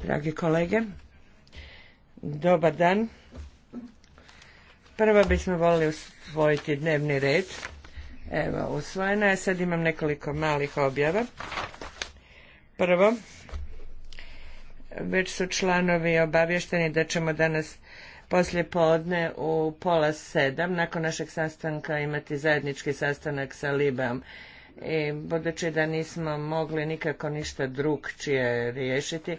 Dragi kolege, dobar dan. Prvo bismo volili usvojiti dnevni red. Evo, usvojena je. Sad imam nekoliko malih objava. Prvo, već su članovi obavješteni da ćemo danas poslijepodne u pola sedam nakon našeg sastanka imati zajednički sastanak sa Libam i budući da nismo mogli nikako ništa drugčije riješiti,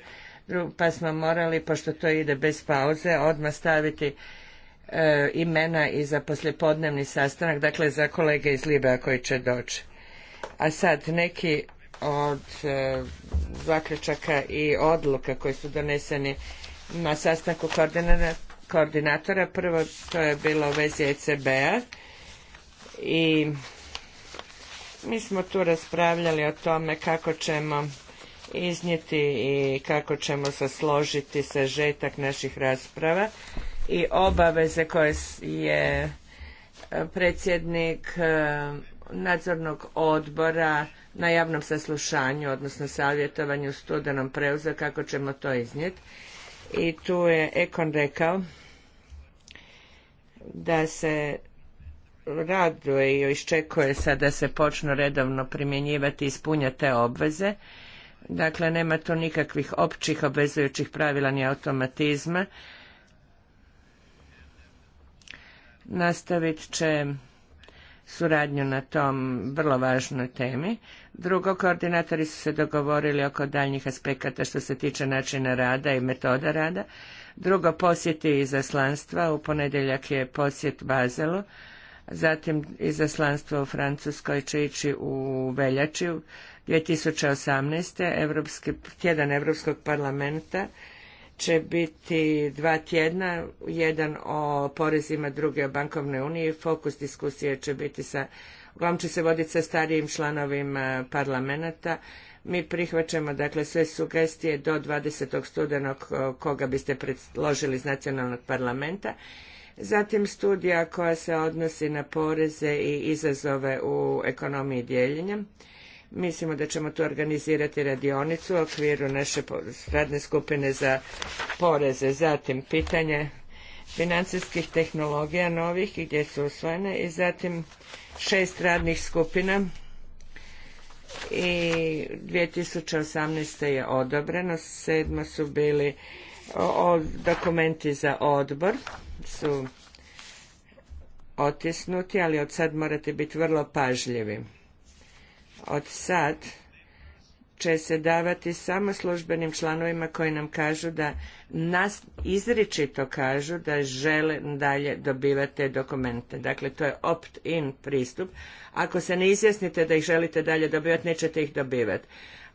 pa smo morali, pošto to ide bez pauze, odmah staviti e, imena i za poslijepodnevni sastanak, dakle za kolege iz Libea koji će doći. A sad neki od e, zaključaka i odluka koji su doneseni na sastanku koordinatora. Prvo to je bilo u vezi ECB-a i mi smo tu raspravljali o tome kako ćemo iznijeti i kako ćemo se složiti sažetak naših rasprava i obaveze koje je e, predsjednik e, nadzornog odbora na javnom saslušanju, odnosno savjetovanju studenom preuze, kako ćemo to iznijeti. I tu je Ekon rekao da se raduje i iščekuje sada da se počnu redovno primjenjivati i ispunjati te obveze. Dakle, nema tu nikakvih općih obvezujućih pravila ni automatizma. Nastavit će suradnju na tom vrlo važnoj temi. Drugo, koordinatori su se dogovorili oko daljnjih aspekata što se tiče načina rada i metoda rada. Drugo, posjeti izaslanstva. U ponedjeljak je posjet Bazelu Zatim izaslanstvo u Francuskoj će ići u veljači 2018. Evropski, tjedan Europskog parlamenta će biti dva tjedna, jedan o porezima, druge o bankovnoj uniji. Fokus diskusije će biti sa, uglavnom će se voditi sa starijim članovima parlamenta. Mi prihvaćamo dakle sve sugestije do 20. studenog koga biste predložili iz nacionalnog parlamenta Zatim studija koja se odnosi na poreze i izazove u ekonomiji dijeljenja. Mislimo da ćemo tu organizirati radionicu u okviru naše radne skupine za poreze. Zatim pitanje financijskih tehnologija novih i gdje su usvojene i zatim šest radnih skupina i 2018. je odobreno, sedma su bili dokumenti za odbor su otisnuti, ali od sad morate biti vrlo pažljivi. Od sad će se davati samo službenim članovima koji nam kažu da nas izričito kažu da žele dalje dobivati te dokumente. Dakle, to je opt-in pristup. Ako se ne izjasnite da ih želite dalje dobivati, nećete ih dobivati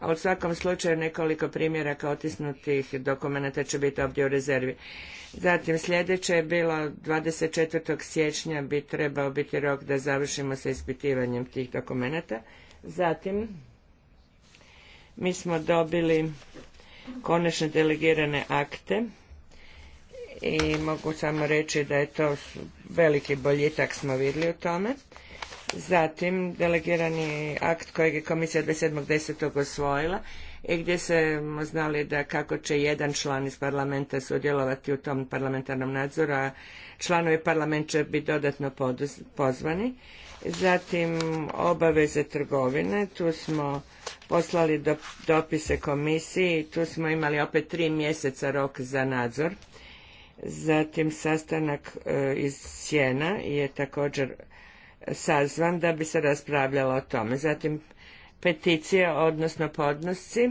a u svakom slučaju nekoliko primjeraka otisnutih dokumenta će biti ovdje u rezervi. Zatim sljedeće je bilo 24. siječnja bi trebao biti rok da završimo sa ispitivanjem tih dokumenata. Zatim mi smo dobili konačne delegirane akte i mogu samo reći da je to veliki boljitak smo vidjeli u tome. Zatim, delegirani akt kojeg je komisija 27.10. osvojila i gdje smo znali da kako će jedan član iz parlamenta sudjelovati u tom parlamentarnom nadzoru, a članovi parlament će biti dodatno pozvani. Zatim, obaveze trgovine, tu smo poslali dopise komisiji, tu smo imali opet tri mjeseca rok za nadzor. Zatim, sastanak e, iz Sjena je također sazvan da bi se raspravljalo o tome. Zatim peticije, odnosno podnosci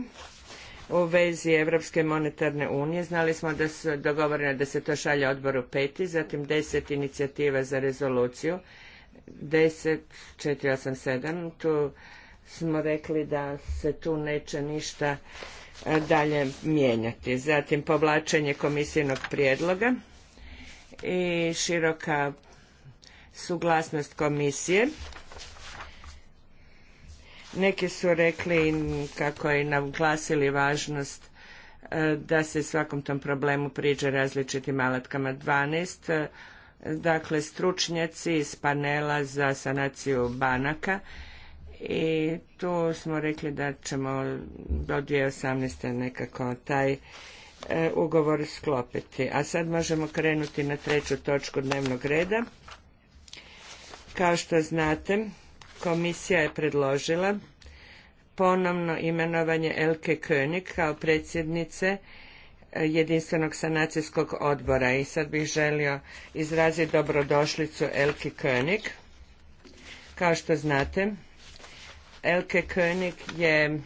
u vezi Evropske monetarne unije. Znali smo da su dogovorene da se to šalje odboru peti, zatim deset inicijativa za rezoluciju, deset, četiri, osam, sedam. Tu smo rekli da se tu neće ništa e, dalje mijenjati. Zatim povlačenje komisijnog prijedloga i široka suglasnost komisije. Neki su rekli kako je naglasili važnost e, da se svakom tom problemu priđe različitim alatkama 12. E, dakle, stručnjaci iz panela za sanaciju banaka i tu smo rekli da ćemo do 2018. nekako taj e, ugovor sklopiti. A sad možemo krenuti na treću točku dnevnog reda. Kao što znate, komisija je predložila ponovno imenovanje Elke König kao predsjednice e, jedinstvenog sanacijskog odbora i sad bih želio izraziti dobrodošlicu Elke König. Kao što znate, Elke König je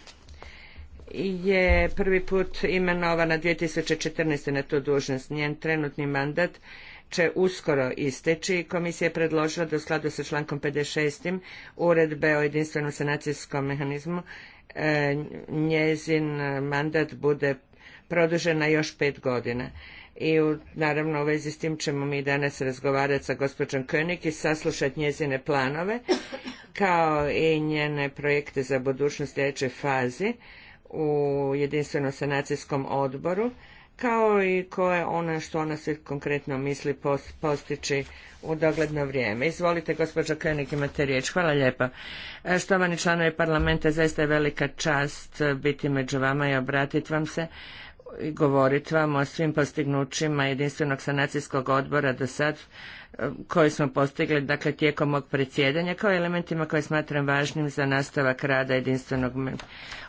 je prvi put imenovana 2014. na tu dužnost. Njen trenutni mandat će uskoro isteći, komisija je predložila da u skladu sa člankom 56. uredbe o jedinstvenom sanacijskom mehanizmu e, njezin mandat bude produžen na još pet godina. I naravno u vezi s tim ćemo mi danas razgovarati sa gospođom König i saslušati njezine planove kao i njene projekte za budućnost sljedećoj fazi u jedinstvenom sanacijskom odboru kao i koje ono što ona se konkretno misli postići u dogledno vrijeme. Izvolite, gospođo Krenik, imate riječ. Hvala lijepa. E, štovani članovi parlamenta, zaista je velika čast biti među vama i obratiti vam se i govoriti vam o svim postignućima jedinstvenog sanacijskog odbora do sad koje smo postigli dakle, tijekom mog predsjedanja kao elementima koje smatram važnim za nastavak rada jedinstvenog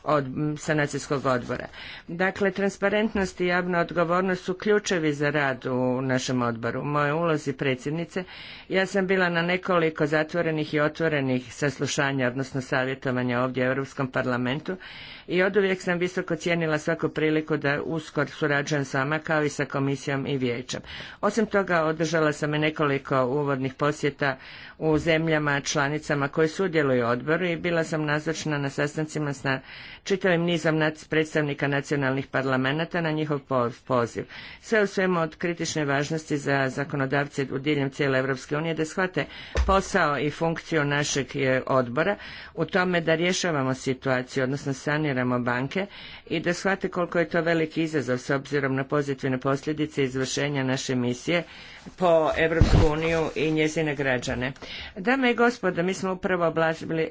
od, sanacijskog odbora. Dakle, transparentnost i javna odgovornost su ključevi za rad u našem odboru. U mojoj ulozi predsjednice ja sam bila na nekoliko zatvorenih i otvorenih saslušanja, odnosno savjetovanja ovdje u Europskom parlamentu i oduvijek sam visoko cijenila svaku priliku da uskor surađujem sama kao i sa komisijom i vijećem. Osim toga, održala sam i nekoliko nekoliko uvodnih posjeta u zemljama članicama koje sudjeluju u odboru i bila sam nazočna na sastancima s čitavim nizom predstavnika nacionalnih parlamenta na njihov poziv. Sve u svemu od kritične važnosti za zakonodavce u diljem cijele Europske unije da shvate posao i funkciju našeg e, odbora u tome da rješavamo situaciju, odnosno saniramo banke i da shvate koliko je to veliki izazov s obzirom na pozitivne posljedice izvršenja naše misije po Europsku uniju i njezine građane. Dame i gospodo, mi smo upravo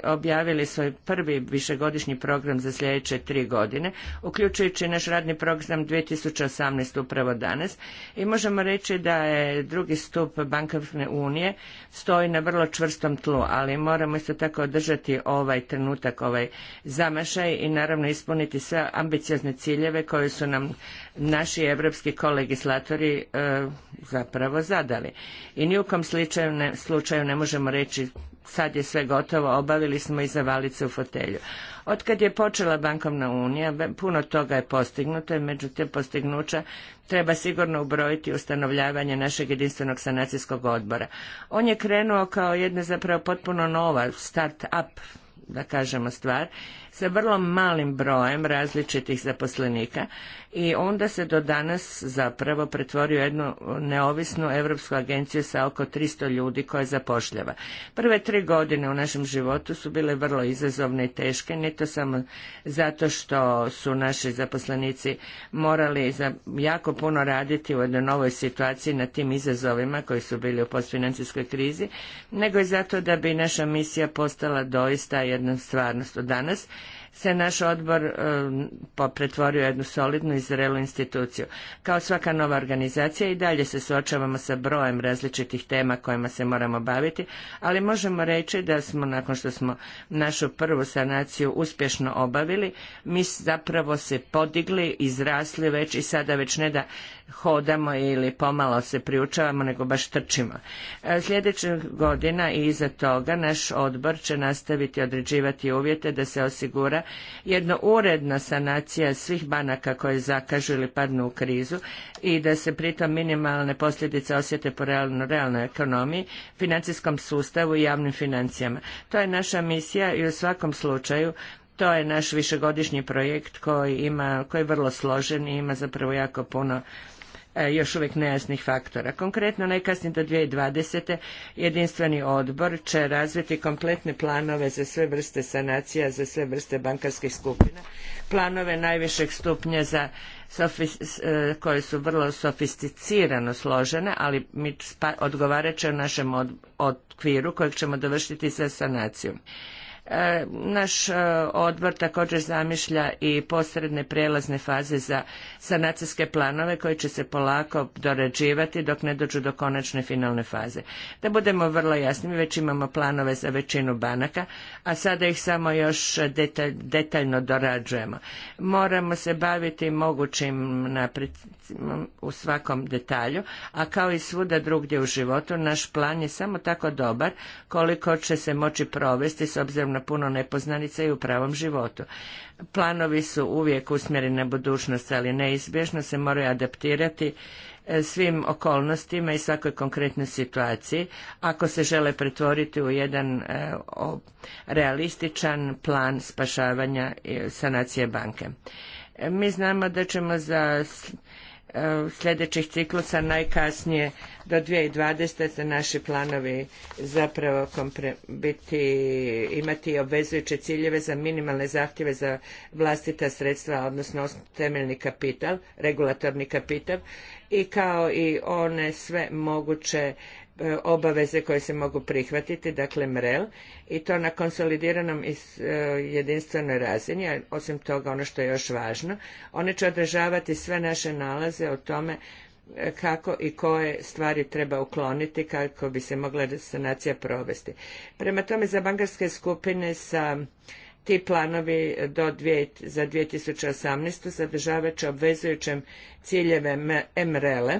objavili svoj prvi višegodišnji program za sljedeće tri godine, uključujući naš radni program 2018 upravo danas. I možemo reći da je drugi stup bankovne unije stoji na vrlo čvrstom tlu, ali moramo isto tako održati ovaj trenutak, ovaj zamašaj i naravno ispuniti sve ambiciozne ciljeve koje su nam naši evropski kolegislatori e, zapravo zadali. I ni u kom slučaju ne, možemo reći sad je sve gotovo, obavili smo i se u fotelju. Otkad je počela bankovna unija, puno toga je postignuto i među te postignuća treba sigurno ubrojiti ustanovljavanje našeg jedinstvenog sanacijskog odbora. On je krenuo kao jedna zapravo potpuno nova start-up, da kažemo stvar, sa vrlo malim brojem različitih zaposlenika i onda se do danas zapravo pretvorio jednu neovisnu Europsku agenciju sa oko 300 ljudi koja zapošljava. Prve tri godine u našem životu su bile vrlo izazovne i teške, ne to samo zato što su naši zaposlenici morali jako puno raditi u jednoj novoj situaciji na tim izazovima koji su bili u postfinancijskoj krizi, nego i zato da bi naša misija postala doista jedna stvarnost od danas se naš odbor e, pretvorio u jednu solidnu i zrelu instituciju. Kao svaka nova organizacija i dalje se suočavamo sa brojem različitih tema kojima se moramo baviti, ali možemo reći da smo, nakon što smo našu prvu sanaciju uspješno obavili, mi zapravo se podigli, izrasli već i sada već ne da hodamo ili pomalo se priučavamo, nego baš trčimo. E, sljedećih godina i iza toga naš odbor će nastaviti određivati uvjete da se osigura jedno uredna sanacija svih banaka koje zakažu ili padnu u krizu i da se pritom minimalne posljedice osjete po realno, realnoj ekonomiji, financijskom sustavu i javnim financijama. To je naša misija i u svakom slučaju to je naš višegodišnji projekt koji ima, koji je vrlo složen i ima zapravo jako puno E, još uvijek nejasnih faktora. Konkretno najkasnije do 2020. jedinstveni odbor će razviti kompletne planove za sve vrste sanacija, za sve vrste bankarskih skupina, planove najvišeg stupnja za e, koje su vrlo sofisticirano složene, ali mi odgovarat će našem okviru kojeg ćemo dovršiti sa sanacijom. E, naš e, odbor također zamišlja i posredne prijelazne faze za sanacijske planove koji će se polako dorađivati dok ne dođu do konačne finalne faze. Da budemo vrlo jasni, mi već imamo planove za većinu banaka, a sada ih samo još detaljno dorađujemo. Moramo se baviti mogućim u svakom detalju, a kao i svuda drugdje u životu, naš plan je samo tako dobar koliko će se moći provesti s obzirom na puno nepoznanica i u pravom životu. Planovi su uvijek usmjereni na budućnost, ali neizbježno se moraju adaptirati e, svim okolnostima i svakoj konkretnoj situaciji ako se žele pretvoriti u jedan e, realističan plan spašavanja sanacije banke. E, mi znamo da ćemo za E, sljedećih ciklusa najkasnije do 2020. se naši planovi zapravo biti, imati obvezujuće ciljeve za minimalne zahtjeve za vlastita sredstva, odnosno temeljni kapital, regulatorni kapital i kao i one sve moguće E, obaveze koje se mogu prihvatiti, dakle MREL, i to na konsolidiranom i e, jedinstvenoj razini, a osim toga ono što je još važno, one će održavati sve naše nalaze o tome e, kako i koje stvari treba ukloniti kako bi se mogla sanacija provesti. Prema tome, za bankarske skupine sa ti planovi do dvije, za 2018. sadržavat će obvezujućem ciljeve MREL-e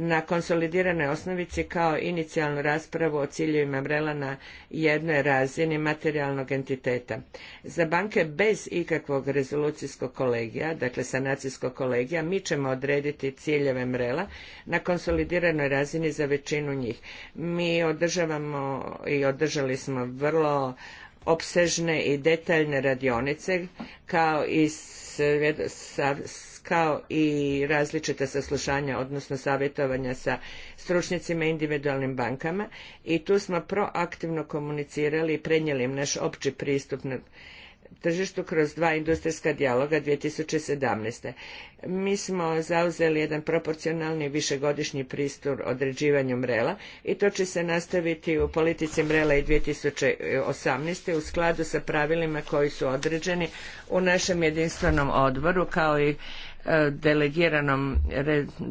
na konsolidiranoj osnovici kao inicijalnu raspravu o ciljevima mrela na jednoj razini materijalnog entiteta. Za banke bez ikakvog rezolucijskog kolegija, dakle sanacijskog kolegija, mi ćemo odrediti ciljeve mrela na konsolidiranoj razini za većinu njih. Mi održavamo i održali smo vrlo opsežne i detaljne radionice kao i kao i različita saslušanja, odnosno savjetovanja sa stručnjacima i individualnim bankama i tu smo proaktivno komunicirali i prenijeli im naš opći pristup na tržištu kroz dva industrijska dijaloga 2017. Mi smo zauzeli jedan proporcionalni višegodišnji pristup određivanju mrela i to će se nastaviti u politici mrela i 2018. u skladu sa pravilima koji su određeni u našem jedinstvenom odboru kao i E,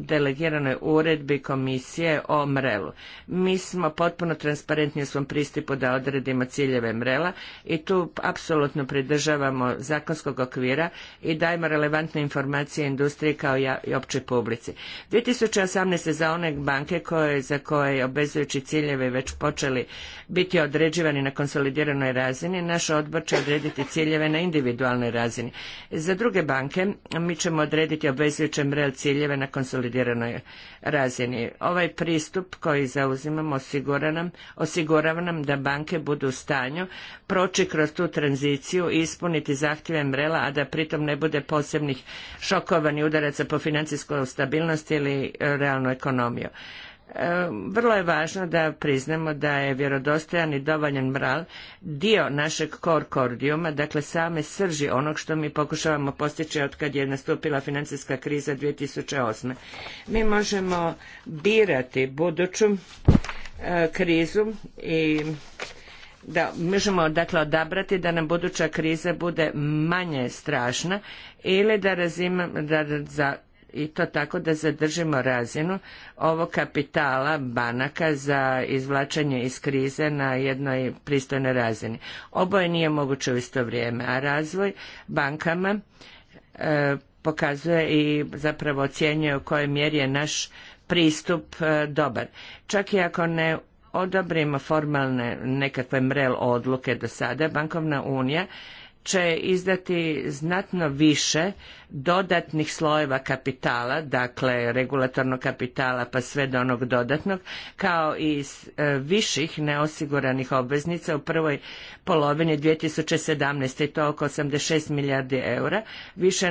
delegiranoj uredbi komisije o mrelu. Mi smo potpuno transparentni u svom pristupu da odredimo ciljeve mrela i tu apsolutno pridržavamo zakonskog okvira i dajemo relevantne informacije industriji kao i općoj publici. 2018. za one banke koje, za koje obvezujući ciljeve već počeli biti određivani na konsolidiranoj razini, naš odbor će odrediti ciljeve na individualnoj razini. Za druge banke mi ćemo odrediti odrediti obvezujuće mrel ciljeve na konsolidiranoj razini. Ovaj pristup koji zauzimamo osigurava nam da banke budu u stanju proći kroz tu tranziciju i ispuniti zahtjeve mrela, a da pritom ne bude posebnih šokovanih udaraca po financijskoj stabilnosti ili realnu ekonomiju vrlo je važno da priznamo da je vjerodostojan i dovoljan mral dio našeg kor kordijuma, dakle same srži onog što mi pokušavamo postići od kad je nastupila financijska kriza 2008. Mi možemo birati buduću e, krizu i da možemo dakle odabrati da nam buduća kriza bude manje strašna ili da, razimamo... da, i to tako da zadržimo razinu ovog kapitala banaka za izvlačenje iz krize na jednoj pristojnoj razini. Oboje nije moguće u isto vrijeme, a razvoj bankama e, pokazuje i zapravo ocjenjuje u kojoj mjeri je naš pristup e, dobar. Čak i ako ne odobrimo formalne nekakve mrel odluke do sada, bankovna unija će izdati znatno više dodatnih slojeva kapitala, dakle regulatornog kapitala pa sve do onog dodatnog, kao i e, viših neosiguranih obveznica u prvoj polovini 2017. i to oko 86 milijardi eura, više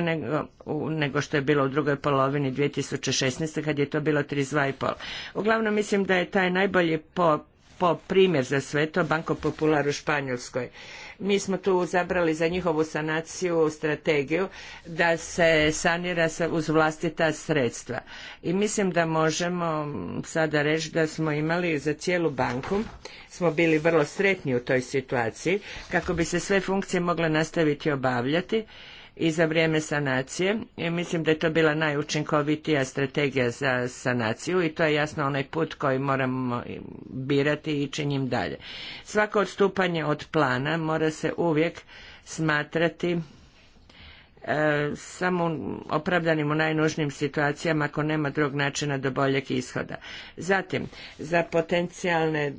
nego, što je bilo u drugoj polovini 2016. kad je to bilo 32,5. Uglavnom mislim da je taj najbolji po primjer za sve to Banko Popular u Španjolskoj mi smo tu zabrali za njihovu sanaciju strategiju da se sanira uz vlastita sredstva. I mislim da možemo sada reći da smo imali za cijelu banku, smo bili vrlo sretni u toj situaciji kako bi se sve funkcije mogle nastaviti obavljati i za vrijeme sanacije. I mislim da je to bila najučinkovitija strategija za sanaciju i to je jasno onaj put koji moramo birati i ići njim dalje. Svako odstupanje od plana mora se uvijek smatrati e, samo opravdanim u najnužnijim situacijama ako nema drug načina do boljeg ishoda. Zatim, za potencijalne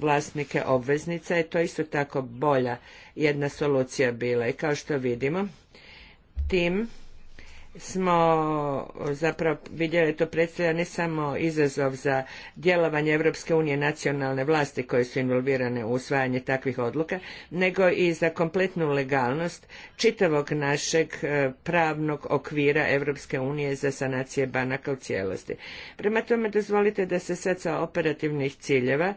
vlasnike obveznica je to isto tako bolja jedna solucija bila i kao što vidimo tim smo zapravo vidjeli to predstavlja ne samo izazov za djelovanje Europske unije nacionalne vlasti koje su involvirane u usvajanje takvih odluka, nego i za kompletnu legalnost čitavog našeg e, pravnog okvira Europske unije za sanacije banaka u cijelosti. Prema tome dozvolite da se sad sa operativnih ciljeva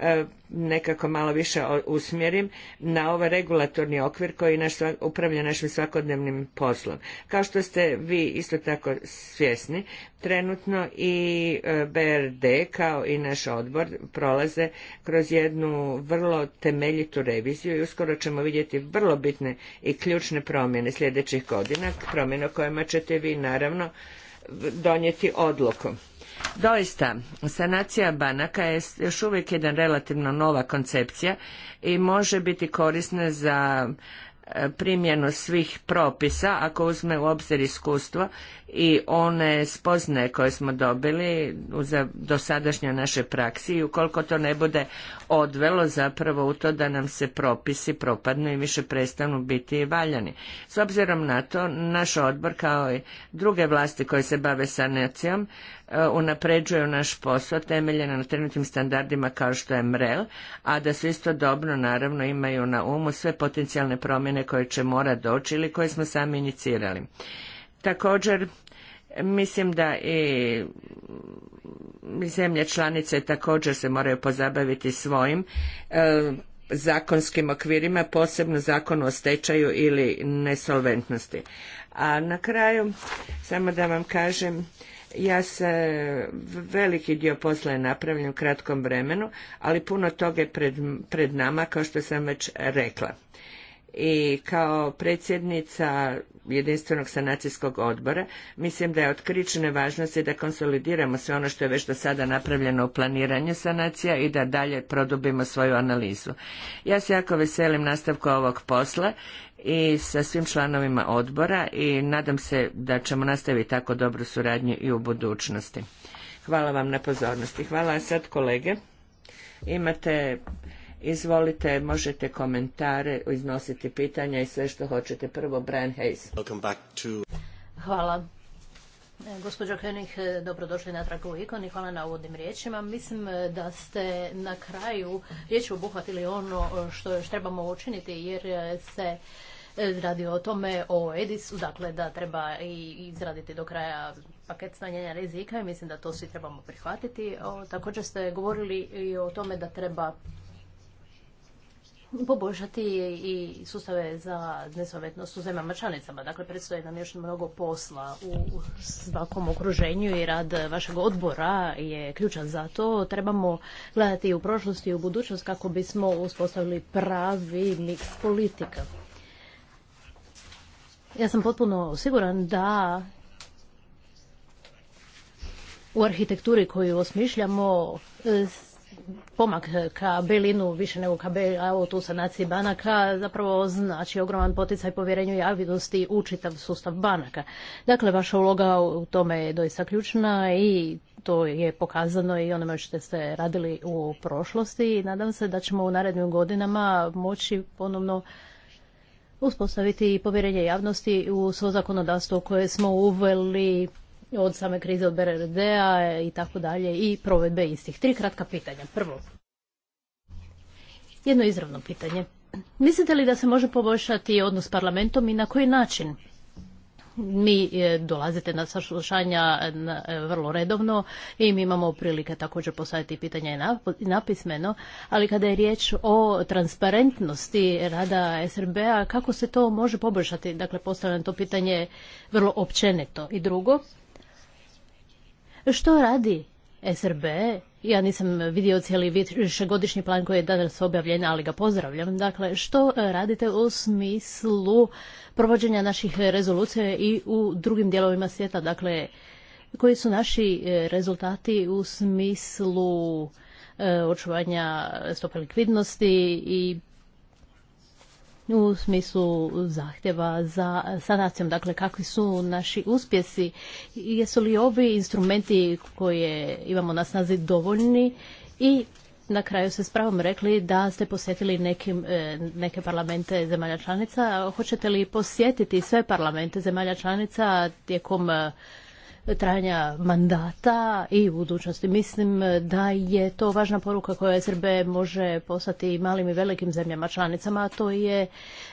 E, nekako malo više usmjerim na ovaj regulatorni okvir koji upravlja našim svakodnevnim poslom. Kao što ste vi isto tako svjesni, trenutno i e, BRD kao i naš odbor prolaze kroz jednu vrlo temeljitu reviziju i uskoro ćemo vidjeti vrlo bitne i ključne promjene sljedećih godina, promjene o kojima ćete vi naravno donijeti odluku. Doista, sanacija banaka je još uvijek jedan relativno nova koncepcija i može biti korisna za e, primjenu svih propisa ako uzme u obzir iskustvo i one spoznaje koje smo dobili u dosadašnjoj našoj praksi i ukoliko to ne bude odvelo zapravo u to da nam se propisi propadnu i više prestanu biti valjani. S obzirom na to, naš odbor kao i druge vlasti koje se bave sanacijom e, unapređuju naš posao temeljen na trenutnim standardima kao što je MREL, a da su istodobno naravno imaju na umu sve potencijalne promjene koje će mora doći ili koje smo sami inicirali. Također, mislim da i zemlje članice također se moraju pozabaviti svojim e, zakonskim okvirima, posebno zakonu o stečaju ili nesolventnosti. A na kraju, samo da vam kažem, ja se, veliki dio posla je napravljen u kratkom vremenu, ali puno toga je pred, pred nama, kao što sam već rekla. I kao predsjednica jedinstvenog sanacijskog odbora, mislim da je od krične važnosti da konsolidiramo sve ono što je već do sada napravljeno u planiranju sanacija i da dalje produbimo svoju analizu. Ja se jako veselim nastavku ovog posla i sa svim članovima odbora i nadam se da ćemo nastaviti tako dobru suradnju i u budućnosti. Hvala vam na pozornosti. Hvala sad kolege. Imate Izvolite, možete komentare, iznositi pitanja i sve što hoćete. Prvo, Brian Hayes. Hvala. E, gospođo König, e, dobrodošli na tragu ikon i hvala na uvodnim riječima. Mislim e, da ste na kraju riječ obuhvatili ono što još trebamo učiniti jer se radi o tome o Edisu, dakle da treba i izraditi do kraja paket smanjenja rizika i mislim da to svi trebamo prihvatiti. također ste govorili i o tome da treba poboljšati i sustave za nesovetnost u zemljama članicama. Dakle, predstoje nam još mnogo posla u svakom okruženju i rad vašeg odbora je ključan za to. Trebamo gledati u prošlost i u budućnost kako bismo uspostavili pravi miks politika. Ja sam potpuno siguran da u arhitekturi koju osmišljamo pomak eh, ka belinu više nego ka ovo tu sanaciji banaka, zapravo znači ogroman poticaj povjerenju javnosti u čitav sustav banaka. Dakle, vaša uloga u tome je doista ključna i to je pokazano i onome što ste radili u prošlosti i nadam se da ćemo u narednim godinama moći ponovno uspostaviti povjerenje javnosti u svo zakonodavstvo koje smo uveli od same krize od BRD-a i tako dalje i provedbe istih. Tri kratka pitanja. Prvo, jedno izravno pitanje. Mislite li da se može poboljšati odnos s parlamentom i na koji način? Mi e, dolazite na saslušanja e, vrlo redovno i mi imamo prilike također postaviti pitanja i napismeno, ali kada je riječ o transparentnosti rada SRB-a, kako se to može poboljšati? Dakle, postavljam to pitanje vrlo općenito. I drugo, što radi SRB? Ja nisam vidio cijeli višegodišnji plan koji je danas objavljen, ali ga pozdravljam. Dakle, što radite u smislu provođenja naših rezolucija i u drugim dijelovima svijeta? Dakle, koji su naši e, rezultati u smislu e, očuvanja stope likvidnosti i u smislu zahtjeva za sanacijom. Dakle, kakvi su naši uspjesi? Jesu li ovi instrumenti koje imamo na snazi dovoljni? I na kraju ste s pravom rekli da ste posjetili nekim, e, neke parlamente zemalja članica. Hoćete li posjetiti sve parlamente zemalja članica tijekom e, trajanja mandata i u budućnosti. Mislim da je to važna poruka koja SRB može poslati malim i velikim zemljama članicama, a to je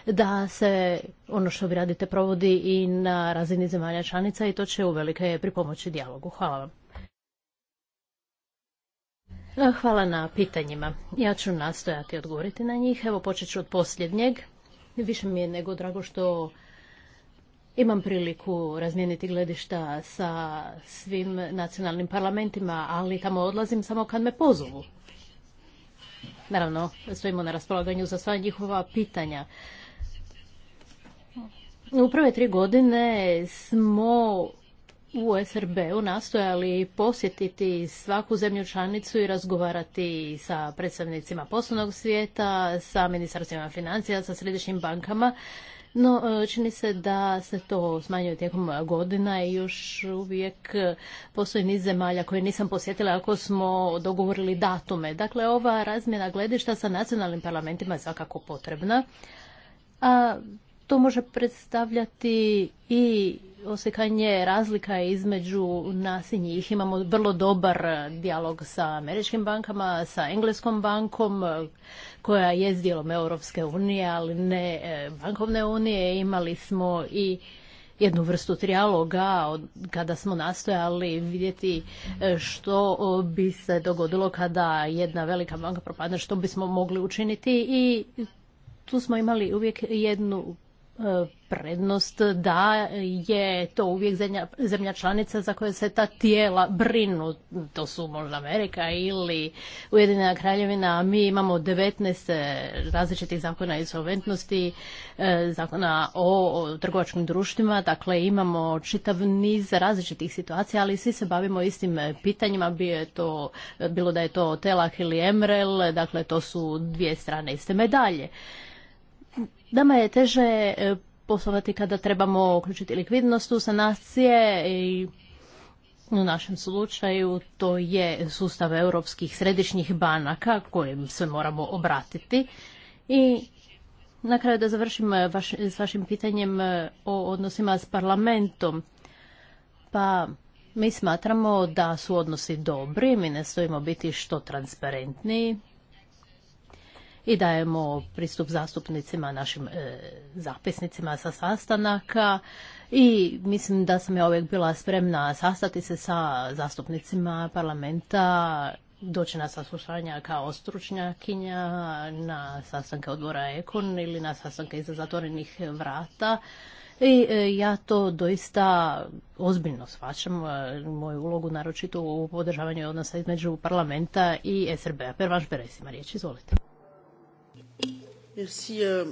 da se ono što vi radite provodi i na razini zemalja članica i to će uvelike pripomoći dijalogu. Hvala vam. Hvala na pitanjima. Ja ću nastojati odgovoriti na njih. Evo počet ću od posljednjeg. Više mi je nego drago što imam priliku razmijeniti gledišta sa svim nacionalnim parlamentima, ali tamo odlazim samo kad me pozovu. Naravno, stojimo na raspolaganju za sva njihova pitanja. U prve tri godine smo u SRB-u nastojali posjetiti svaku zemlju članicu i razgovarati sa predstavnicima poslovnog svijeta, sa ministarstvima financija, sa središnjim bankama no, e, čini se da se to smanjuje tijekom godina i još uvijek postoji niz zemalja koje nisam posjetila ako smo dogovorili datume. Dakle, ova razmjena gledišta sa nacionalnim parlamentima je svakako potrebna. A to može predstavljati i osjekanje razlika između nas i njih. Imamo vrlo dobar dijalog sa američkim bankama, sa engleskom bankom, koja je dijelom Europske unije, ali ne e, bankovne unije. Imali smo i jednu vrstu trijaloga kada smo nastojali vidjeti e, što bi se dogodilo kada jedna velika banka propadne, što bismo mogli učiniti i tu smo imali uvijek jednu prednost da je to uvijek zemlja, zemlja članica za koje se ta tijela brinu. To su možda Amerika ili Ujedinjena kraljevina, mi imamo 19 različitih zakona insolventnosti, e, zakona o trgovačkim društvima, dakle imamo čitav niz različitih situacija, ali svi se bavimo istim pitanjima, bi je to, bilo da je to Telak ili Emrel, dakle to su dvije strane iste medalje. Dama je teže e, poslovati kada trebamo uključiti likvidnost u sanacije i u našem slučaju to je sustav europskih središnjih banaka kojim se moramo obratiti. I na kraju da završim e, vaš, s vašim pitanjem e, o odnosima s parlamentom. Pa mi smatramo da su odnosi dobri, mi ne stojimo biti što transparentniji, i dajemo pristup zastupnicima, našim e, zapisnicima sa sastanaka i mislim da sam ja uvijek bila spremna sastati se sa zastupnicima parlamenta doći na saslušanja kao stručnjakinja, na sastanke odbora Ekon ili na sastanke iza zatvorenih vrata. I e, ja to doista ozbiljno shvaćam, e, moju ulogu naročito u podržavanju odnosa između parlamenta i SRB-a. prvaš Beresima, riječ, izvolite. Euh,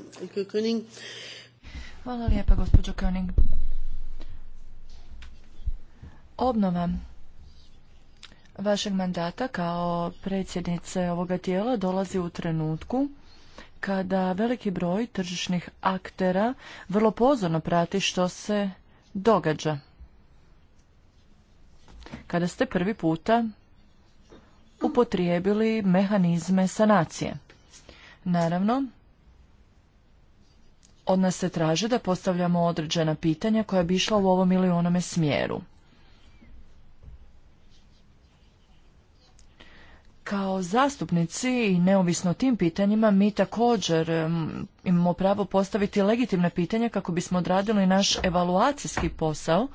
Hvala lijepa, gospođo Koning. Obnova vašeg mandata kao predsjednice ovoga tijela dolazi u trenutku kada veliki broj tržišnih aktera vrlo pozorno prati što se događa. Kada ste prvi puta upotrijebili mehanizme sanacije. Naravno, od nas se traži da postavljamo određena pitanja koja bi išla u ovom ili onome smjeru. Kao zastupnici i neovisno o tim pitanjima mi također imamo pravo postaviti legitimne pitanja kako bismo odradili naš evaluacijski posao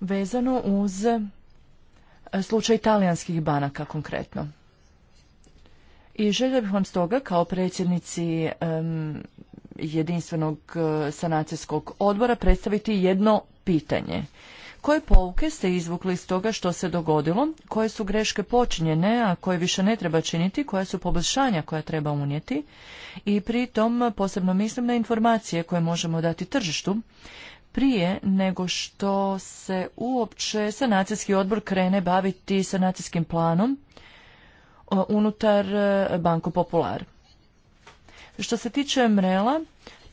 vezano uz e, slučaj talijanskih banaka konkretno. I želio bih vam stoga kao predsjednici jedinstvenog e, sanacijskog odbora predstaviti jedno pitanje. Koje pouke ste izvukli iz toga što se dogodilo, koje su greške počinjene, a koje više ne treba činiti, koja su poboljšanja koja treba unijeti i pritom posebno mislim na informacije koje možemo dati tržištu prije nego što se uopće sanacijski odbor krene baviti sanacijskim planom e, unutar e, Banko Popular. Što se tiče mrela,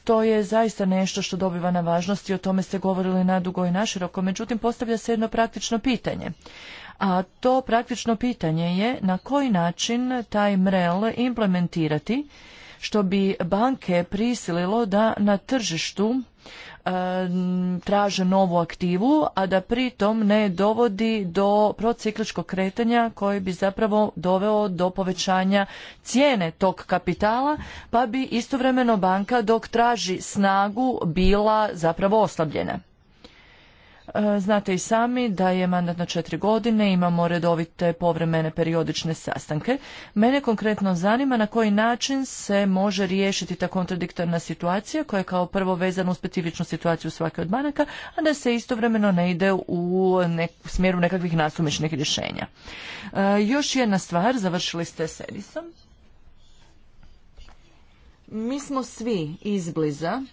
to je zaista nešto što dobiva na važnosti, o tome ste govorili dugo i naširoko, međutim postavlja se jedno praktično pitanje. A to praktično pitanje je na koji način taj mrel implementirati što bi banke prisililo da na tržištu traže novu aktivu, a da pritom ne dovodi do procikličkog kretanja koji bi zapravo doveo do povećanja cijene tog kapitala, pa bi istovremeno banka dok traži snagu bila zapravo oslabljena. E, znate i sami da je mandat na četiri godine, imamo redovite povremene periodične sastanke. Mene konkretno zanima na koji način se može riješiti ta kontradiktorna situacija koja je kao prvo vezana u specifičnu situaciju svake od banaka, a da se istovremeno ne ide u smjeru nekakvih nasumičnih rješenja. E, još jedna stvar, završili ste s Edisom. Mi smo svi izbliza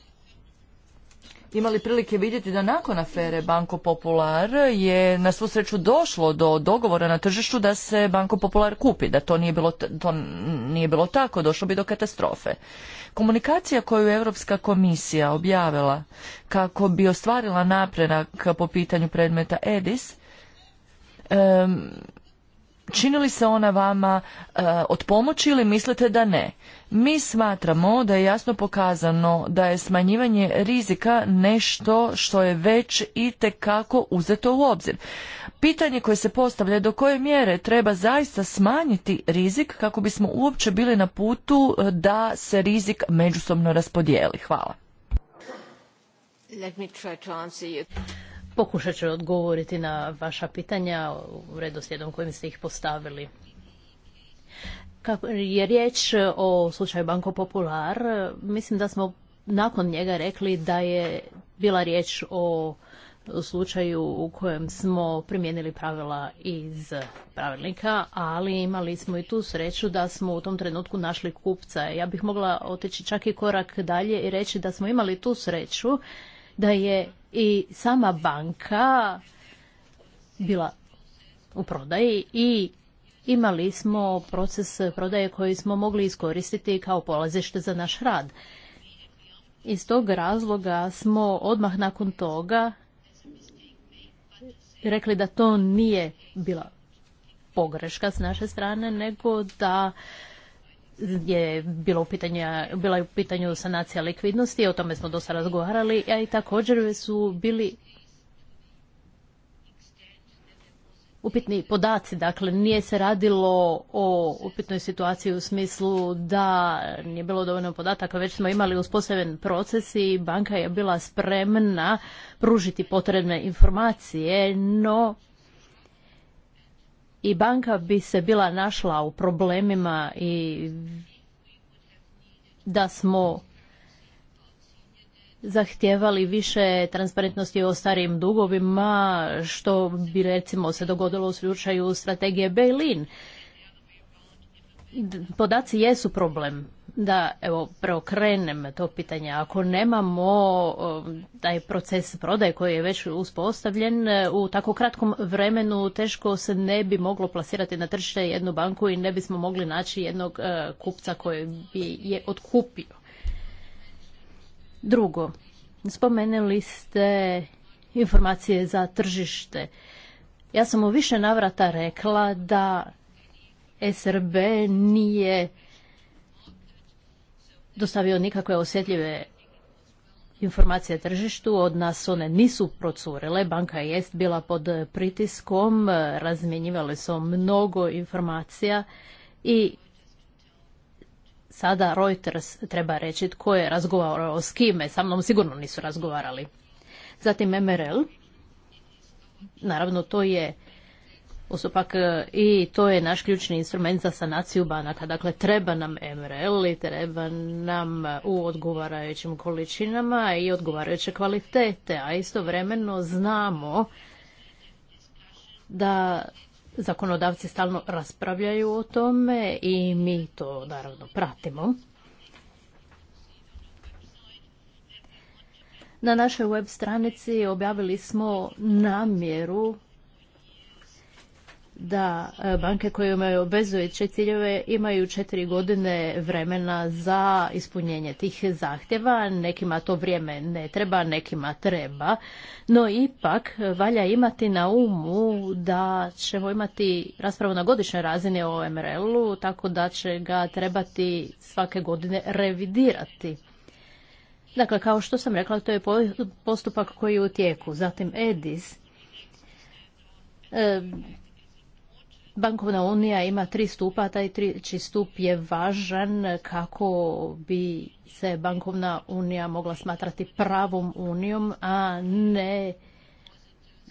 imali prilike vidjeti da nakon afere Banko Popular je na svu sreću došlo do dogovora na tržištu da se Banko Popular kupi, da to nije bilo, to nije bilo tako, došlo bi do katastrofe. Komunikacija koju je Europska komisija objavila kako bi ostvarila napredak po pitanju predmeta EDIS, čini li se ona vama eh, od pomoći ili mislite da ne? Mi smatramo da je jasno pokazano da je smanjivanje rizika nešto što je već i tekako uzeto u obzir. Pitanje koje se postavlja do koje mjere treba zaista smanjiti rizik kako bismo uopće bili na putu e, da se rizik međusobno raspodijeli. Hvala. Pokušat ću odgovoriti na vaša pitanja u redoslijedom kojim ste ih postavili. Kako je riječ o slučaju Banko Popular, mislim da smo nakon njega rekli da je bila riječ o slučaju u kojem smo primijenili pravila iz pravilnika, ali imali smo i tu sreću da smo u tom trenutku našli kupca. Ja bih mogla otići čak i korak dalje i reći da smo imali tu sreću da je i sama banka bila u prodaji i imali smo proces prodaje koji smo mogli iskoristiti kao polazište za naš rad. Iz tog razloga smo odmah nakon toga rekli da to nije bila pogreška s naše strane, nego da je bilo bila je u pitanju sanacija likvidnosti, o tome smo dosta razgovarali, a i također su bili upitni podaci, dakle nije se radilo o upitnoj situaciji u smislu da nije bilo dovoljno podataka, već smo imali uspostavljen proces i banka je bila spremna pružiti potrebne informacije, no i banka bi se bila našla u problemima i da smo zahtijevali više transparentnosti o starijim dugovima, što bi recimo se dogodilo u slučaju strategije Berlin. Podaci jesu problem. Da, evo, preokrenem to pitanje. Ako nemamo taj proces prodaje koji je već uspostavljen, u tako kratkom vremenu teško se ne bi moglo plasirati na tržište jednu banku i ne bismo mogli naći jednog e, kupca koji bi je otkupio. Drugo, spomenuli ste informacije za tržište. Ja sam u više navrata rekla da SRB nije dostavio nikakve osjetljive informacije tržištu, od nas one nisu procurile, banka jest bila pod pritiskom, razmjenjivale su mnogo informacija i sada Reuters treba reći tko je razgovarao s kime. Sa mnom sigurno nisu razgovarali. Zatim MRL. Naravno, to je usupak e, i to je naš ključni instrument za sanaciju banaka. Dakle, treba nam MRL i treba nam u odgovarajućim količinama i odgovarajuće kvalitete. A istovremeno znamo da zakonodavci stalno raspravljaju o tome i mi to naravno pratimo. Na našoj web stranici objavili smo namjeru da e, banke koje imaju obvezujuće ciljeve imaju četiri godine vremena za ispunjenje tih zahtjeva. Nekima to vrijeme ne treba, nekima treba. No ipak valja imati na umu da ćemo imati raspravu na godišnjoj razini o MRL-u, tako da će ga trebati svake godine revidirati. Dakle, kao što sam rekla, to je postupak koji je u tijeku. Zatim EDIS. E, Bankovna unija ima tri stupa, taj treći stup je važan kako bi se bankovna unija mogla smatrati pravom unijom, a ne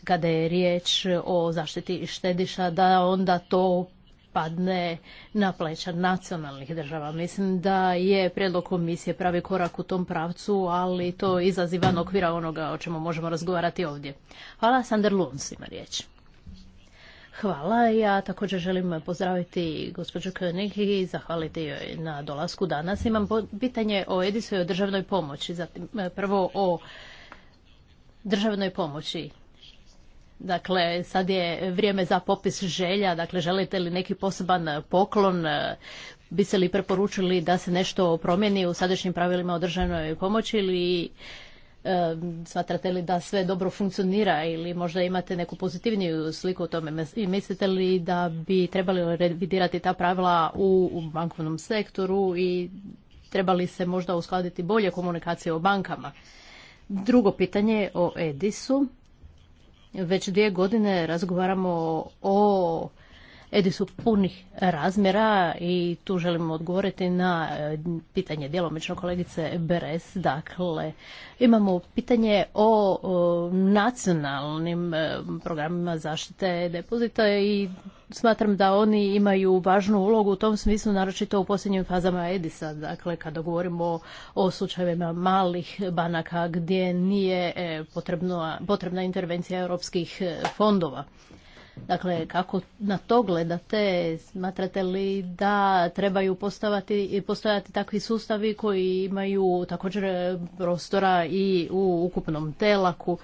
kada je riječ o zaštiti štediša, da onda to padne na pleća nacionalnih država. Mislim da je prijedlog komisije pravi korak u tom pravcu, ali to izaziva okvira onoga o čemu možemo razgovarati ovdje. Hvala, Sander Lunds ima riječ. Hvala. Ja također želim pozdraviti gospođu König i zahvaliti joj na dolasku danas. Imam pitanje o Edisu i o državnoj pomoći. Zatim, e, prvo o državnoj pomoći. Dakle, sad je vrijeme za popis želja. Dakle, želite li neki poseban poklon? E, biste li preporučili da se nešto promijeni u sadašnjim pravilima o državnoj pomoći ili smatrate li da sve dobro funkcionira ili možda imate neku pozitivniju sliku o tome i mislite li da bi trebali revidirati ta pravila u bankovnom sektoru i trebali se možda uskladiti bolje komunikacije o bankama? Drugo pitanje o Edisu. Već dvije godine razgovaramo o Edisu punih razmjera i tu želimo odgovoriti na e, pitanje djelomično kolegice Beres. Dakle, imamo pitanje o, nacionalnim e, programima zaštite depozita i smatram da oni imaju važnu ulogu u tom smislu, naročito u posljednjim fazama Edisa. Dakle, kada govorimo o, slučajevima malih banaka gdje nije e, potrebna intervencija europskih fondova. Dakle, kako na to gledate, smatrate li da trebaju postavati, postojati takvi sustavi koji imaju također e, prostora i u ukupnom telaku?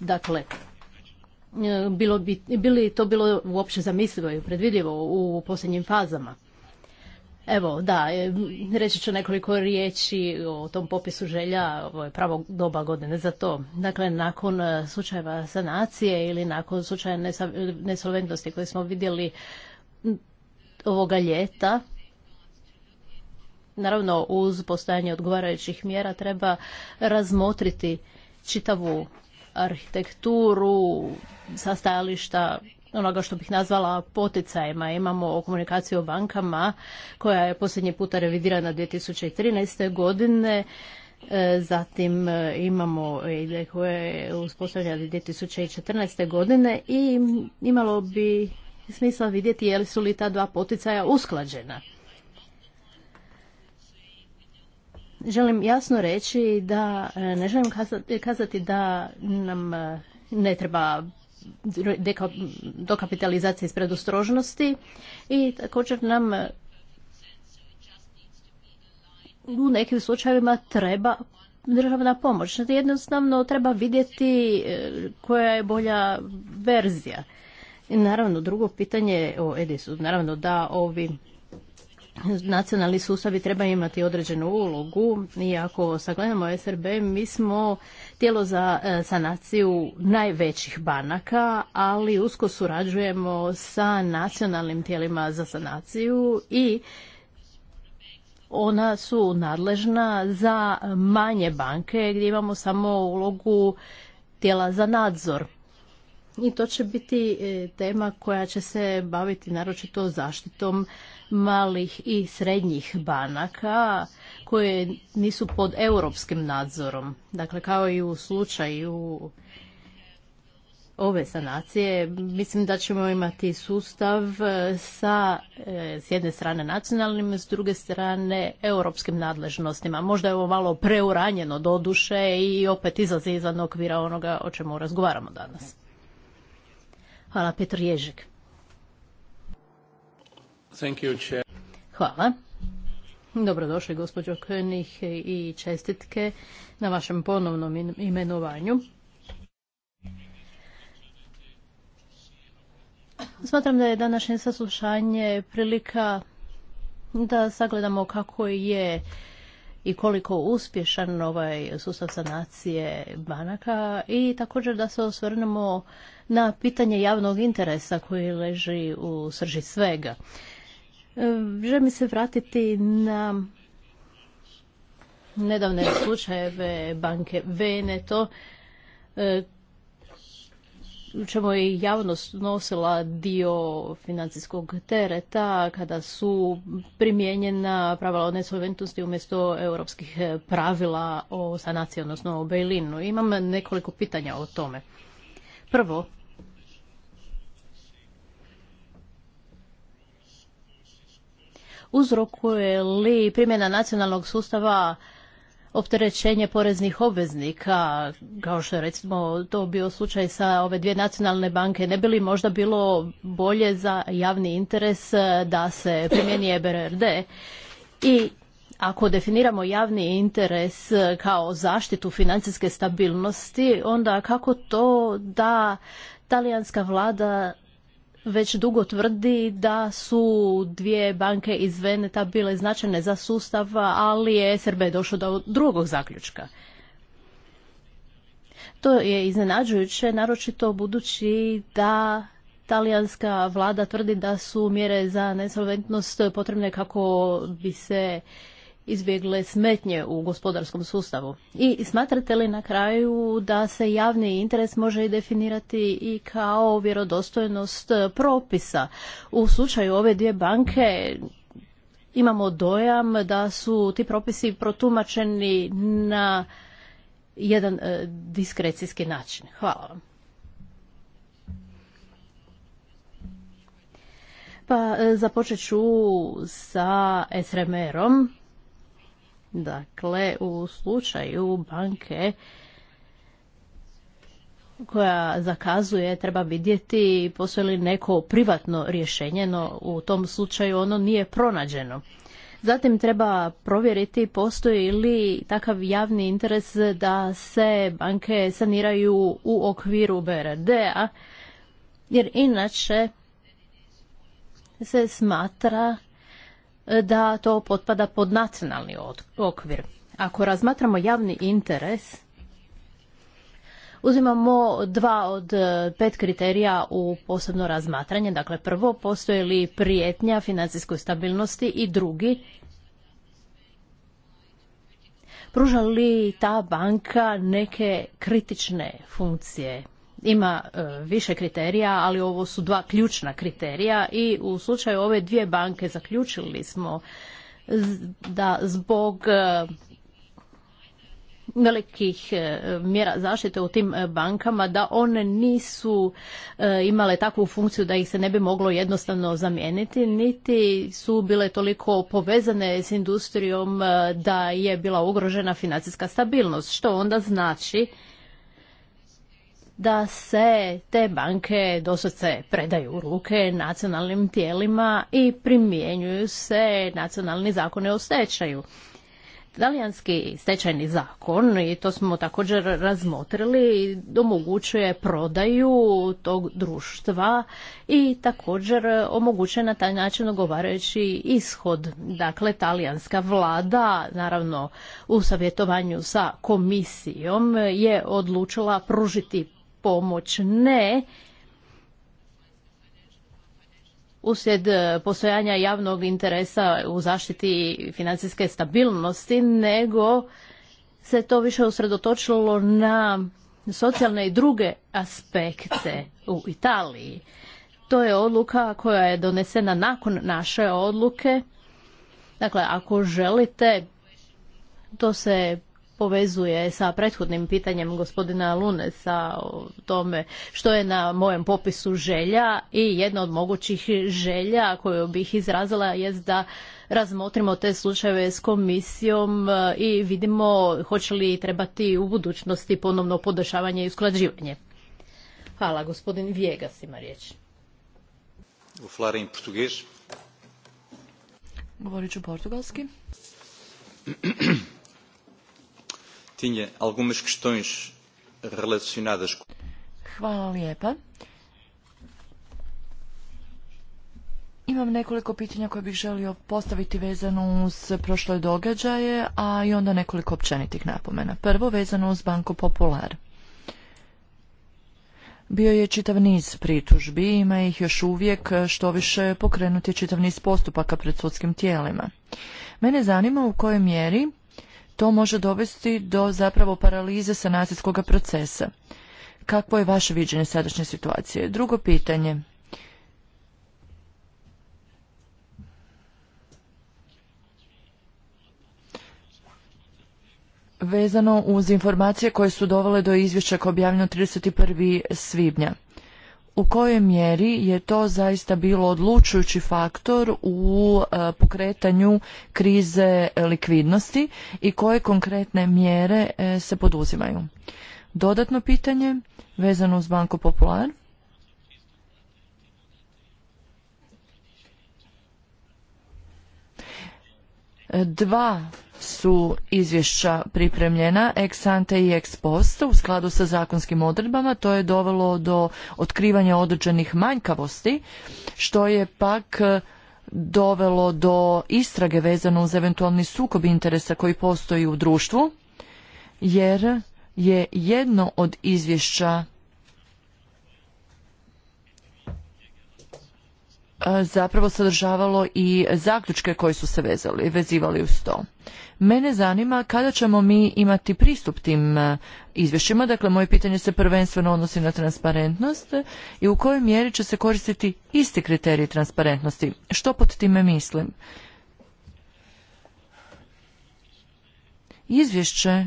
Dakle, e, bilo bi, bili to bilo uopće zamislivo i predvidivo u posljednjim fazama? Evo, da, e, reći ću nekoliko riječi o tom popisu želja, ovo je pravo doba godine za to. Dakle, nakon e, slučajeva sanacije ili nakon slučaja nesolventnosti koje smo vidjeli ovoga ljeta, naravno uz postojanje odgovarajućih mjera treba razmotriti čitavu arhitekturu, sastajališta onoga što bih nazvala poticajima. Imamo komunikaciju o bankama koja je posljednji puta revidirana 2013. godine. E, zatim e, imamo ide koje je uspostavljena 2014. godine i imalo bi smisla vidjeti je li su li ta dva poticaja usklađena. Želim jasno reći da e, ne želim kazati da nam ne treba dokapitalizacije iz predostrožnosti i također nam u nekim slučajevima treba državna pomoć. Znači, jednostavno treba vidjeti e, koja je bolja verzija. I naravno, drugo pitanje o Edisu, naravno da ovi nacionalni sustavi trebaju imati određenu ulogu i ako sagledamo SRB mi smo tijelo za e, sanaciju najvećih banaka, ali usko surađujemo sa nacionalnim tijelima za sanaciju i ona su nadležna za manje banke gdje imamo samo ulogu tijela za nadzor. I to će biti e, tema koja će se baviti naročito zaštitom malih i srednjih banaka koje nisu pod europskim nadzorom. Dakle, kao i u slučaju ove sanacije, mislim da ćemo imati sustav e, sa e, s jedne strane nacionalnim, s druge strane europskim nadležnostima. Možda je ovo malo preuranjeno duše i opet izlazi izvan okvira onoga o čemu razgovaramo danas. Hvala, Petar Ježek. Hvala. Dobrodošli gospođo König i čestitke na vašem ponovnom imenovanju. Smatram da je današnje saslušanje prilika da sagledamo kako je i koliko uspješan ovaj sustav sanacije banaka i također da se osvrnemo na pitanje javnog interesa koji leži u srži svega. Želim se vratiti na nedavne slučajeve banke Veneto, e, čemu je javnost nosila dio financijskog tereta kada su primijenjena pravila o nesolventnosti umjesto europskih pravila o sanaciji, odnosno o Bejlinu. Imam nekoliko pitanja o tome. Prvo, uzrokuje li primjena nacionalnog sustava opterećenje poreznih obveznika, kao što je recimo to bio slučaj sa ove dvije nacionalne banke, ne bi li možda bilo bolje za javni interes eh, da se primjeni EBRD i ako definiramo javni interes eh, kao zaštitu financijske stabilnosti, onda kako to da talijanska vlada već dugo tvrdi da su dvije banke iz Veneta bile značajne za sustav, ali je SRB došao do drugog zaključka. To je iznenađujuće, naročito budući da talijanska vlada tvrdi da su mjere za nesolventnost potrebne kako bi se izbjegle smetnje u gospodarskom sustavu? I smatrate li na kraju da se javni interes može i definirati i kao vjerodostojnost propisa? U slučaju ove dvije banke imamo dojam da su ti propisi protumačeni na jedan e, diskrecijski način. Hvala vam. Pa e, započet ću sa SRMR-om. Dakle, u slučaju banke koja zakazuje treba vidjeti postoji li neko privatno rješenje, no u tom slučaju ono nije pronađeno. Zatim treba provjeriti postoji li takav javni interes da se banke saniraju u okviru BRD-a, jer inače se smatra da to potpada pod nacionalni okvir. Ako razmatramo javni interes, uzimamo dva od e, pet kriterija u posebno razmatranje. Dakle, prvo, postoji li prijetnja financijskoj stabilnosti i drugi, pruža li ta banka neke kritične funkcije ima e, više kriterija, ali ovo su dva ključna kriterija i u slučaju ove dvije banke zaključili smo da zbog e, velikih e, mjera zaštite u tim bankama da one nisu imale takvu funkciju da ih se ne bi moglo jednostavno zamijeniti niti su bile toliko povezane s industrijom da je bila ugrožena financijska stabilnost što onda znači da se te banke doslovce predaju u ruke nacionalnim tijelima i primjenjuju se nacionalni zakoni o stečaju. Talijanski stečajni zakon, i to smo također razmotrili, omogućuje prodaju tog društva i također omogućuje na taj način ogovarajući ishod. Dakle, talijanska vlada, naravno u savjetovanju sa komisijom, je odlučila pružiti pomoć. Ne, uslijed e, postojanja javnog interesa u zaštiti financijske stabilnosti, nego se to više usredotočilo na socijalne i druge aspekte u Italiji. To je odluka koja je donesena nakon naše odluke. Dakle, ako želite, to se povezuje sa prethodnim pitanjem gospodina Lunesa o tome što je na mojem popisu želja i jedna od mogućih želja koju bih izrazila jest da razmotrimo te slučajeve s komisijom e, i vidimo hoće li trebati u budućnosti ponovno podešavanje i usklađivanje. Hvala, gospodin Vijegas ima riječ. U Govorit ću portugalski. Imam nekoliko pitanja koje bih želio postaviti vezano uz prošle događaje, a i onda nekoliko općenitih napomena. Prvo vezano uz Banku Popular. Bio je čitav niz pritužbi, ima ih još uvijek, što više pokrenut je čitav niz postupaka pred sudskim tijelima. Mene zanima u kojoj mjeri to može dovesti do zapravo paralize sanacijskog procesa. Kakvo je vaše viđenje sadašnje situacije? Drugo pitanje. Vezano uz informacije koje su dovele do izvješća koje objavljeno 31. svibnja u kojoj mjeri je to zaista bilo odlučujući faktor u e, pokretanju krize likvidnosti i koje konkretne mjere e, se poduzimaju. Dodatno pitanje vezano uz Banko Popular. Dva su izvješća pripremljena ex ante i ex post u skladu sa zakonskim odredbama. To je dovelo do otkrivanja određenih manjkavosti, što je pak e, dovelo do istrage vezano uz eventualni sukob interesa koji postoji u društvu, jer je jedno od izvješća E, zapravo sadržavalo i zaključke koji su se vezali, vezivali uz to. Mene zanima kada ćemo mi imati pristup tim e, izvješćima, dakle moje pitanje se prvenstveno odnosi na transparentnost i u kojoj mjeri će se koristiti isti kriteriji transparentnosti. Što pod time mislim? Izvješće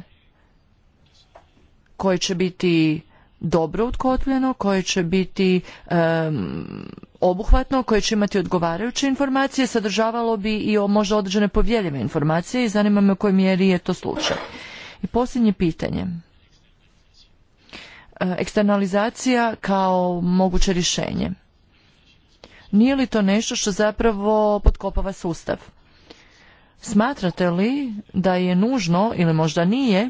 koje će biti dobro utkotljeno, koje će biti obuhvatno, koje će imati odgovarajuće informacije, sadržavalo bi i o možda određene povjeljive informacije i zanima me u kojoj mjeri je to slučaj. I posljednje pitanje. E, eksternalizacija kao moguće rješenje. Nije li to nešto što zapravo potkopava sustav? Smatrate li da je nužno ili možda nije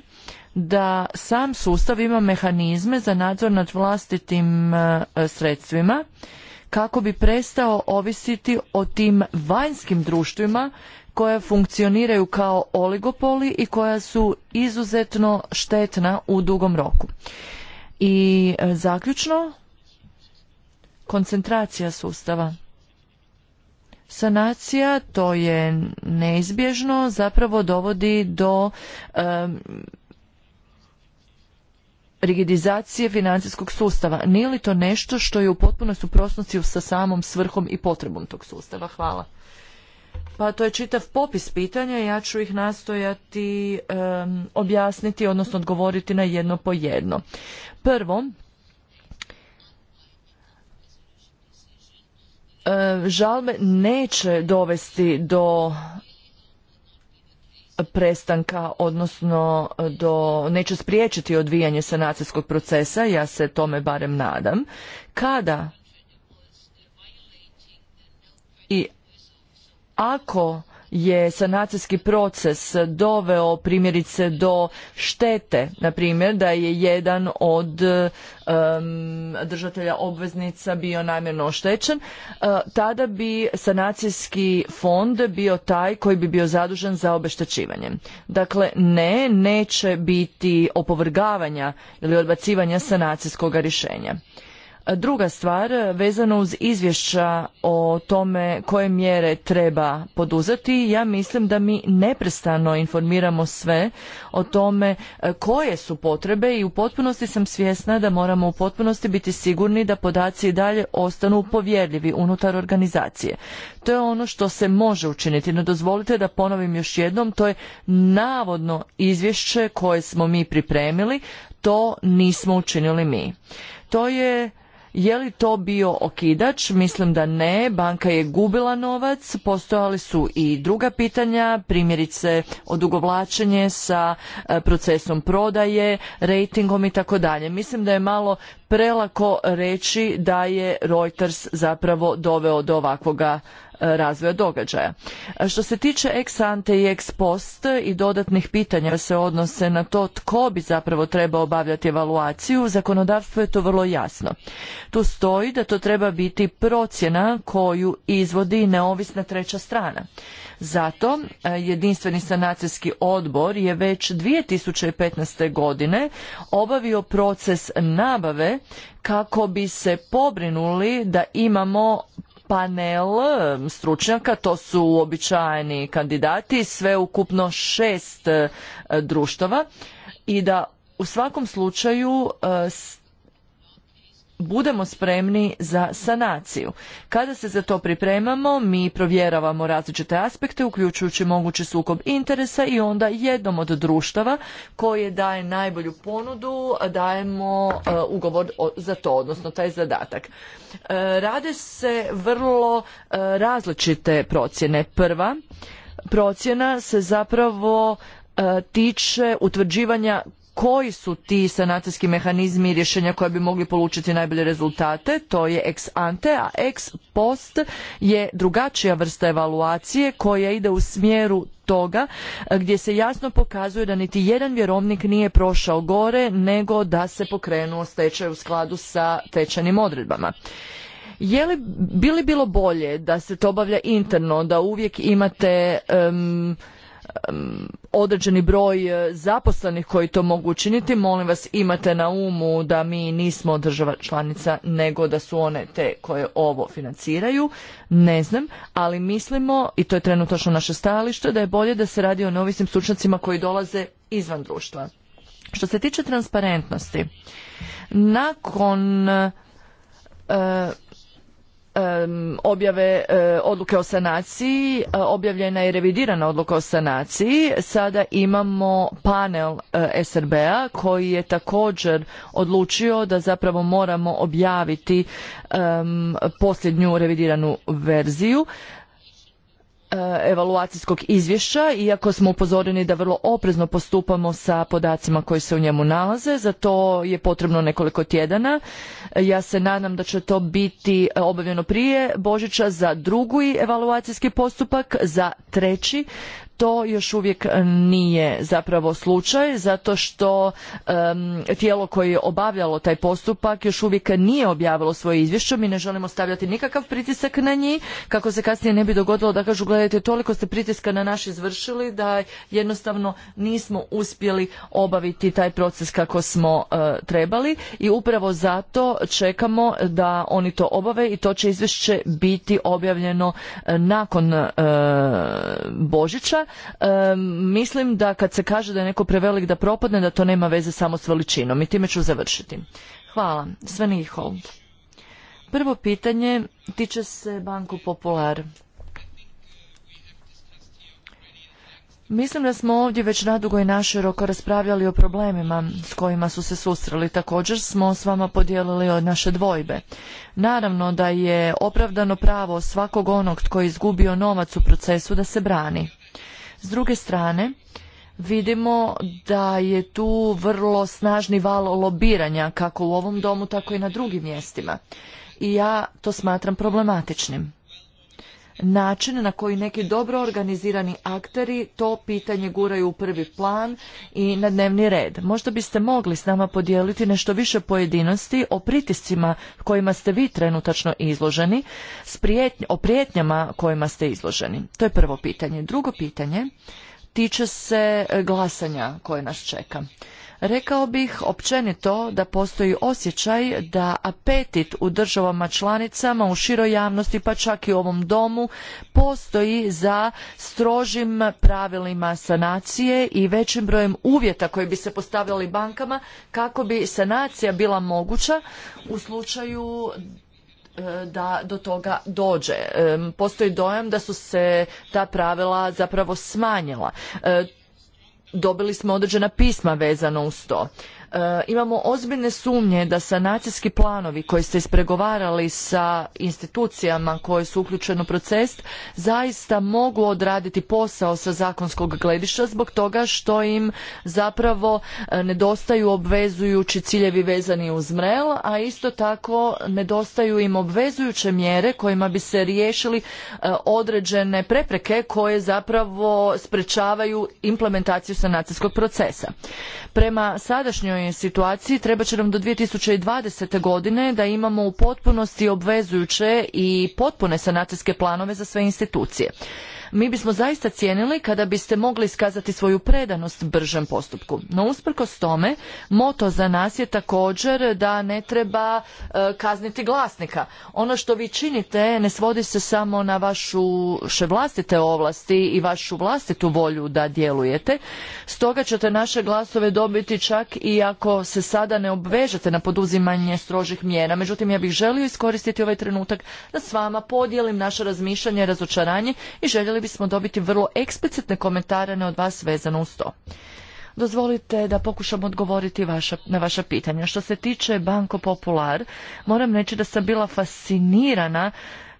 da sam sustav ima mehanizme za nadzor nad vlastitim e, sredstvima kako bi prestao ovisiti o tim vanjskim društvima koja funkcioniraju kao oligopoli i koja su izuzetno štetna u dugom roku. I e, zaključno, koncentracija sustava. Sanacija, to je neizbježno, zapravo dovodi do e, rigidizacije financijskog sustava. Nije li to nešto što je u potpunoj suprotnosti sa samom svrhom i potrebom tog sustava? Hvala. Pa to je čitav popis pitanja, ja ću ih nastojati objasniti, odnosno odgovoriti na jedno po jedno. Prvo, žalbe neće dovesti do prestanka, odnosno do, neće spriječiti odvijanje sanacijskog procesa, ja se tome barem nadam, kada i ako je sanacijski proces doveo primjerice do štete, na primjer da je jedan od držatelja obveznica bio namjerno oštećen, e, tada bi sanacijski fond bio taj koji bi bio zadužen za obeštećivanje. Dakle, ne, neće biti opovrgavanja ili odbacivanja sanacijskog rješenja. Druga stvar, vezano uz izvješća o tome koje mjere treba poduzeti, ja mislim da mi neprestano informiramo sve o tome e, koje su potrebe i u potpunosti sam svjesna da moramo u potpunosti biti sigurni da podaci i dalje ostanu povjerljivi unutar organizacije. To je ono što se može učiniti. No dozvolite da ponovim još jednom, to je navodno izvješće koje smo mi pripremili, to nismo učinili mi. To je je li to bio okidač? Mislim da ne. Banka je gubila novac. Postojali su i druga pitanja, primjerice odugovlačenje sa e, procesom prodaje, rejtingom i tako dalje. Mislim da je malo prelako reći da je Reuters zapravo doveo do ovakvoga razvoja događaja. Što se tiče ex ante i ex post i dodatnih pitanja se odnose na to tko bi zapravo trebao obavljati evaluaciju, zakonodavstvo je to vrlo jasno. Tu stoji da to treba biti procjena koju izvodi neovisna treća strana. Zato e, jedinstveni sanacijski odbor je već 2015. godine obavio proces nabave kako bi se pobrinuli da imamo panel stručnjaka, to su uobičajeni kandidati, sve ukupno šest eh, društava i da u svakom slučaju eh, budemo spremni za sanaciju. Kada se za to pripremamo, mi provjeravamo različite aspekte, uključujući mogući sukob interesa i onda jednom od društava koje daje najbolju ponudu dajemo e, ugovor za to, odnosno taj zadatak. E, rade se vrlo e, različite procjene. Prva procjena se zapravo tiče utvrđivanja koji su ti sanacijski mehanizmi i rješenja koja bi mogli polučiti najbolje rezultate, to je ex ante, a ex post je drugačija vrsta evaluacije koja ide u smjeru toga e, gdje se jasno pokazuje da niti jedan vjerovnik nije prošao gore nego da se pokrenuo stečaj u skladu sa tečajnim odredbama. Je li bilo bolje da se to obavlja interno, da uvijek imate određeni broj e, zaposlenih koji to mogu učiniti. Molim vas imate na umu da mi nismo država članica nego da su one te koje ovo financiraju. Ne znam, ali mislimo i to je trenutno naše stajalište da je bolje da se radi o neovisnim stručnjacima koji dolaze izvan društva. Što se tiče transparentnosti, nakon e, objave e, odluke o sanaciji, e, objavljena je revidirana odluka o sanaciji. Sada imamo panel e, SRB-a koji je također odlučio da zapravo moramo objaviti posljednju revidiranu verziju. E, evaluacijskog izvješća, iako smo upozoreni da vrlo oprezno postupamo sa podacima koji se u njemu nalaze. Za to je potrebno nekoliko tjedana. E, ja se nadam da će to biti e, obavljeno prije Božića za drugi evaluacijski postupak, za treći to još uvijek nije zapravo slučaj zato što tijelo koje je obavljalo taj postupak još uvijek nije objavilo svoje izvješće. Mi ne želimo stavljati nikakav pritisak na njih kako se kasnije ne bi dogodilo da kažu gledajte toliko ste pritiska na naš izvršili da jednostavno nismo uspjeli obaviti taj proces kako smo e, trebali i upravo zato čekamo da oni to obave i to će izvješće biti objavljeno e, nakon e, Božića mislim da kad se kaže da je neko prevelik da propadne, da to nema veze samo s veličinom i time ću završiti. Hvala. sve Prvo pitanje tiče se Banku Popular. Mislim da smo ovdje već nadugo i naširoko raspravljali o problemima s kojima su se susreli. Također smo s vama podijelili naše dvojbe. Naravno da je opravdano pravo svakog onog tko je izgubio novac u procesu da se brani. S druge strane, vidimo da je tu vrlo snažni val lobiranja kako u ovom domu, tako i na drugim mjestima. I ja to smatram problematičnim način na koji neki dobro organizirani akteri to pitanje guraju u prvi plan i na dnevni red. Možda biste mogli s nama podijeliti nešto više pojedinosti o pritiscima kojima ste vi trenutačno izloženi, o prijetnjama kojima ste izloženi. To je prvo pitanje. Drugo pitanje tiče se e, glasanja koje nas čeka. Rekao bih općenito da postoji osjećaj da apetit u državama članicama, u široj javnosti pa čak i u ovom domu postoji za strožim pravilima sanacije i većim brojem uvjeta koji bi se postavljali bankama kako bi sanacija bila moguća u slučaju e, da do toga dođe. Postoji dojam da su se ta pravila zapravo smanjila. E, dobili smo određena pisma vezano uz to. E, imamo ozbiljne sumnje da sanacijski planovi koji ste ispregovarali sa institucijama koje su uključene u proces zaista mogu odraditi posao sa zakonskog gledišta zbog toga što im zapravo e, nedostaju obvezujući ciljevi vezani uz mrel, a isto tako nedostaju im obvezujuće mjere kojima bi se riješili e, određene prepreke koje zapravo sprečavaju implementaciju sanacijskog procesa. Prema sadašnjoj trenutnoj situaciji treba će nam do 2020. godine da imamo u potpunosti obvezujuće i potpune sanacijske planove za sve institucije. Mi bismo zaista cijenili kada biste mogli iskazati svoju predanost bržem postupku. No usprkos tome, moto za nas je također da ne treba e, kazniti glasnika. Ono što vi činite ne svodi se samo na vašu vlastite ovlasti i vašu vlastitu volju da djelujete. Stoga ćete naše glasove dobiti čak i ako se sada ne obvežete na poduzimanje strožih mjera. Međutim, ja bih želio iskoristiti ovaj trenutak da s vama podijelim naše razmišljanje i razočaranje i željeli bismo dobiti vrlo eksplicitne komentare ne od vas vezano uz to. Dozvolite da pokušam odgovoriti vaša, na vaša pitanja. Što se tiče Banko Popular, moram reći da sam bila fascinirana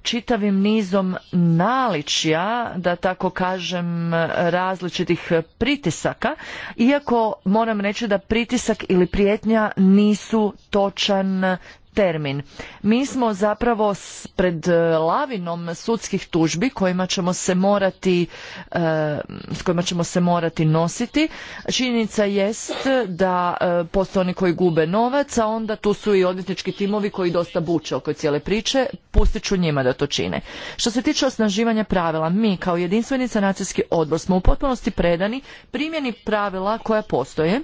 čitavim nizom naličja, da tako kažem, različitih pritisaka, iako moram reći da pritisak ili prijetnja nisu točan termin. Mi smo zapravo pred e, lavinom sudskih tužbi kojima ćemo se morati, e, s kojima ćemo se morati nositi. Činjenica jest da e, postoje oni koji gube novac, a onda tu su i odvjetnički timovi koji dosta buče oko cijele priče. Pustit ću njima da to čine. Što se tiče osnaživanja pravila, mi kao jedinstveni sanacijski odbor smo u potpunosti predani primjeni pravila koja postoje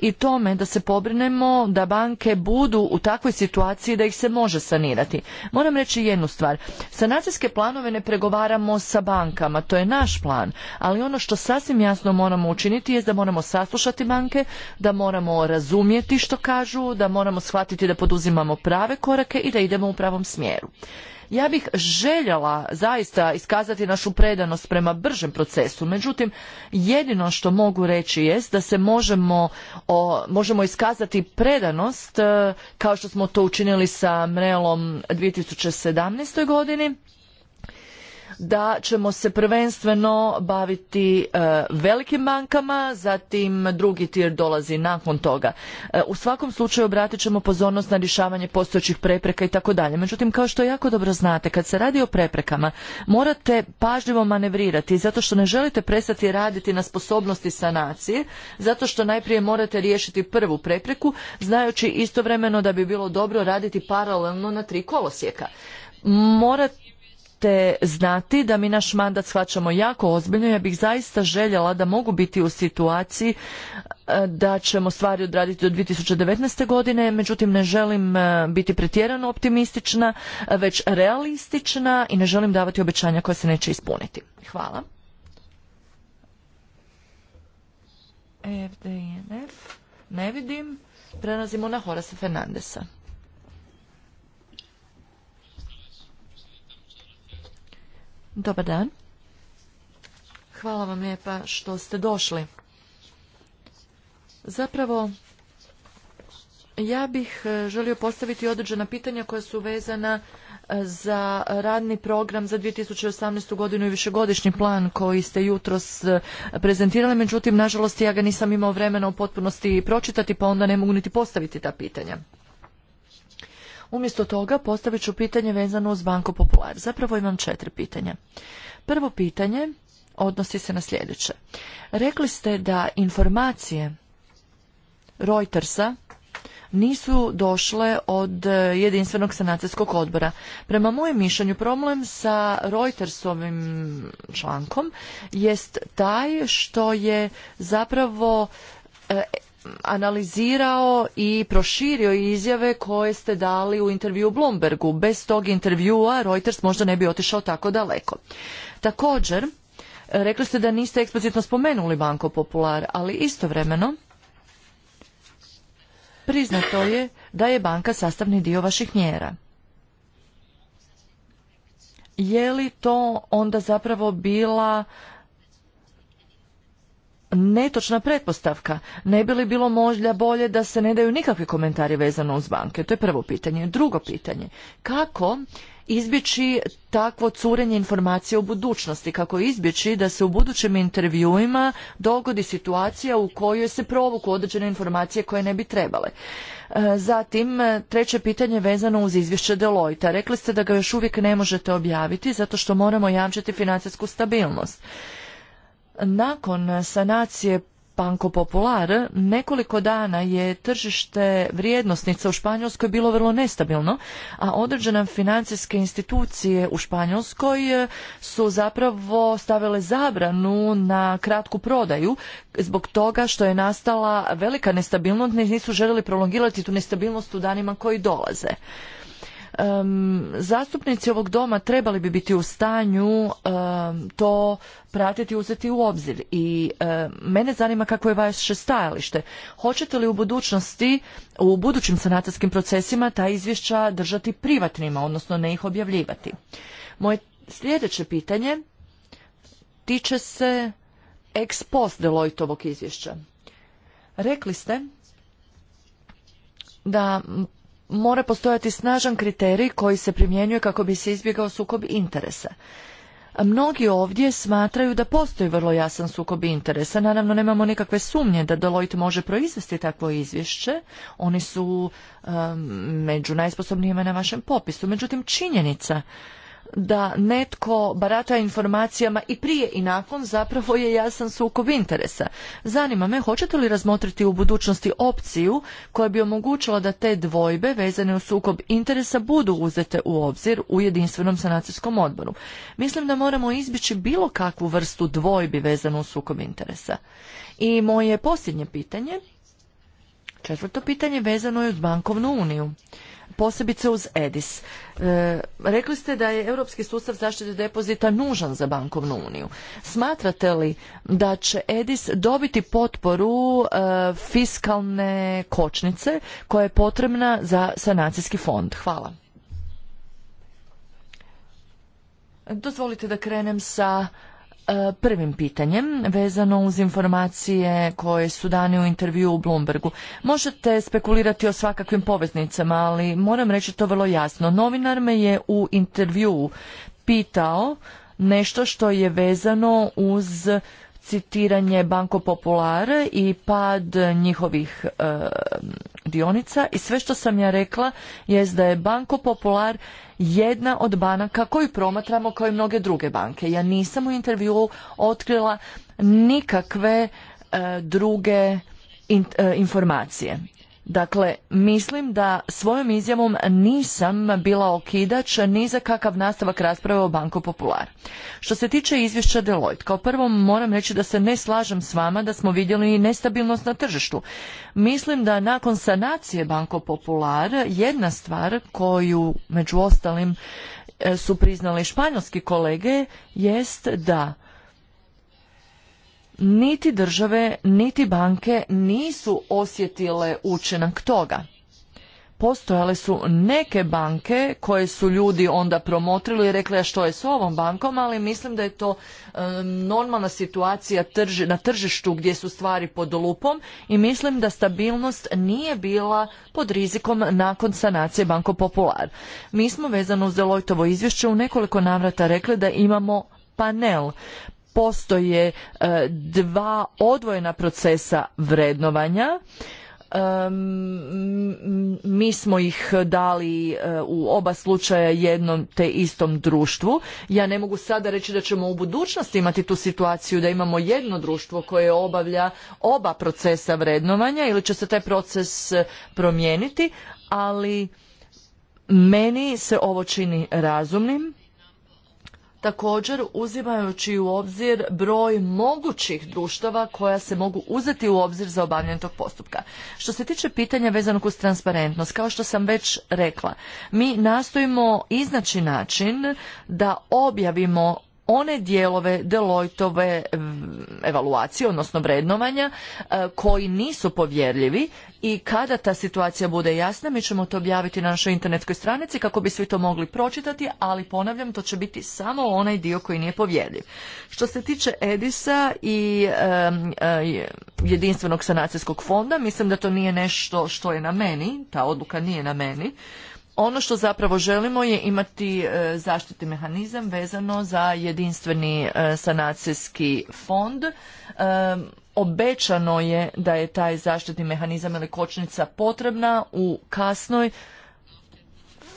i tome da se pobrinemo da banke budu u takvoj situaciji da ih se može sanirati. Moram reći jednu stvar. Sanacijske planove ne pregovaramo sa bankama, to je naš plan, ali ono što sasvim jasno moramo učiniti je da moramo saslušati banke, da moramo razumjeti što kažu, da moramo shvatiti da poduzimamo prave korake i da idemo u pravom smjeru. Ja bih željela zaista iskazati našu predanost prema bržem procesu, međutim jedino što mogu reći jest da se možemo, možemo iskazati predanost e, kao što smo to učinili sa Mrelom 2017. godini da ćemo se prvenstveno baviti e, velikim bankama, zatim drugi tir dolazi nakon toga. E, u svakom slučaju obratit ćemo pozornost na rješavanje postojećih prepreka i tako dalje. Međutim, kao što jako dobro znate, kad se radi o preprekama, morate pažljivo manevrirati zato što ne želite prestati raditi na sposobnosti sanacije, zato što najprije morate riješiti prvu prepreku, znajući istovremeno da bi bilo dobro raditi paralelno na tri kolosijeka. Morate te znati da mi naš mandat shvaćamo jako ozbiljno. Ja bih zaista željela da mogu biti u situaciji e, da ćemo stvari odraditi do 2019. godine, međutim ne želim e, biti pretjerano optimistična, već realistična i ne želim davati obećanja koja se neće ispuniti. Hvala. FDNF. Ne vidim. Prelazimo na Horace Fernandesa. Dobar dan. Hvala vam lijepa što ste došli. Zapravo, ja bih e, želio postaviti određena pitanja koja su vezana e, za radni program za 2018. godinu i višegodišnji plan koji ste jutros e, prezentirali. Međutim, nažalost, ja ga nisam imao vremena u potpunosti pročitati, pa onda ne mogu niti postaviti ta pitanja. Umjesto toga postavit ću pitanje vezano uz Banko Popular. Zapravo imam četiri pitanja. Prvo pitanje odnosi se na sljedeće. Rekli ste da informacije Reutersa nisu došle od jedinstvenog sanacijskog odbora. Prema mojem mišljenju problem sa Reutersovim člankom jest taj što je zapravo e, analizirao i proširio izjave koje ste dali u intervju Bloombergu. Bez tog intervjua Reuters možda ne bi otišao tako daleko. Također, rekli ste da niste eksplicitno spomenuli Banko Popular, ali istovremeno priznato je da je banka sastavni dio vaših mjera. Je li to onda zapravo bila netočna pretpostavka. Ne bi li bilo možda bolje da se ne daju nikakvi komentari vezano uz banke? To je prvo pitanje. Drugo pitanje, kako izbjeći takvo curenje informacija u budućnosti, kako izbjeći da se u budućim intervjuima dogodi situacija u kojoj se provuku određene informacije koje ne bi trebale. E, zatim, treće pitanje vezano uz izvješće Deloita. Rekli ste da ga još uvijek ne možete objaviti zato što moramo jamčiti financijsku stabilnost. Nakon sanacije Banco Popular, nekoliko dana je tržište vrijednosnica u Španjolskoj bilo vrlo nestabilno, a određene financijske institucije u Španjolskoj e, su zapravo stavile zabranu na kratku prodaju zbog toga što je nastala velika nestabilnost, nisu željeli prolongirati tu nestabilnost u danima koji dolaze. Um, zastupnici ovog doma trebali bi biti u stanju to pratiti i uzeti u obzir i mene zanima kako je vaše stajalište. Hoćete li u budućnosti, u budućim sanacijskim procesima ta izvješća držati privatnima, odnosno ne ih objavljivati? Moje sljedeće pitanje tiče se ex post ovog izvješća. Rekli ste da mora postojati snažan kriterij koji se primjenjuje kako bi se izbjegao sukob interesa. Mnogi ovdje smatraju da postoji vrlo jasan sukob interesa. Naravno, nemamo nikakve sumnje da Deloitte može proizvesti takvo izvješće. Oni su um, među najsposobnijima na vašem popisu. Međutim, činjenica da netko barata informacijama i prije i nakon zapravo je jasan sukob interesa. Zanima me, hoćete li razmotriti u budućnosti opciju koja bi omogućila da te dvojbe vezane u sukob interesa budu uzete u obzir u jedinstvenom sanacijskom odboru? Mislim da moramo izbjeći bilo kakvu vrstu dvojbi vezanu u sukob interesa. I moje posljednje pitanje, četvrto pitanje vezano je uz bankovnu uniju posebice uz EDIS. E, rekli ste da je Europski sustav zaštite depozita nužan za bankovnu uniju. Smatrate li da će EDIS dobiti potporu e, fiskalne kočnice koja je potrebna za sanacijski fond? Hvala. Dozvolite da krenem sa E, prvim pitanjem vezano uz informacije koje su dane u intervju u Bloombergu. Možete spekulirati o svakakvim poveznicama, ali moram reći to vrlo jasno. Novinar me je u intervju pitao nešto što je vezano uz citiranje Banko Popular i pad njihovih e, dionica i sve što sam ja rekla je da je Banko Popular jedna od banaka koju promatramo kao i mnoge druge banke. Ja nisam u intervjuu otkrila nikakve e, druge e, informacije. Dakle, mislim da svojom izjavom nisam bila okidač ni za kakav nastavak rasprave o Banko Popular. Što se tiče izvješća Deloitte, kao prvo moram reći da se ne slažem s vama da smo vidjeli i nestabilnost na tržištu. Mislim da nakon sanacije Banko Popular jedna stvar koju među ostalim e, su priznali španjolski kolege jest da niti države, niti banke nisu osjetile učinak toga. Postojale su neke banke koje su ljudi onda promotrili i rekli a što je s ovom bankom, ali mislim da je to e, normalna situacija na tržištu gdje su stvari pod lupom i mislim da stabilnost nije bila pod rizikom nakon sanacije Banko Popular. Mi smo vezano uz Deloitovo izvješće u nekoliko navrata rekli da imamo panel postoje e, dva odvojena procesa vrednovanja mi smo ih dali e, u oba slučaja jednom te istom društvu. Ja ne mogu sada reći da ćemo u budućnosti imati tu situaciju da imamo jedno društvo koje obavlja oba procesa vrednovanja ili će se taj proces e, promijeniti, ali meni se ovo čini razumnim također uzimajući u obzir broj mogućih društava koja se mogu uzeti u obzir za obavljanje tog postupka. Što se tiče pitanja vezanog uz transparentnost, kao što sam već rekla, mi nastojimo iznaći način da objavimo one dijelove Deloitove mm, evaluacije, odnosno vrednovanja, e, koji nisu povjerljivi i kada ta situacija bude jasna, mi ćemo to objaviti na našoj internetskoj stranici kako bi svi to mogli pročitati, ali ponavljam, to će biti samo onaj dio koji nije povjerljiv. Što se tiče Edisa i e, jedinstvenog sanacijskog fonda, mislim da to nije nešto što je na meni, ta odluka nije na meni, ono što zapravo želimo je imati e, zaštitni mehanizam vezano za jedinstveni e, sanacijski fond. E, obećano je da je taj zaštitni mehanizam ili kočnica potrebna u kasnoj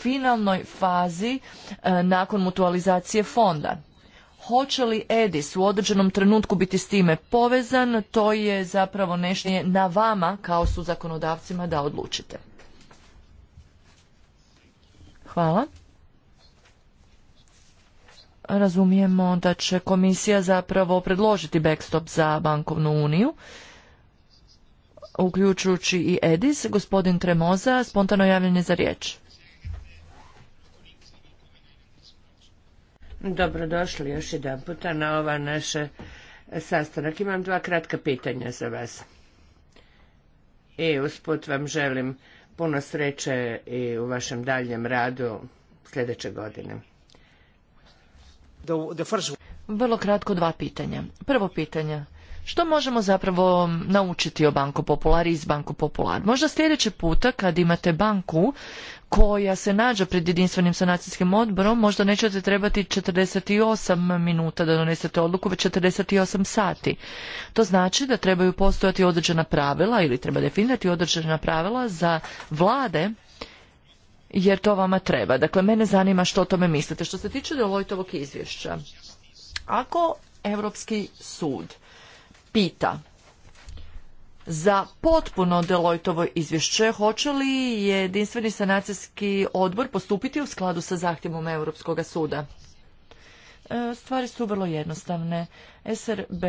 finalnoj fazi nakon mutualizacije fonda. Hoće li EDIS u određenom trenutku biti s time povezan, to je zapravo nešto na vama kao su zakonodavcima da odlučite. Hvala. Razumijemo da će komisija zapravo predložiti backstop za bankovnu uniju, uključujući i EDIS. Gospodin Tremoza, spontano javljanje za riječ. Dobrodošli još jedan puta na ova naša sastanak. Imam dva kratka pitanja za vas. I e, usput vam želim puno sreće i u vašem daljem radu sljedeće godine. Vrlo kratko dva pitanja. Prvo pitanje. Što možemo zapravo naučiti o Banko Popular i iz Banko Popular? Možda sljedeći puta kad imate banku, koja se nađa pred jedinstvenim sanacijskim odborom, možda nećete trebati 48 minuta da donesete odluku, već 48 sati. To znači da trebaju postojati određena pravila ili treba definirati određena pravila za vlade jer to vama treba. Dakle, mene zanima što o tome mislite. Što se tiče Deloitovog izvješća, ako Europski sud pita za potpuno Deloitovo izvješće, hoće li jedinstveni sanacijski odbor postupiti u skladu sa zahtjevom Europskog suda? E, stvari su vrlo jednostavne. SRB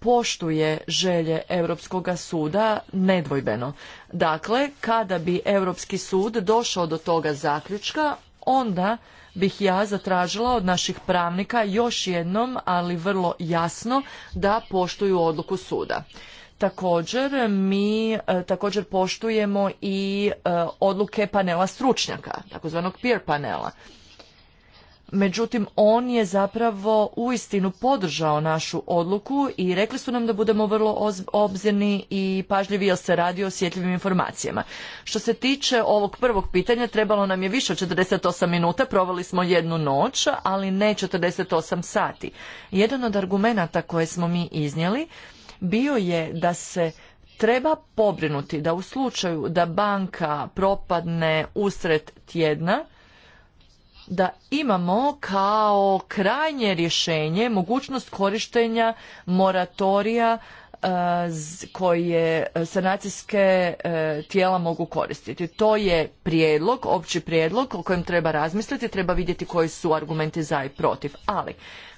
poštuje želje Europskoga suda nedvojbeno. Dakle, kada bi Europski sud došao do toga zaključka, onda bih ja zatražila od naših pravnika još jednom, ali vrlo jasno, da poštuju odluku suda. Također, mi e, također poštujemo i e, odluke panela stručnjaka, takozvanog peer panela. Međutim, on je zapravo uistinu podržao našu odluku i rekli su nam da budemo vrlo obzirni i pažljivi jer se radi o osjetljivim informacijama. Što se tiče ovog prvog pitanja, trebalo nam je više od 48 minuta, provali smo jednu noć, ali ne 48 sati. Jedan od argumenata koje smo mi iznijeli bio je da se treba pobrinuti da u slučaju da banka propadne usred tjedna, da imamo kao krajnje rješenje mogućnost korištenja moratorija e, koje sanacijske e, tijela mogu koristiti. To je prijedlog, opći prijedlog o kojem treba razmisliti, treba vidjeti koji su argumenti za i protiv. Ali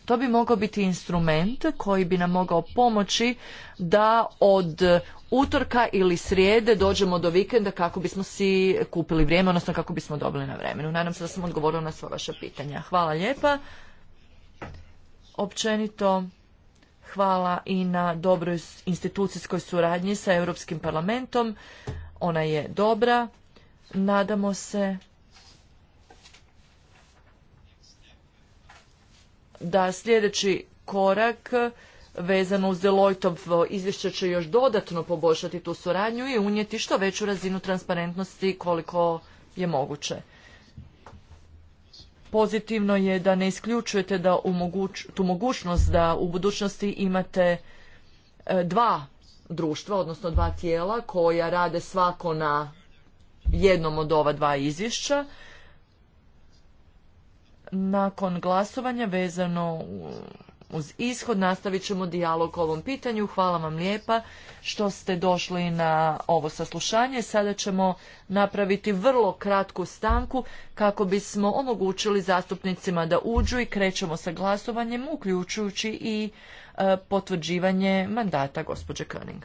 to bi mogao biti instrument koji bi nam mogao pomoći da od utorka ili srijede dođemo do vikenda kako bismo si kupili vrijeme, odnosno kako bismo dobili na vremenu. Nadam se da sam odgovorila na sva vaša pitanja. Hvala lijepa. Općenito hvala i na dobroj institucijskoj suradnji sa Europskim parlamentom. Ona je dobra. Nadamo se da sljedeći korak vezano uz Deloitov izvješće će još dodatno poboljšati tu suradnju i unijeti što veću razinu transparentnosti koliko je moguće. Pozitivno je da ne isključujete da tu mogućnost da u budućnosti imate e, dva društva, odnosno dva tijela koja rade svako na jednom od ova dva izvješća nakon glasovanja vezano uz ishod nastavit ćemo dijalog o ovom pitanju. Hvala vam lijepa što ste došli na ovo saslušanje. Sada ćemo napraviti vrlo kratku stanku kako bismo omogućili zastupnicima da uđu i krećemo sa glasovanjem uključujući i e, potvrđivanje mandata gospođe Koenig.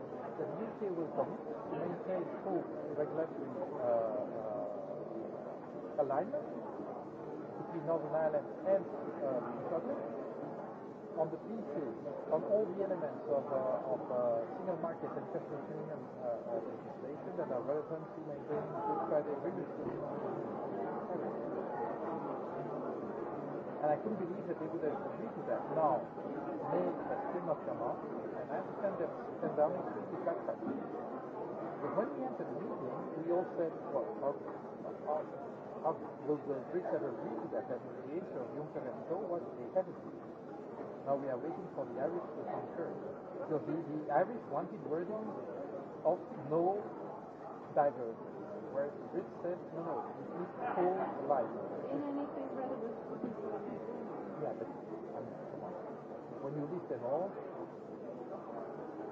the UK will come to maintain full regulatory uh, uh, alignment between Northern Ireland and uh, the on the pieces, on all the elements of, uh, of uh, single market and customs union uh, uh, legislation that are relevant to maintaining good Friday agreements. And I couldn't believe that they would have agreed to that. Now, May that still not come up. I understand that Mr. Downing is back But when we entered the meeting, we all said, well, how, how, how will the Brits ever read that the mediation of Juncker and so they was a heresy? Now we are waiting for the Irish to concur. So the, the Irish wanted wording of no divergence, whereas the Greeks said, no, no, we need full life. Yeah, but I um, mean, come on. When you list them all,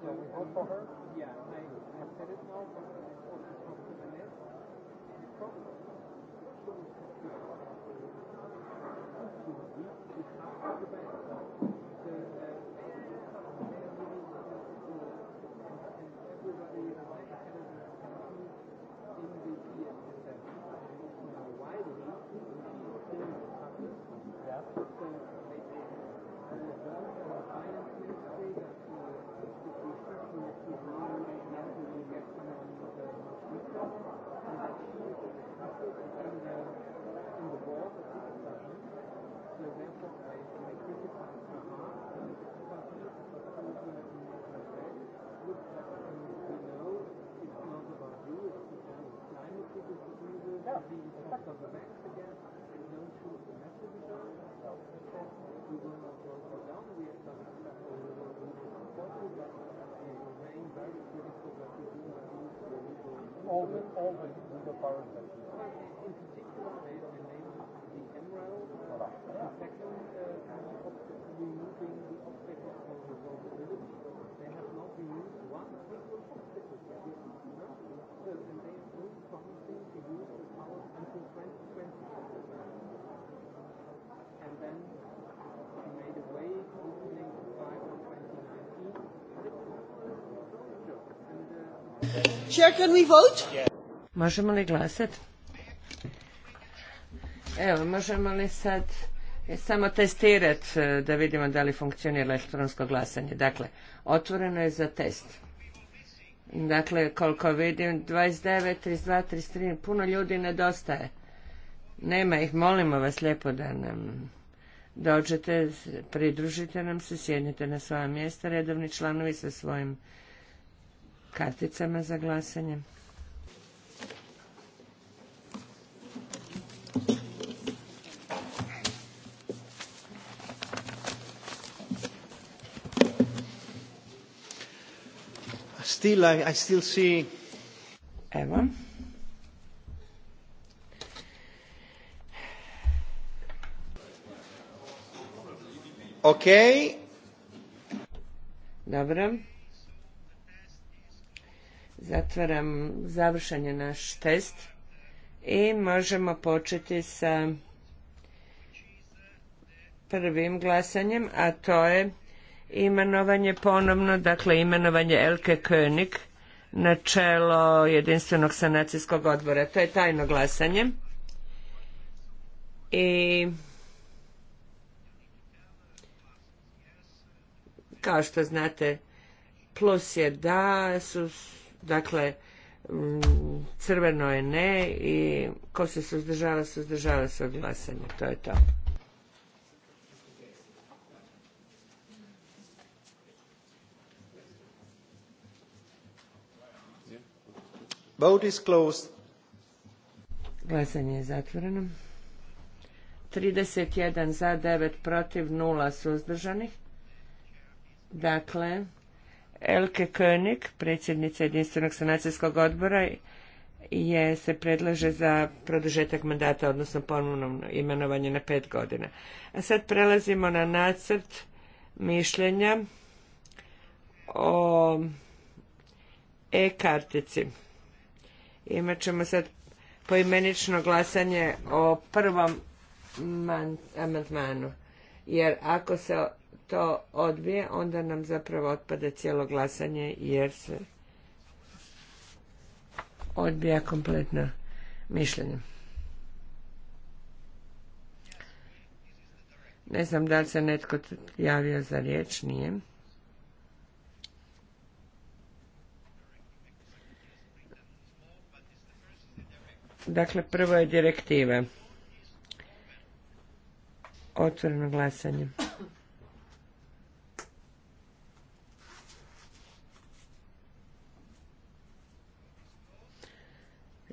So for her. Yeah, I, said it now, but always, always in the power In particular, they the the They have not removed one Chair, can we vote? Možemo li glasat? Evo, možemo li sad e, samo testirati e, da vidimo da li funkcionira elektronsko glasanje. Dakle, otvoreno je za test. Dakle, koliko vidim, 29, 32, 33, puno ljudi nedostaje. Nema ih, molimo vas lijepo da nam dođete, pridružite nam se, sjednite na svoja mjesta, redovni članovi sa svojim karticama za glasanje. Still, I, Evo. Ok. Dobro. Zatvaram, završen je naš test i možemo početi sa prvim glasanjem, a to je imenovanje ponovno, dakle imenovanje Elke König na čelo jedinstvenog sanacijskog odbora. To je tajno glasanje. I kao što znate, plus je da su Dakle, mm, crveno je ne i ko se suzdržava, suzdržava se od glasanja. To je to. Vote is closed. Glasanje je zatvoreno. 31 za, 9 protiv, 0 suzdržanih. Dakle, Elke König, predsjednica Jedinstvenog sanacijskog odbora, je se predlaže za produžetak mandata, odnosno ponovno imenovanje na pet godina. A sad prelazimo na nacrt mišljenja o e-kartici. Imat sad poimenično glasanje o prvom amandmanu. Jer ako se to odbije, onda nam zapravo otpada cijelo glasanje jer se odbija kompletno mišljenje. Ne znam da li se netko javio za riječ, nije. Dakle, prvo je direktiva. Otvoreno glasanje.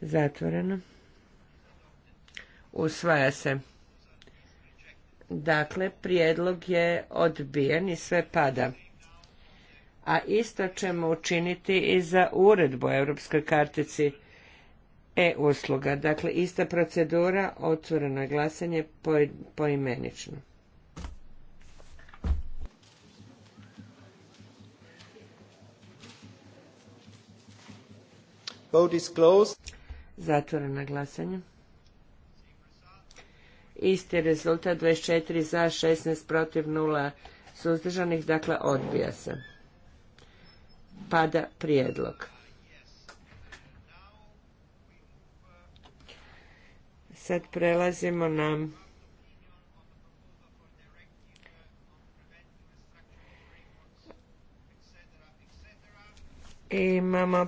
Zatvoreno. Usvaja se. Dakle, prijedlog je odbijen i sve pada. A isto ćemo učiniti i za uredbu o Europskoj kartici e-usluga. Dakle, ista procedura, otvoreno je glasanje poimenično. Vote is closed na glasanje. Isti rezultat, 24 za, 16 protiv, 0 suzdržanih, dakle odbija se. Pada prijedlog. Sad prelazimo na imamo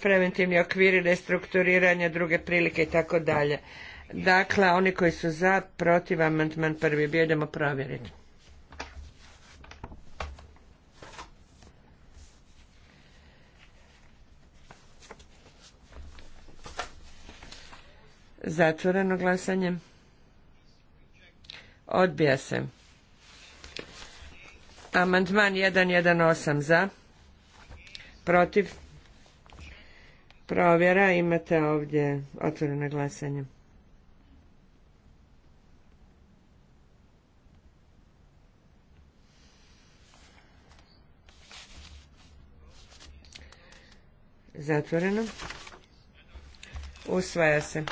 preventivni okviri, restrukturiranja, druge prilike i tako dalje. Dakle, oni koji su za, protiv, amandman prvi bi idemo provjeriti. Zatvoreno glasanje. Odbija se. Amandman 118 za protiv, provjera, imate ovdje otvoreno glasanje. Zatvoreno. Usvaja se.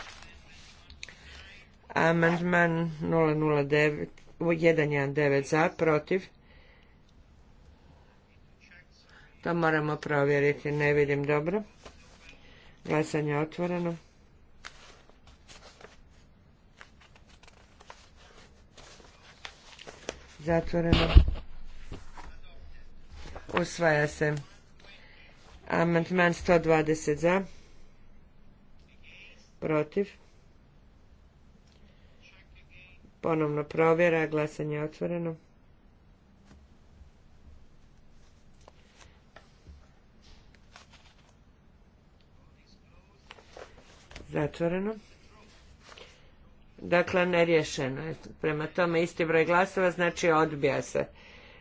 Amandman 009, 119 za, protiv, to moramo provjeriti, ne vidim dobro. Glasanje otvoreno. Zatvoreno. Usvaja se. Amantman 120 za. Protiv. Ponovno provjera, glasanje otvoreno. Zatvoreno. Dakle, nerješeno. Prema tome, isti broj glasova, znači odbija se.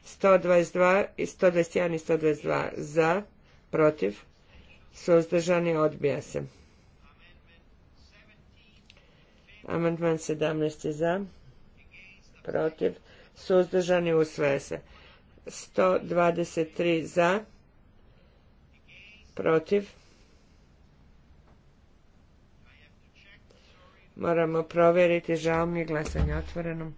122, 121 i 122 za, protiv, suzdržani, odbija se. Amandman 17 za, protiv, suzdržani, usvaja se. 123 za, protiv, Moramo provjeriti, žao mi je glasanje otvoreno.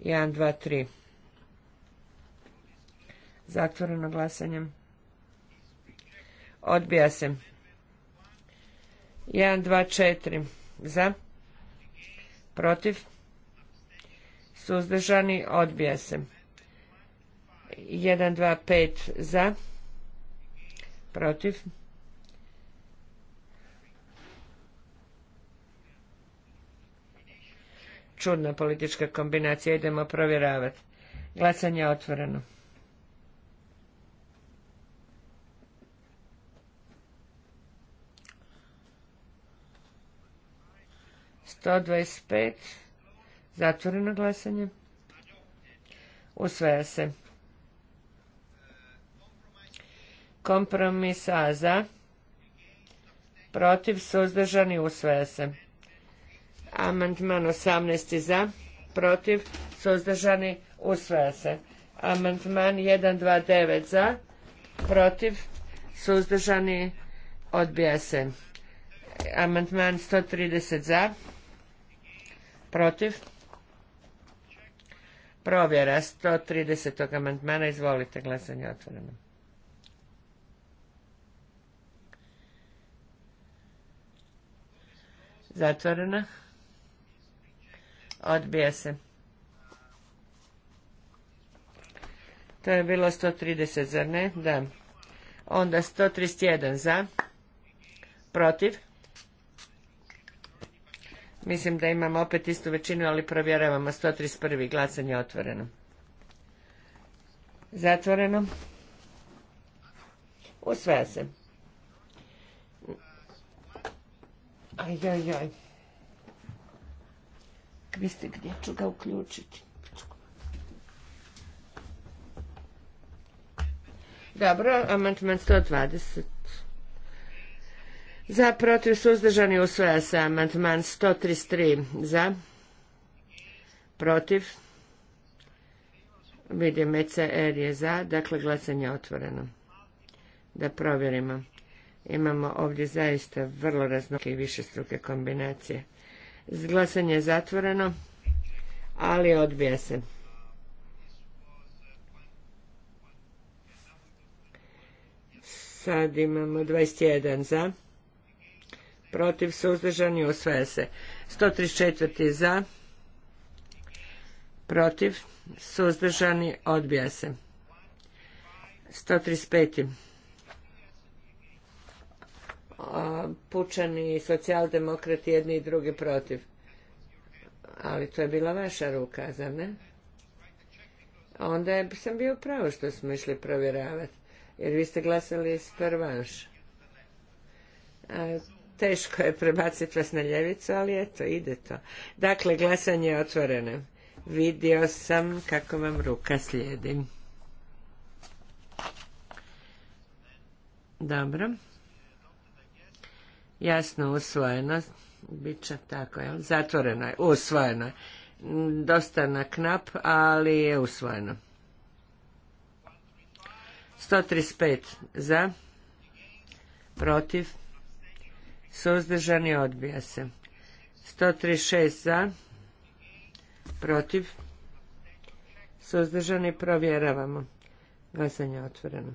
1, 2, 3. Zatvoreno glasanje. Odbija se. 1, 2, 4. Za. Protiv. Suzdržani. Odbija se. 1, 2, 5. Za. Protiv. čudna politička kombinacija, idemo provjeravati. Glasanje je otvoreno. Sto dvadeset pet. Zatvoreno glasanje. Usvaja se. Kompromis za. Protiv suzdržani usvaja se. Amandman 18. za, protiv, suzdržani, usvaja se. Amandman 129 za, protiv, suzdržani, odbija se. Amandman 130 za, protiv, provjera 130. amandmana, izvolite, glasanje otvoreno. Zatvorena. Odbija se. To je bilo 130, zar ne? Da. Onda 131 za. Protiv. Mislim da imamo opet istu većinu, ali provjeravamo 131. Glasanje otvoreno. Zatvoreno. Usvaja se. Ajajaj. aj, aj vi gdje ću ga uključiti. Dobro, amantman 120. Za, protiv, suzdržani, usvoja se amantman 133. Za, protiv, vidim ECR je za, dakle glasanje je otvoreno. Da provjerimo. Imamo ovdje zaista vrlo raznolike i struke kombinacije. Glasanje je zatvoreno, ali odbija se. Sad imamo 21 za, protiv suzdržani usvaja se. 134 za, protiv suzdržani odbija se. 135 pučani i socijaldemokrati jedni i drugi protiv. Ali to je bila vaša ruka, zar ne? Onda je, sam bio pravo što smo išli provjeravati, jer vi ste glasali s prvaš. teško je prebaciti vas na ljevicu, ali eto, ide to. Dakle, glasanje je otvoreno. Vidio sam kako vam ruka slijedi. Dobro. Jasno usvojeno, bit će tako, je. Zatvoreno je, usvojeno. Dosta na knap, ali je usvojeno. 135 za, protiv, suzdržani odbija se. 136 za, protiv, suzdržani provjeravamo. Glasanje otvoreno.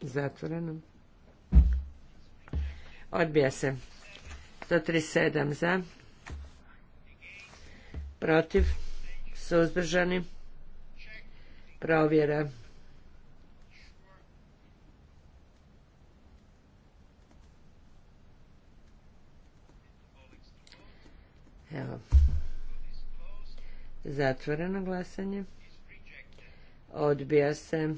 Zatvoreno. Odbija se. 137 za. Protiv. Suzdržani. Provjera. Evo. Zatvoreno glasanje. Odbija se.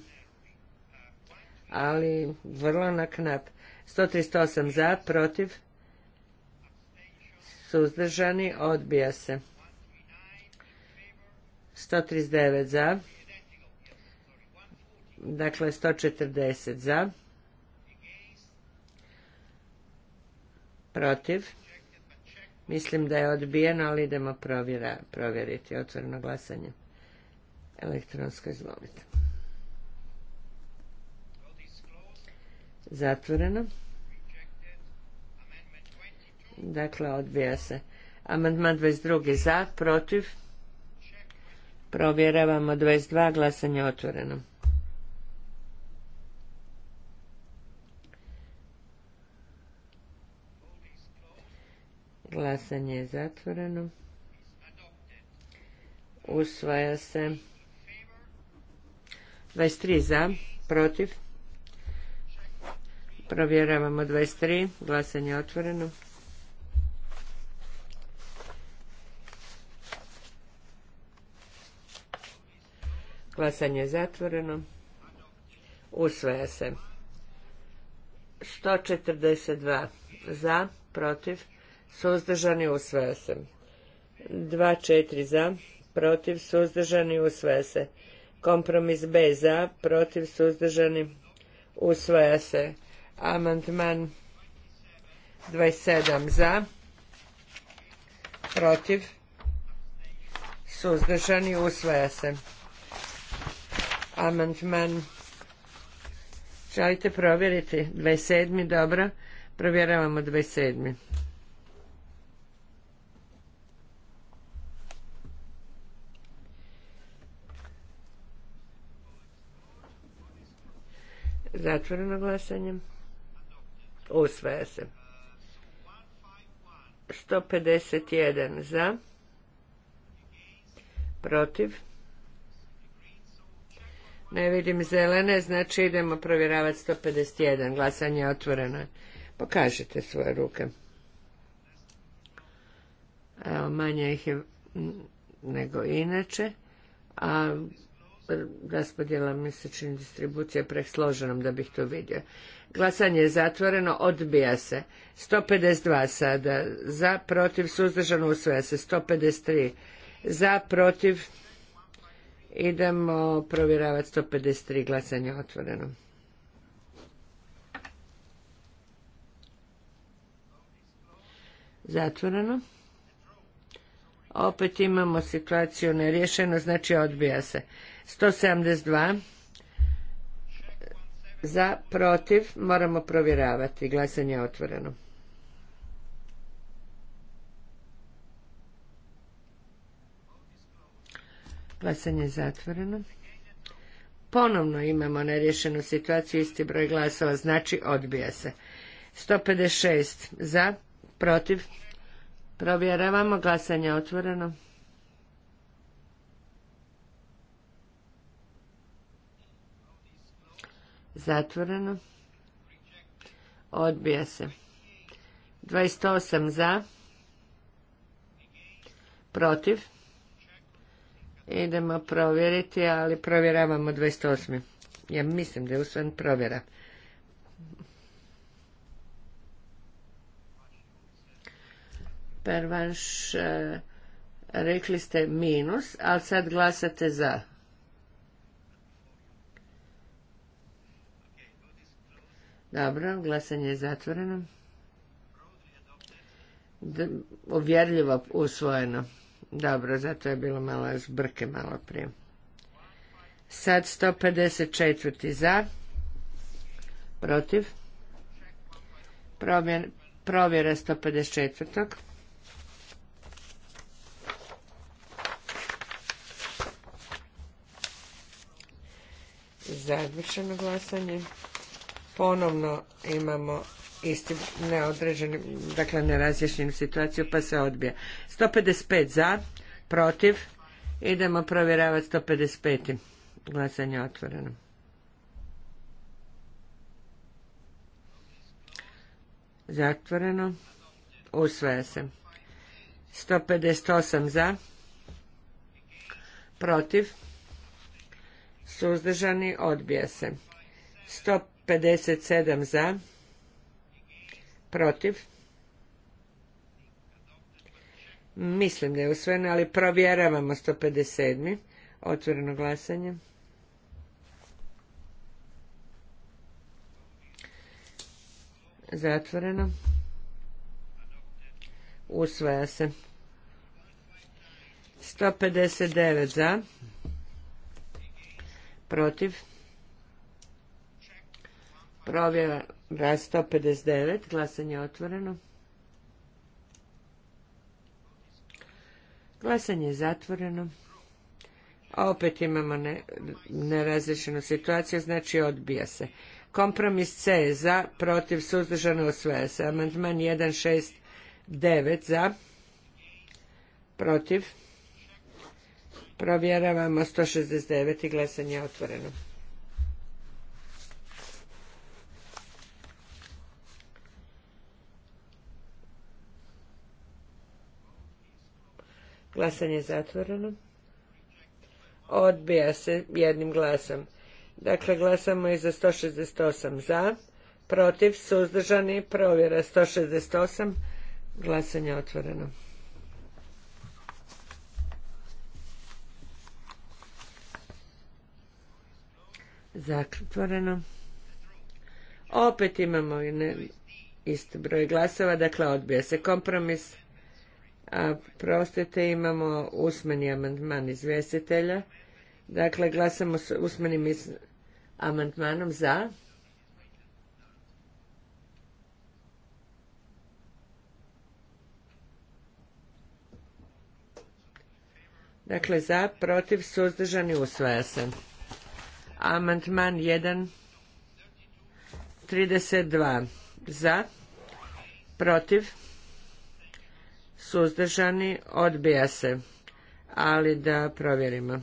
Ali vrlo na knapu. 138 za, protiv, suzdržani, odbija se. 139 za, dakle 140 za, protiv, mislim da je odbijeno, ali idemo provjeriti otvoreno glasanje. Elektronsko izvolite. Zatvoreno. Dakle, odbija se. Amandman 22. Za, protiv. Provjeravamo 22. Glasanje otvoreno. Glasanje je zatvoreno. Usvaja se. 23 za, protiv. Provjeravamo 23. Glasanje je otvoreno. Glasanje je zatvoreno. Usvaja se. 142 za, protiv, suzdržani, usvaja se. 24 za, protiv, suzdržani, usvaja se. Kompromis B za, protiv, suzdržani, usvaja se. Amandman 27 za, protiv, suzdržani, usvaja se. Amandman, želite provjeriti? 27. dobro, provjeravamo 27. Zatvoreno glasanje. Usvaja se. 151 za. Protiv. Ne vidim zelene, znači idemo provjeravati 151. Glasanje je otvoreno. Pokažite svoje ruke. Evo, manje ih je nego inače. A raspodjela mjesečne distribucije presloženom da bih to vidio. Glasanje je zatvoreno, odbija se. 152 sada, za, protiv, suzdržano usvaja se. 153, za, protiv, idemo provjeravati 153, glasanje otvoreno. Zatvoreno. Opet imamo situaciju nerješeno, znači odbija se. 172 za, protiv, moramo provjeravati. Glasanje je otvoreno. Glasanje je zatvoreno. Ponovno imamo nerješenu situaciju, isti broj glasova, znači odbija se. 156 za, protiv, provjeravamo, glasanje je otvoreno. Zatvoreno. Odbija se. 28 za. Protiv. Idemo provjeriti, ali provjeravamo 28. Ja mislim da je usvan provjera. Pervanš, eh, rekli ste minus, ali sad glasate za. Dobro, glasanje je zatvoreno. uvjerljivo usvojeno. Dobro, zato je bilo malo zbrke malo prije. Sad 154. za. Protiv. sto provjera 154. Završeno glasanje ponovno imamo isti neodređeni, dakle nerazjašnjenu situaciju pa se odbija. 155 za, protiv, idemo provjeravati 155. Glasanje otvoreno. Zatvoreno. Usvaja se. 158 za. Protiv. Suzdržani. Odbija se. 57 za, protiv. Mislim da je usvojeno, ali provjeravamo 157. Otvoreno glasanje. Zatvoreno. Usvaja se. 159 za. Protiv. Provjera 159, glasanje otvoreno. Glasanje je zatvoreno. A opet imamo ne, situaciju, znači odbija se. Kompromis C za, protiv, suzdržano osvaja se. Amandman 169 za, protiv. Provjeravamo 169 i glasanje je otvoreno. Glasanje je zatvoreno. Odbija se jednim glasom. Dakle, glasamo i za 168 za, protiv, suzdržani, provjera 168, glasanje otvoreno. Zatvoreno. Opet imamo ne, isti broj glasova, dakle odbija se kompromis a prostite, imamo usmeni amandman izvjestitelja. Dakle, glasamo s usmenim Amantmanom amandmanom za. Dakle, za, protiv, i usvaja se. Amantman 1, 32, za, protiv, suzdržani, odbija se, ali da provjerimo.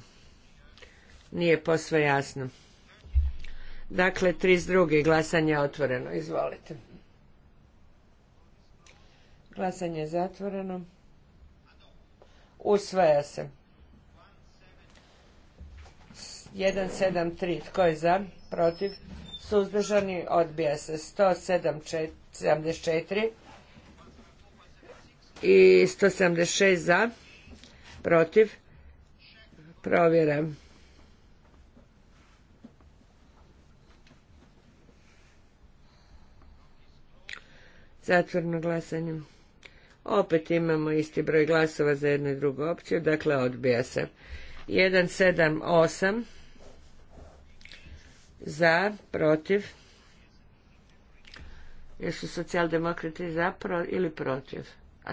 Nije posve jasno. Dakle, 32. glasanje je otvoreno. Izvolite. Glasanje je zatvoreno. Usvaja se. 173. Tko je za? Protiv? Suzdržani? Odbija se. 174 i 176 za, protiv, provjeram. Zatvorno glasanje. Opet imamo isti broj glasova za jednu i drugu opciju, dakle odbija se. 178 za, protiv. Jesu socijaldemokrati za ili protiv?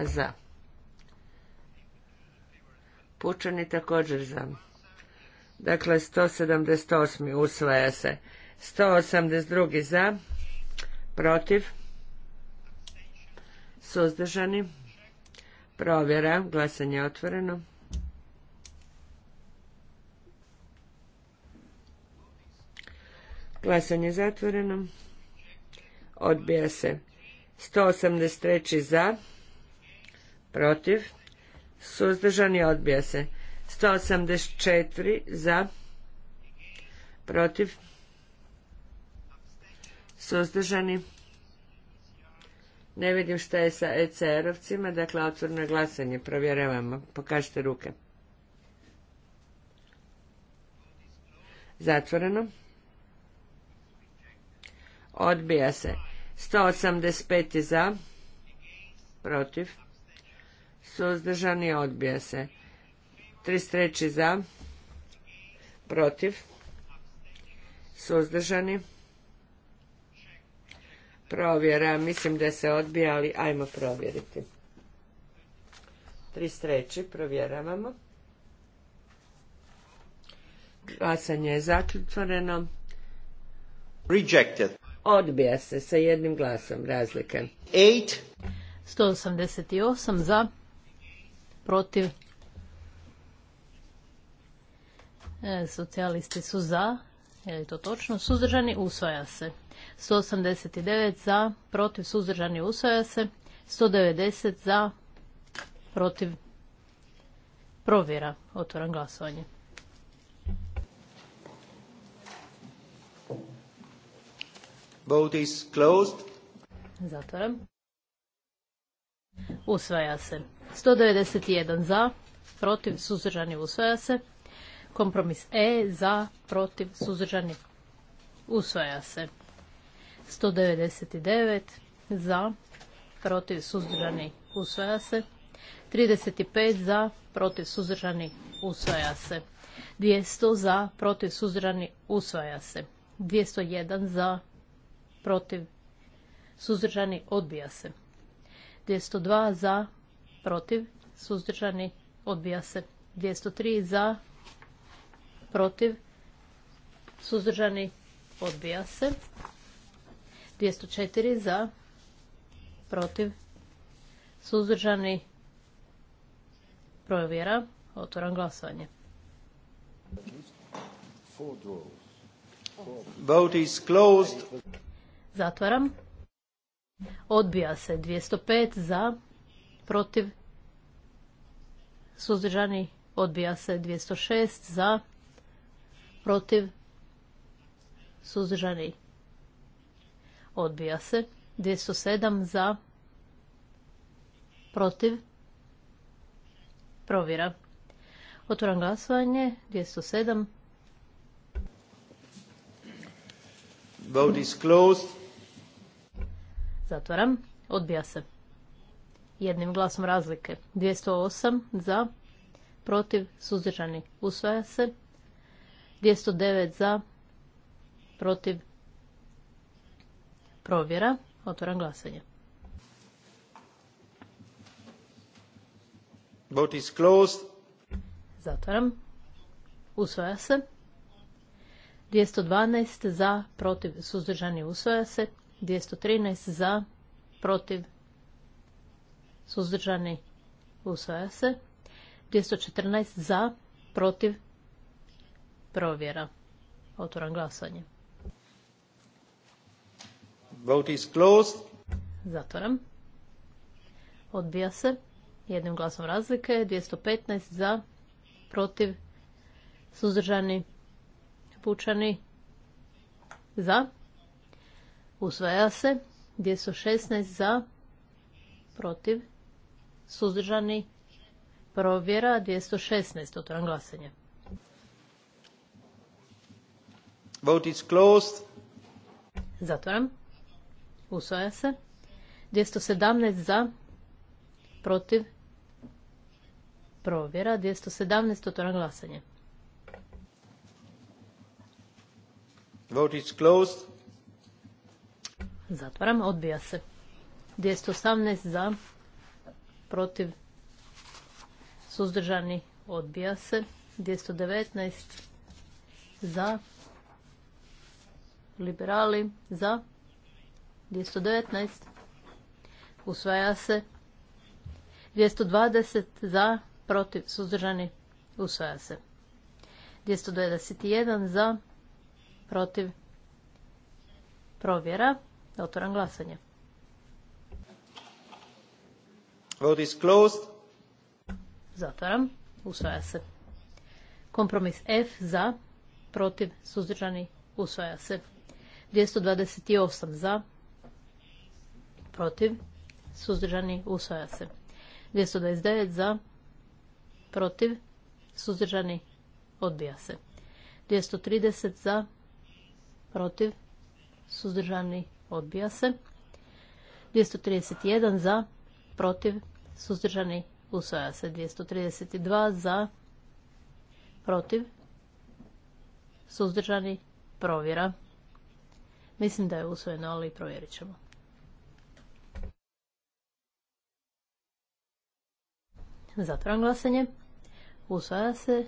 za. Pučani također za. Dakle, 178. usvaja se. 182. za. Protiv. Suzdržani. Provjera. Glasanje otvoreno. Glasanje zatvoreno. Odbija se. 183. za protiv, suzdržani, odbija se. 184 za, protiv, suzdržani. Ne vidim šta je sa ECR-ovcima, dakle otvorno glasanje, provjeravamo, pokažite ruke. Zatvoreno. Odbija se. 185 za, protiv, suzdržani, odbija se. 33. za, protiv, suzdržani, provjera, mislim da se odbija, ali ajmo provjeriti. 33. provjeravamo. Glasanje je zaključeno. Rejected. Odbija se sa jednim glasom razlike. 8. 188 za, protiv. E, socijalisti su za, je li to točno? Suzdržani usvaja se. 189 za, protiv suzdržani usvaja se. 190 za, protiv provjera. Otvoram glasovanje. Vote is closed. Zatvoram. Usvaja se. 191 za, protiv, suzdržani, usvaja se. Kompromis E za, protiv, suzdržani, usvaja se. 199 za, protiv, suzdržani, usvaja se. 35 za, protiv, suzdržani, usvaja se. 200 za, protiv, suzdržani, usvaja se. 201 za, protiv, suzdržani, odbija se. 202 za, protiv, suzdržani, odbija se. 203 za, protiv, suzdržani, odbija se. 204 za, protiv, suzdržani, provjera, otvoram glasovanje. Vote is closed. Zatvaram. Odbija se 205 za, protiv, suzdržani. Odbija se 206 za, protiv, suzdržani. Odbija se 207 za, protiv, provjera. Otvoram glasovanje 207. Vote is closed. Zatvaram. Odbija se. Jednim glasom razlike. 208 za, protiv, suzdržani. Usvaja se. 209 za, protiv, provjera. Otvaram glasanje. is Zatvaram. Usvaja se. 212 za, protiv, suzdržani. Usvaja se. 213 za, protiv, suzdržani, usvaja se. 214 za, protiv, provjera. Otvoram glasanje. Vote is closed. Zatvoram. Odbija se. Jednim glasom razlike. 215 za, protiv, suzdržani, pučani, za, Usvaja se. 216 za. Protiv. Suzdržani. Provjera. 216. Otvoram glasanje. Vote is closed. Zatvoram. Usvaja se. 217 za. Protiv. Provjera. 217. Otvoram glasanje. Vote is closed. Zatvaram, odbija se. 218 za, protiv, suzdržani, odbija se. 219 za, liberali, za, 219, usvaja se. 220 za, protiv, suzdržani, usvaja se. 221 za, protiv, provjera. Otvoram glasanje. Vote is closed. Zatvaram. Usvaja se. Kompromis F za, protiv, suzdržani, usvaja se. 228 za, protiv, suzdržani, usvaja se. 229 za, protiv, suzdržani, odbija se. 230 za, protiv, suzdržani, odbija se. 231 za, protiv, suzdržani, usvaja se. 232 za, protiv, suzdržani, provjera. Mislim da je usvojeno, ali provjerit ćemo. Zatvaram glasanje. Usvaja se.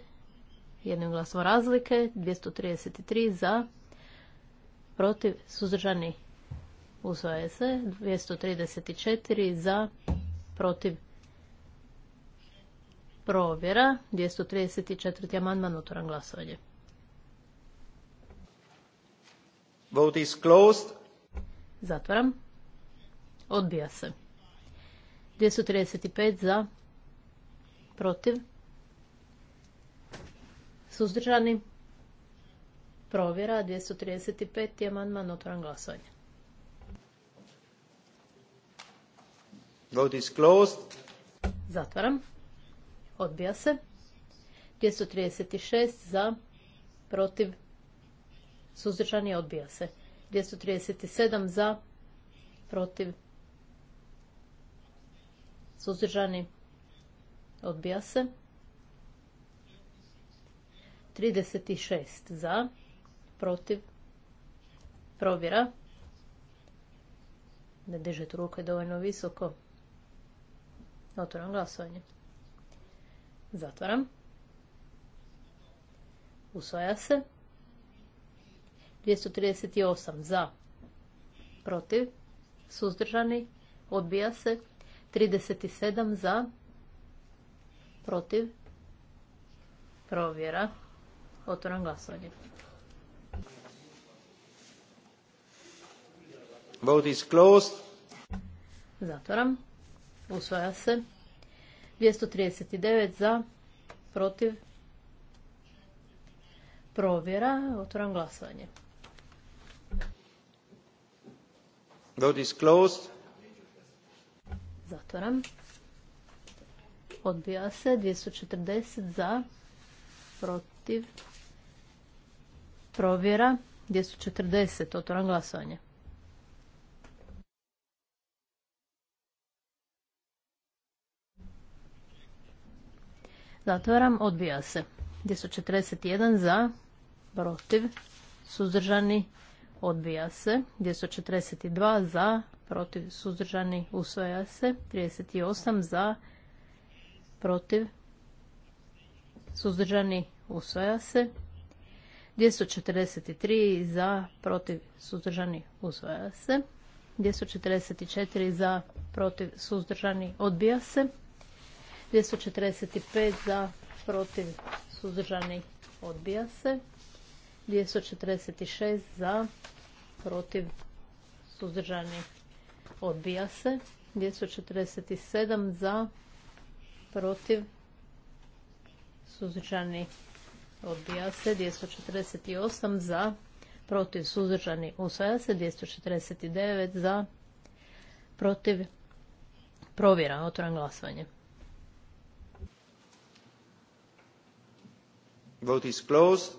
Jednim glasom razlike. 233 za. Protiv. Suzdržani. Usvaja se. 234 za, protiv. Provjera. 234. amandman otvoran glasovanje. Vote is closed. Zatvaram. Odbija se. 235 za, protiv, suzdržani, provjera, 235. amandman, otvoran glasovanje. Vote is closed. Zatvaram. Odbija se. 236 za, protiv, suzdržani odbija se. 237 za, protiv, suzdržani odbija se. 36 za, protiv, provjera. Ne dižete ruke dovoljno visoko. Otvoram glasovanje. Zatvaram. Usvaja se. 238 za. Protiv. Suzdržani. Odbija se. 37 za. Protiv. Provjera. Otvoram glasovanje. Vote is closed. Usvaja se. 239 za, protiv. Provjera. Otvoram glasovanje. Vote is closed. Zatvoram. Odbija se. 240 za, protiv. Provjera. 240. Otvoram glasovanje. Zatvaram, odbija se. 241 za, protiv, suzdržani, odbija se. 242 za, protiv, suzdržani, usvaja se. 38 za, protiv, suzdržani, usvaja se. 243 za, protiv, suzdržani, usvaja se. 244 za, protiv, suzdržani, odbija se. 245 za, protiv, suzdržani, odbija se. 246 za, protiv, suzdržani, odbija se. 247 za, protiv, suzdržani, odbija se. 248 za, protiv, suzdržani, usvaja se. 249 za, protiv, provjera, otvoran glasovanje. Vote is closed.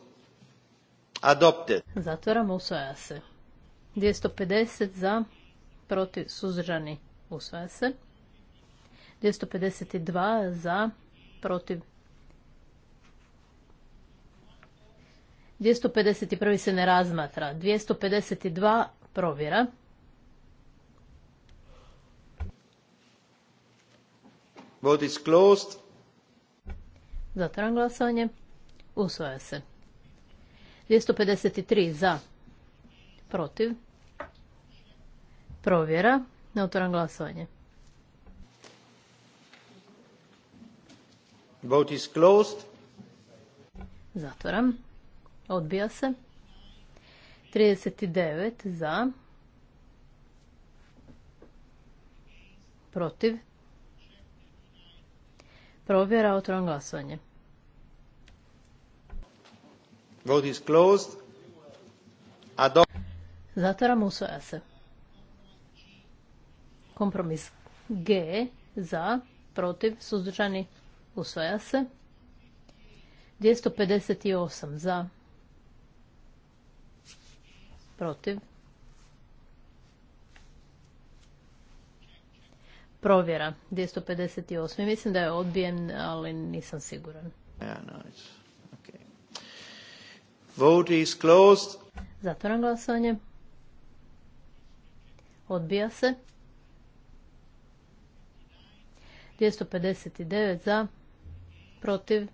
Adopted. Zatvaramo, usvaja se. 250 za, protiv, suzdržani, usvaja se. 252 za, protiv. 251 se ne razmatra. 252 provjera. Vote is closed. Zatvaram glasovanje. Usvaja se. 253 za. Protiv. Provjera. Neutoran glasovanje. Vote closed. Zatvoram. Odbija se. 39 za. Protiv. Provjera. Otvoram glasovanje. Vote is closed. zatvaramo usvaja se. Kompromis G za, protiv, suzdržani, usvaja se. 258 za, protiv. Provjera 258. Mislim da je odbijen, ali nisam siguran. Yeah, no, Vote is closed. Zatvoram glasovanje. Odbija se. 259 za, protiv,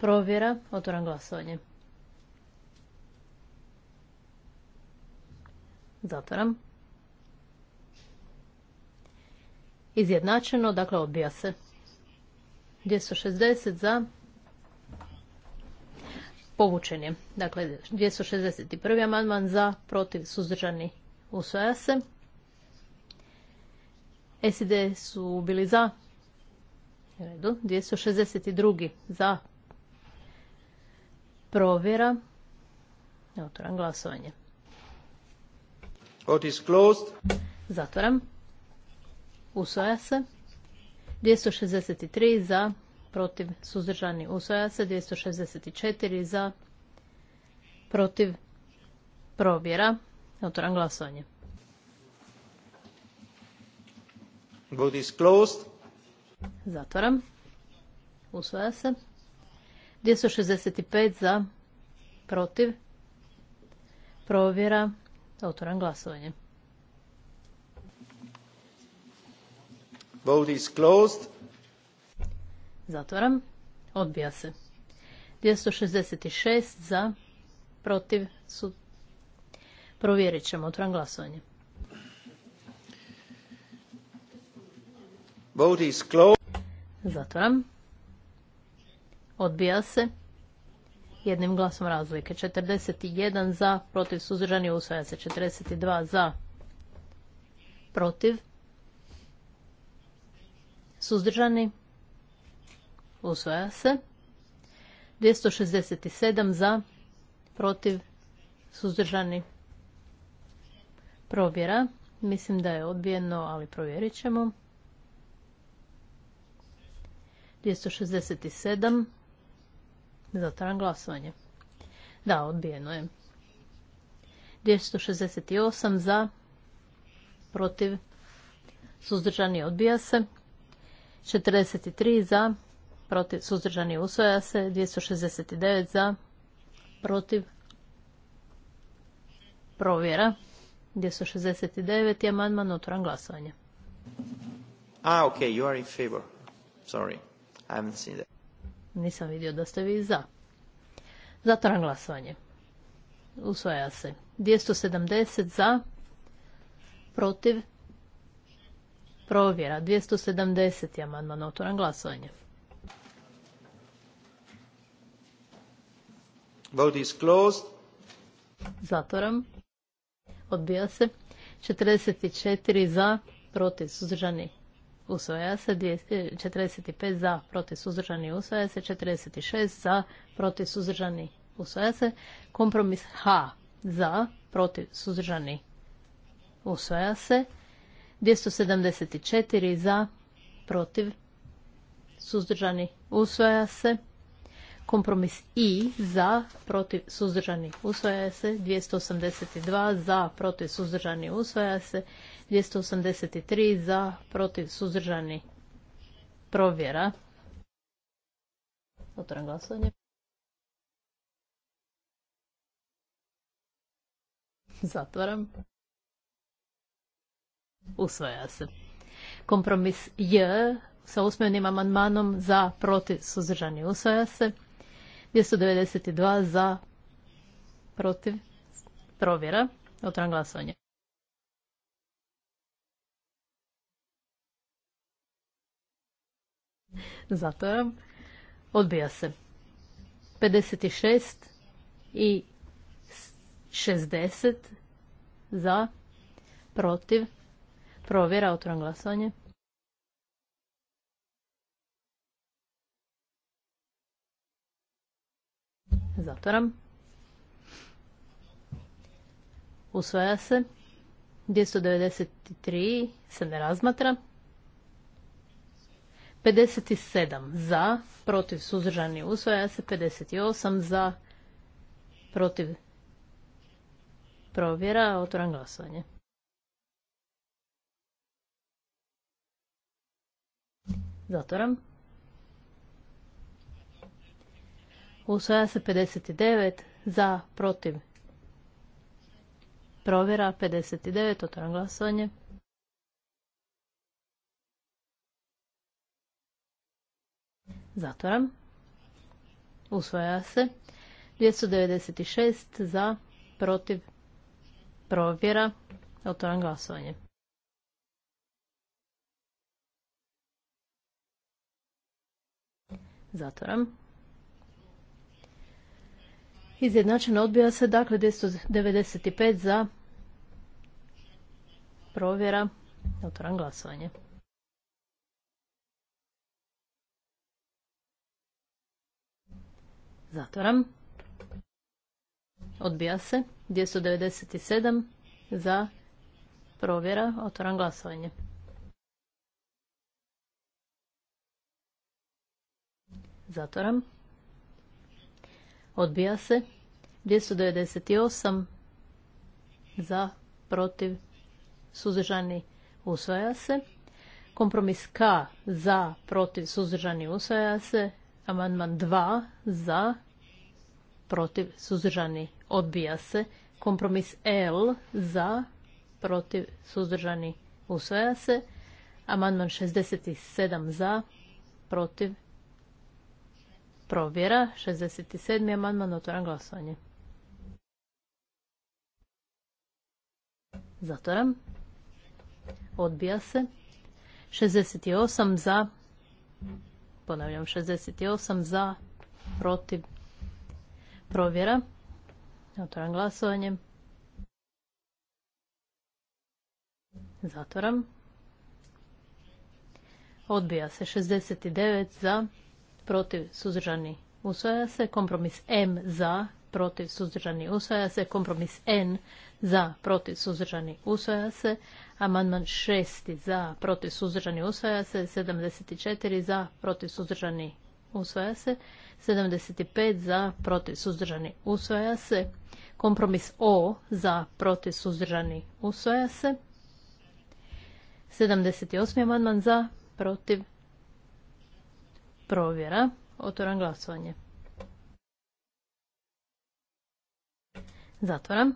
provjera, otvoram glasovanje. Zatvoram. Izjednačeno, dakle odbija se. 260 za, povučen je. Dakle, 261. amandman za, protiv, suzdržani, usvaja se. SID su bili za, u redu, 262. za, provjera, otvoram glasovanje. Vote is closed. Zatvoram. Usvaja se. 263 za, protiv, suzdržani, usvaja se. 264 za, protiv, provjera. Otvoram glasovanje. Vote is closed. Zatvoram. Usvaja se. 265 za, protiv, provjera. Otvoram glasovanje. Vote is closed. Zatvaram. Odbija se. 266 za, protiv su... Provjerit ćemo. Otvoram glasovanje. Vote Zatvoram. Odbija se. Jednim glasom razlike. 41 za, protiv suzdržani usvaja se. 42 za, protiv. Suzdržani. Usvaja se. 267 za, protiv, suzdržani. Provjera. Mislim da je odbijeno, ali provjerit ćemo. 267. Zatvaram glasovanje. Da, odbijeno je. 268 za, protiv, suzdržani odbija se. 43 za, protiv, suzdržani, usvoja se. 269 za, protiv, provjera. 269 je amandman otvoran glasovanje. A, ok, you are in favor. Sorry, I haven't seen that. Nisam vidio da ste vi za. Zatvoran glasovanje. Usvaja se. 270 za, protiv, provjera. 270 je amandman otvoram glasovanje. Vote is closed. Zatvoram. Odbija se. 44 za, protiv suzdržani usvoja se. 45 za, protiv suzdržani usvoja se. 46 za, protiv suzdržani usvaja se. Kompromis H za, protiv suzdržani usvaja se. 274 za, protiv suzdržani usvaja se. Kompromis I za protiv suzdržani usvaja se, 282 za protiv suzdržani usvaja se, 283 za protiv suzdržani provjera. Otvoram glasovanje. Zatvaram. Usvaja se. Kompromis J sa usmenim amandmanom za protiv suzdržani usvaja se. 292 za, protiv, provjera, otvoram glasovanje. Zatvoram, odbija se. 56 i 60 za, protiv, provjera, otvoram glasovanje. Zatvoram. Usvaja se. 293 se ne razmatra. 57 za, protiv suzdržani usvaja se. 58 za, protiv provjera. otvoran glasovanje. Zatvoram. Usvaja se 59 za, protiv. Provjera 59, otvoram glasovanje. Zatvoram. Usvaja se. 296 za, protiv, provjera, otvoram glasovanje. Zatvoram. Izjednačeno odbija se, dakle, 295 za provjera. Otvoram glasovanje. Zatvoram. Odbija se. 297 za provjera. Otvoram glasovanje. Zatvoram. Odbija se. 298 za, protiv, suzdržani, usvaja se. Kompromis K za, protiv, suzdržani, usvaja se. Amandman 2 za, protiv, suzdržani, odbija se. Kompromis L za, protiv, suzdržani, usvaja se. Amandman 67 za, protiv, Provjera, 67. amandman, otvoram glasovanje. Zatvoram. Odbija se. 68 za. Ponavljam, 68 za. Protiv. Provjera. Otvoram glasovanje. Zatvoram. Odbija se 69 za protiv, suzdržani, usvaja se. Kompromis M za, protiv, suzdržani, usvaja se. Kompromis N za, protiv, suzdržani, usvaja se. Amandman 6 za, protiv, suzdržani, usvaja se. 74 za, protiv, suzdržani, usvaja se. 75 za, protiv, suzdržani, usvaja se. Kompromis O za, protiv, suzdržani, usvaja se. 78. amandman za, protiv, Provjera. Otvoram glasovanje. Zatvoram.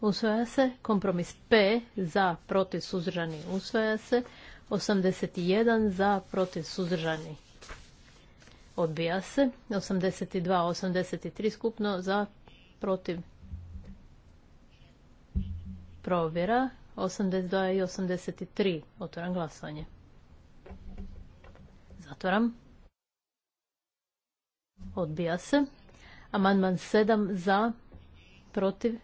Usvaja se. Kompromis P za protiv suzdržani. Usvaja se. 81 za protiv suzdržani. Odbija se. 82, 83 skupno za protiv provjera. 82 i 83. Otvoram glasovanje. Zatvaram. Odbija se. Amandman 7 za, protiv.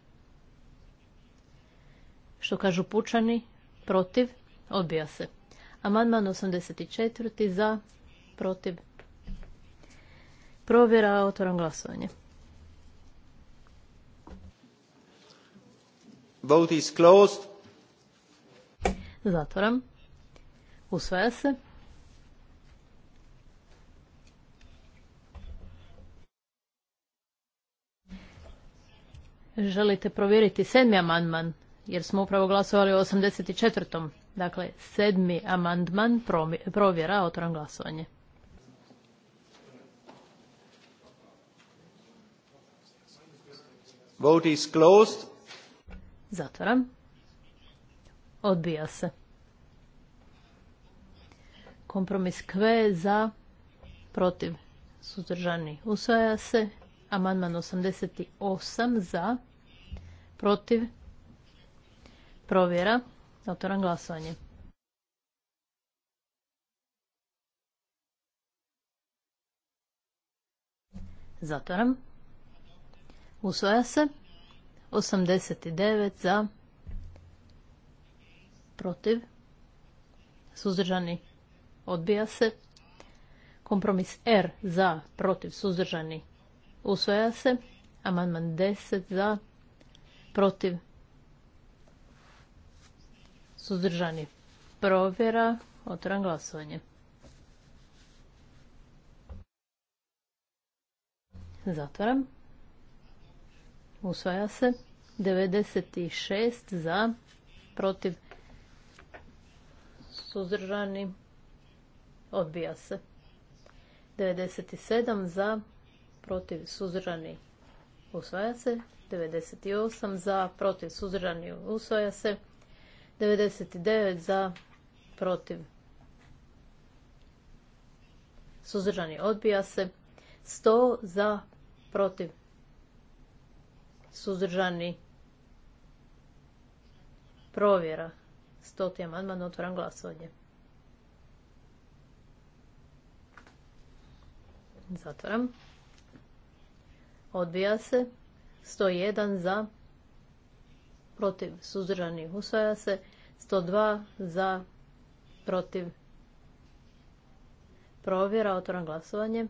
Što kažu pučani, protiv, odbija se. Amandman 84 za, protiv. Provjera, otvoram glasovanje. Vote is closed. Zatvoram. Usvaja se. Želite provjeriti sedmi amandman, jer smo upravo glasovali o 84. Dakle, sedmi amandman provjera, otvoran glasovanje. Vote is closed. Zatvaram. Odbija se. Kompromis kve za protiv suzdržani usvaja se. Amandman 88 za, protiv, provjera, Otvaram glasovanje. zatoram Usvaja se. 89 za. Protiv. Suzdržani. Odbija se. Kompromis R za. Protiv. Suzdržani. Usvaja se. Amandman 10 za. Protiv. Suzdržani. Provjera. Otvoram glasovanje. Zatvaram. Usvaja se. 96 za. Protiv. Suzdržani. Odbija se. 97 za protiv, suzdržani, usvaja se. 98 za, protiv, suzdržani, usvaja se. 99 za, protiv, suzdržani, odbija se. 100 za, protiv, suzdržani, provjera. 100. amandman, otvoram glasovanje. Zatvoram. Odbija se. 101 za. Protiv suzdržanih usvaja se. 102 za. Protiv. Provjera. Otvoram glasovanje.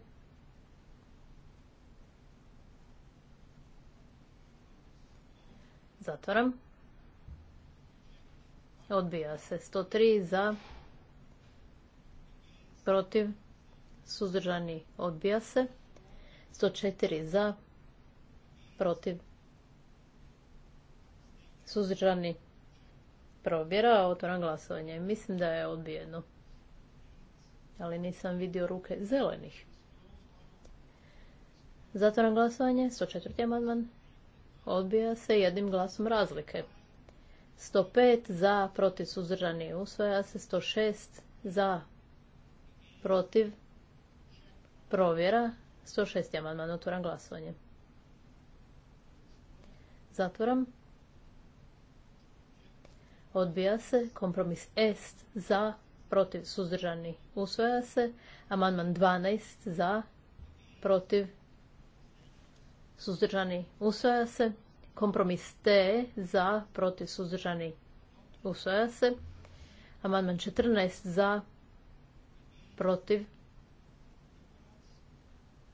Zatvaram. Odbija se. 103 za. Protiv. Suzdržani odbija se. 104 za protiv, suzdržani, provjera, otvoram glasovanje. Mislim da je odbijeno, ali nisam vidio ruke zelenih. Zatvoran glasovanje, 104. amandman, odbija se jednim glasom razlike. 105 za, protiv, suzdržani, usvaja se, 106 za, protiv, provjera, 106. amandman, otvoran glasovanje. Zatvoram. Odbija se. Kompromis est za, protiv, suzdržani. Usvaja se. Amandman 12 za, protiv, suzdržani. Usvaja se. Kompromis T za, protiv, suzdržani. Usvaja se. Amandman 14 za, protiv,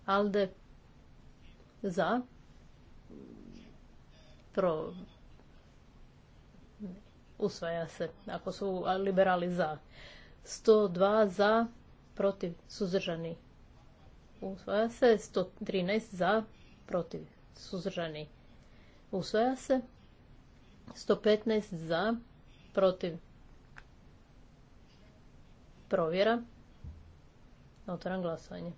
ALDE za, pro usvaja se ako su liberali za 102 za protiv suzdržani usvaja se 113 za protiv suzdržani usvaja se 115 za protiv provjera otvaram glasovanje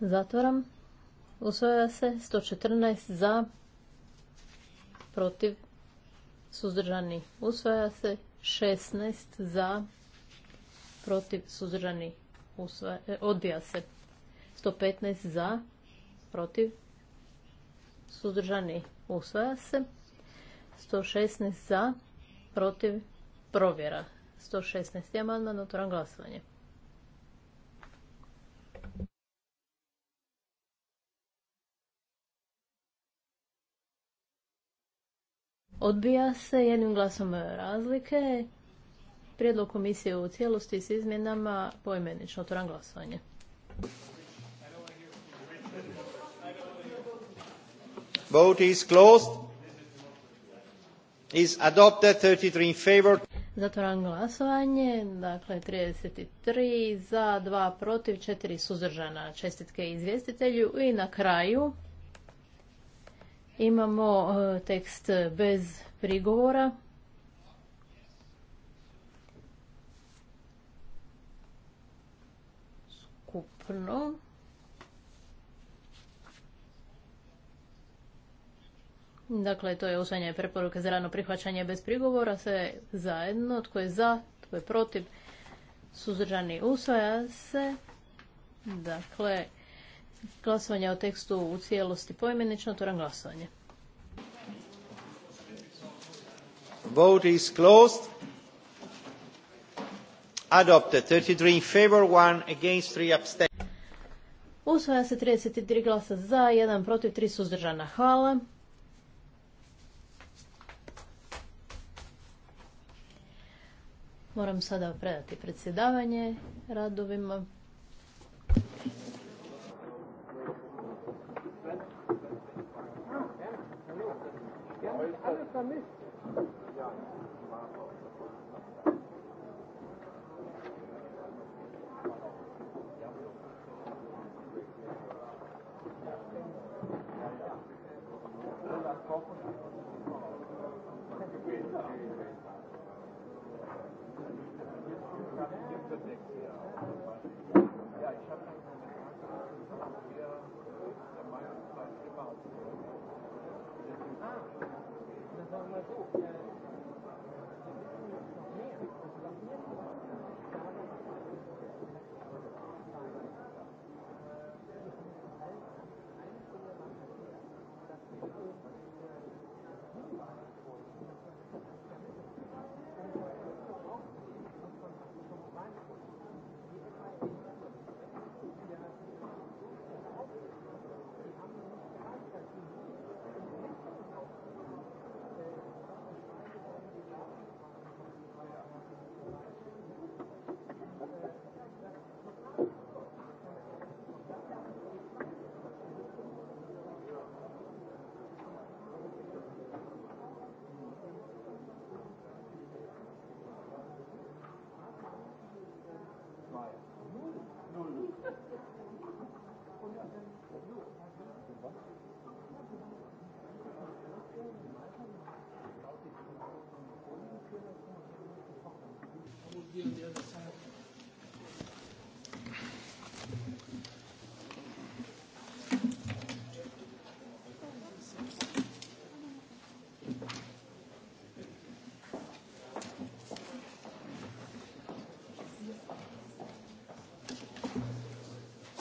zatvaram Usvaja se 114 za, protiv, suzdržani. Usvaja se 16 za, protiv, suzdržani. E, odbija se 115 za, protiv, suzdržani. Usvaja se 116 za, protiv, provjera. 116. amandman, otvoram glasovanje. Odbija se jednim glasom razlike. Prijedlog komisije u cijelosti s izmjenama poimenično. Otvoram glasovanje. Vote is closed. Is adopted 33 in favor. Zatvoram glasovanje. Dakle, 33 za, 2 protiv, 4 suzdržana. Čestitke izvjestitelju. I na kraju Imamo e, tekst bez prigovora. Skupno. Dakle, to je usvajanje preporuke za rano prihvaćanje bez prigovora, sve zajedno, tko je za, tko je protiv, suzdržani usvaja se. Dakle, glasovanje o tekstu u cijelosti poimenično, otvoram glasovanje. Vote is closed. Adopted. 33 in favor, 1 against, 3 abstain. Usvaja se 33 glasa za, 1 protiv, 3 suzdržana. Hvala. Moram sada predati predsjedavanje radovima. mis? Ja.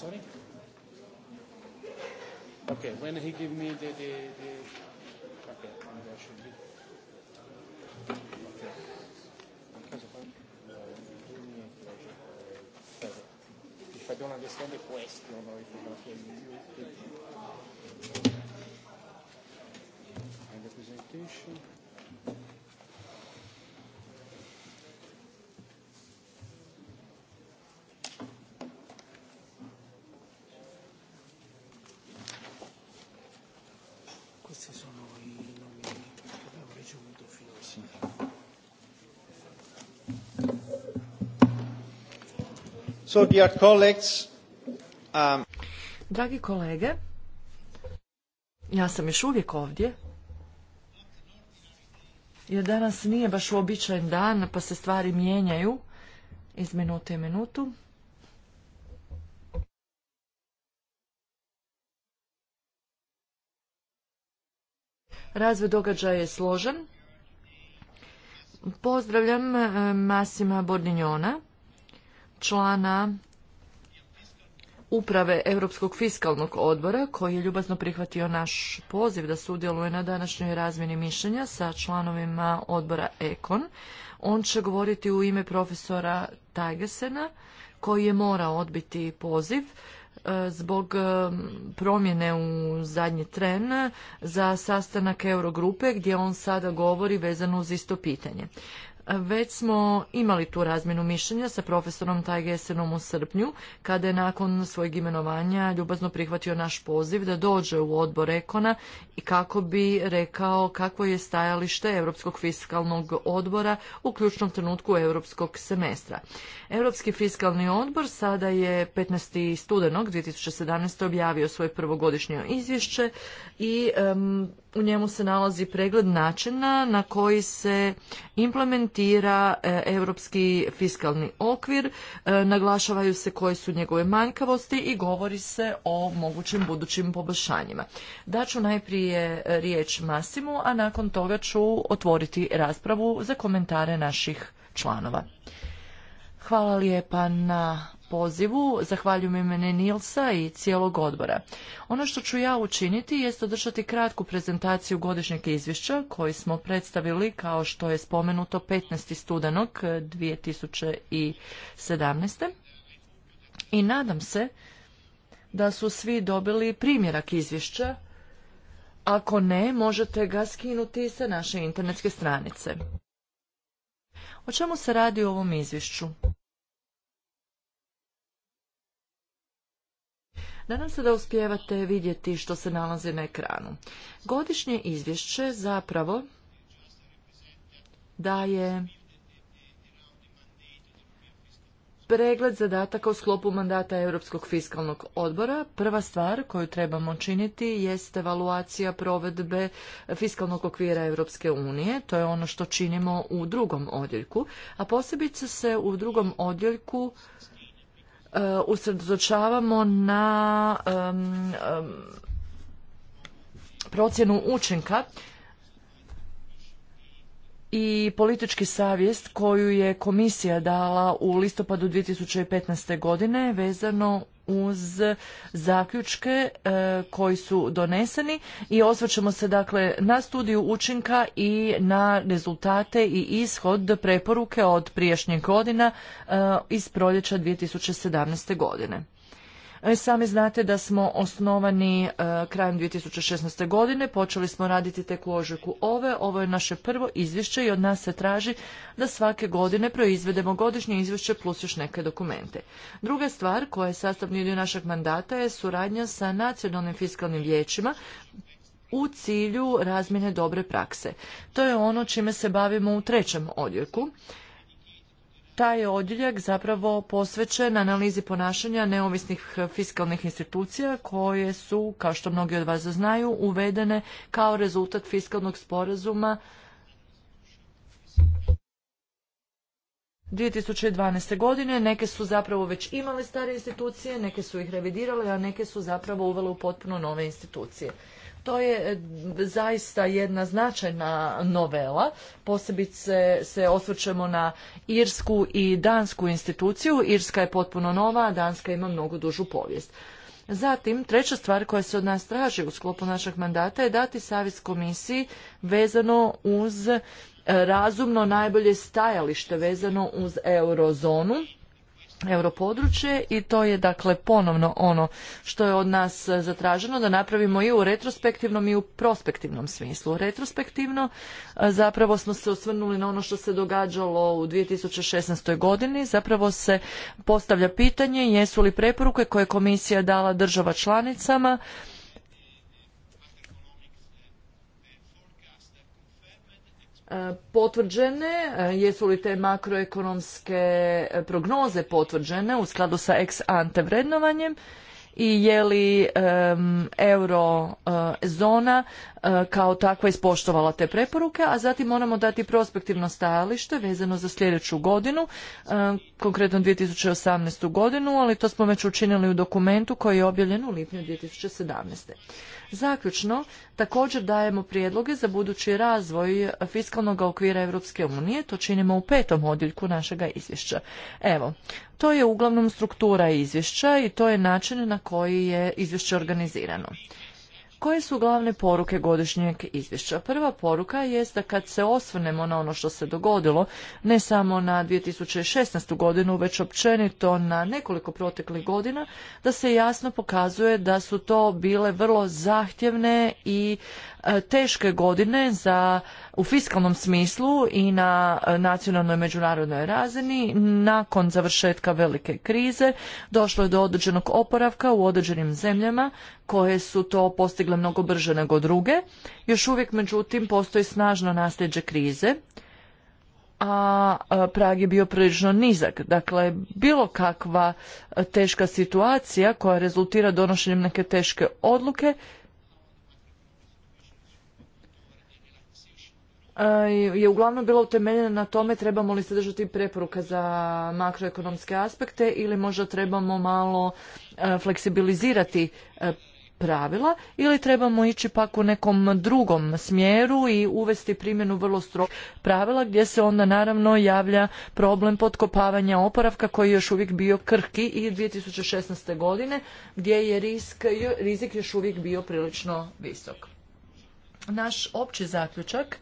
Sorry? Okay, when he give me the, the, the should be. Okay. I don't understand the question you don't you, and the presentation. So, dear um, Dragi kolege, ja sam još uvijek ovdje, jer danas nije baš uobičajen dan, pa se stvari mijenjaju iz minute u minutu. Razvoj događaja je složen. Pozdravljam eh, Masima Bordinjona člana uprave Europskog fiskalnog odbora koji je ljubazno prihvatio naš poziv da sudjeluje na današnjoj razmjeni mišljenja sa članovima odbora Ekon. On će govoriti u ime profesora Tajgesena koji je morao odbiti poziv e, zbog e, promjene u zadnji tren za sastanak Eurogrupe gdje on sada govori vezano uz isto pitanje. Već smo imali tu razmjenu mišljenja sa profesorom Tajgesenom u srpnju, kada je nakon svojeg imenovanja ljubazno prihvatio naš poziv da dođe u odbor Ekona i kako bi rekao kakvo je stajalište Europskog fiskalnog odbora u ključnom trenutku europskog semestra. Europski fiskalni odbor sada je 15. studenog 2017. objavio svoje prvogodišnje izvješće i u njemu se nalazi pregled načina na koji se implementira e, europski fiskalni okvir, e, naglašavaju se koje su njegove manjkavosti i govori se o mogućim budućim poboljšanjima. Daću najprije riječ Masimu, a nakon toga ću otvoriti raspravu za komentare naših članova. Hvala lijepa na pozivu. Zahvaljujem imene Nilsa i cijelog odbora. Ono što ću ja učiniti je održati kratku prezentaciju godišnjeg izvješća koji smo predstavili kao što je spomenuto 15. studenog 2017. I nadam se da su svi dobili primjerak izvješća. Ako ne, možete ga skinuti sa naše internetske stranice. O čemu se radi u ovom izvješću? Nadam se da uspijevate vidjeti što se nalazi na ekranu. Godišnje izvješće zapravo daje pregled zadataka u sklopu mandata Europskog fiskalnog odbora. Prva stvar koju trebamo činiti jest evaluacija provedbe fiskalnog okvira Europske unije. To je ono što činimo u drugom odjeljku, a posebice se u drugom odjeljku Eh, usredotočavamo na procjenu učinka i politički savjest koju je komisija dala u listopadu 2015. godine vezano uz zaključke e, koji su doneseni i osvrćemo se dakle na studiju učinka i na rezultate i ishod preporuke od prijašnjih godina e, iz proljeća 2017. godine. E, sami znate da smo osnovani e, krajem 2016. godine, počeli smo raditi tek u ožujku ove. Ovo je naše prvo izvješće i od nas se traži da svake godine proizvedemo godišnje izvješće plus još neke dokumente. Druga stvar koja je sastavni dio našeg mandata je suradnja sa nacionalnim fiskalnim vijećima u cilju razmjene dobre prakse. To je ono čime se bavimo u trećem odjeku taj je odjeljak zapravo posvećen analizi ponašanja neovisnih fiskalnih institucija koje su, kao što mnogi od vas znaju, uvedene kao rezultat fiskalnog sporazuma 2012. godine. Neke su zapravo već imale stare institucije, neke su ih revidirale, a neke su zapravo uvele u potpuno nove institucije. To je e, zaista jedna značajna novela. Posebice se osvrćemo na Irsku i Dansku instituciju. Irska je potpuno nova, a Danska ima mnogo dužu povijest. Zatim, treća stvar koja se od nas traži u sklopu našeg mandata je dati savjet komisiji vezano uz e, razumno najbolje stajalište vezano uz eurozonu europodručje i to je dakle ponovno ono što je od nas zatraženo da napravimo i u retrospektivnom i u prospektivnom smislu. Retrospektivno e, zapravo smo se osvrnuli na ono što se događalo u 2016. godini. Zapravo se postavlja pitanje jesu li preporuke koje je komisija dala država članicama E, potvrđene, e, jesu li te makroekonomske e, prognoze potvrđene u skladu sa ex ante vrednovanjem i je li euro zona kao takva ispoštovala te preporuke, a zatim moramo dati prospektivno stajalište vezano za sljedeću godinu, konkretno 2018. godinu, ali to smo već učinili u dokumentu koji je objavljen u lipnju 2017. Zaključno, također dajemo prijedloge za budući razvoj fiskalnog okvira Europske unije, to činimo u petom odjeljku našega izvješća. Evo, to je uglavnom struktura izvješća i to je način na koji je izvješće organizirano. Koje su glavne poruke godišnjeg izvješća? Prva poruka je da kad se osvrnemo na ono što se dogodilo, ne samo na 2016. godinu, već općenito na nekoliko proteklih godina, da se jasno pokazuje da su to bile vrlo zahtjevne i E, teške godine za u fiskalnom smislu i na e, nacionalnoj međunarodnoj razini. Nakon završetka velike krize došlo je do određenog oporavka u određenim zemljama koje su to postigle mnogo brže nego druge. Još uvijek međutim postoji snažno nasljeđe krize a e, Prag je bio prilično nizak. Dakle, bilo kakva teška situacija koja rezultira donošenjem neke teške odluke je uglavnom bila utemeljena na tome trebamo li se držati preporuka za makroekonomske aspekte ili možda trebamo malo e, fleksibilizirati e, pravila ili trebamo ići pak u nekom drugom smjeru i uvesti primjenu vrlo strog pravila gdje se onda naravno javlja problem potkopavanja oporavka koji je još uvijek bio krhki i 2016. godine gdje je rizik još uvijek bio prilično visok. Naš opći zaključak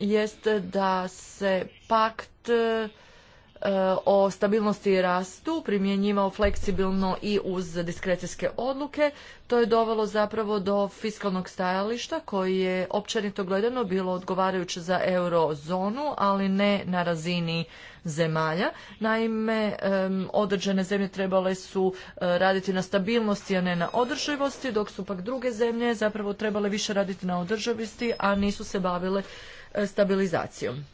jest da se pakt e, o stabilnosti i rastu primjenjivao fleksibilno i uz diskrecijske odluke. To je dovelo zapravo do fiskalnog stajališta koji je općenito gledano bilo odgovarajuće za eurozonu, ali ne na razini zemalja. Naime, određene zemlje trebale su e, raditi na stabilnosti, a ne na održivosti, dok su pak druge zemlje zapravo trebale više raditi na održivosti, a nisu se bavile stabilizacijom.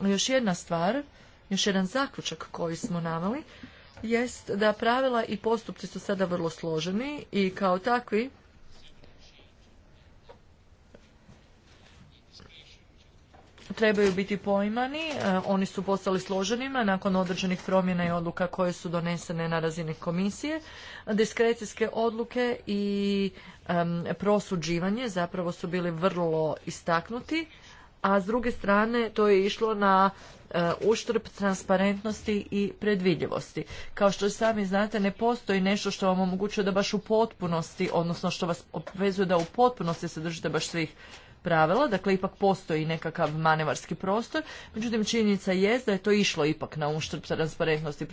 Još jedna stvar, još jedan zaključak koji smo navali jest da pravila i postupci su sada vrlo složeni i kao takvi trebaju biti poimani, e, oni su postali složenima nakon određenih promjena i odluka koje su donesene na razini komisije. Diskrecijske odluke i prosuđivanje zapravo su bili vrlo istaknuti a s druge strane to je išlo na e, uštrb transparentnosti i predvidljivosti. Kao što sami znate, ne postoji nešto što vam omogućuje da baš u potpunosti, odnosno što vas obvezuje da u potpunosti se držite baš svih pravila, dakle ipak postoji nekakav manevarski prostor, međutim činjenica je da je to išlo ipak na uštrb transparentnosti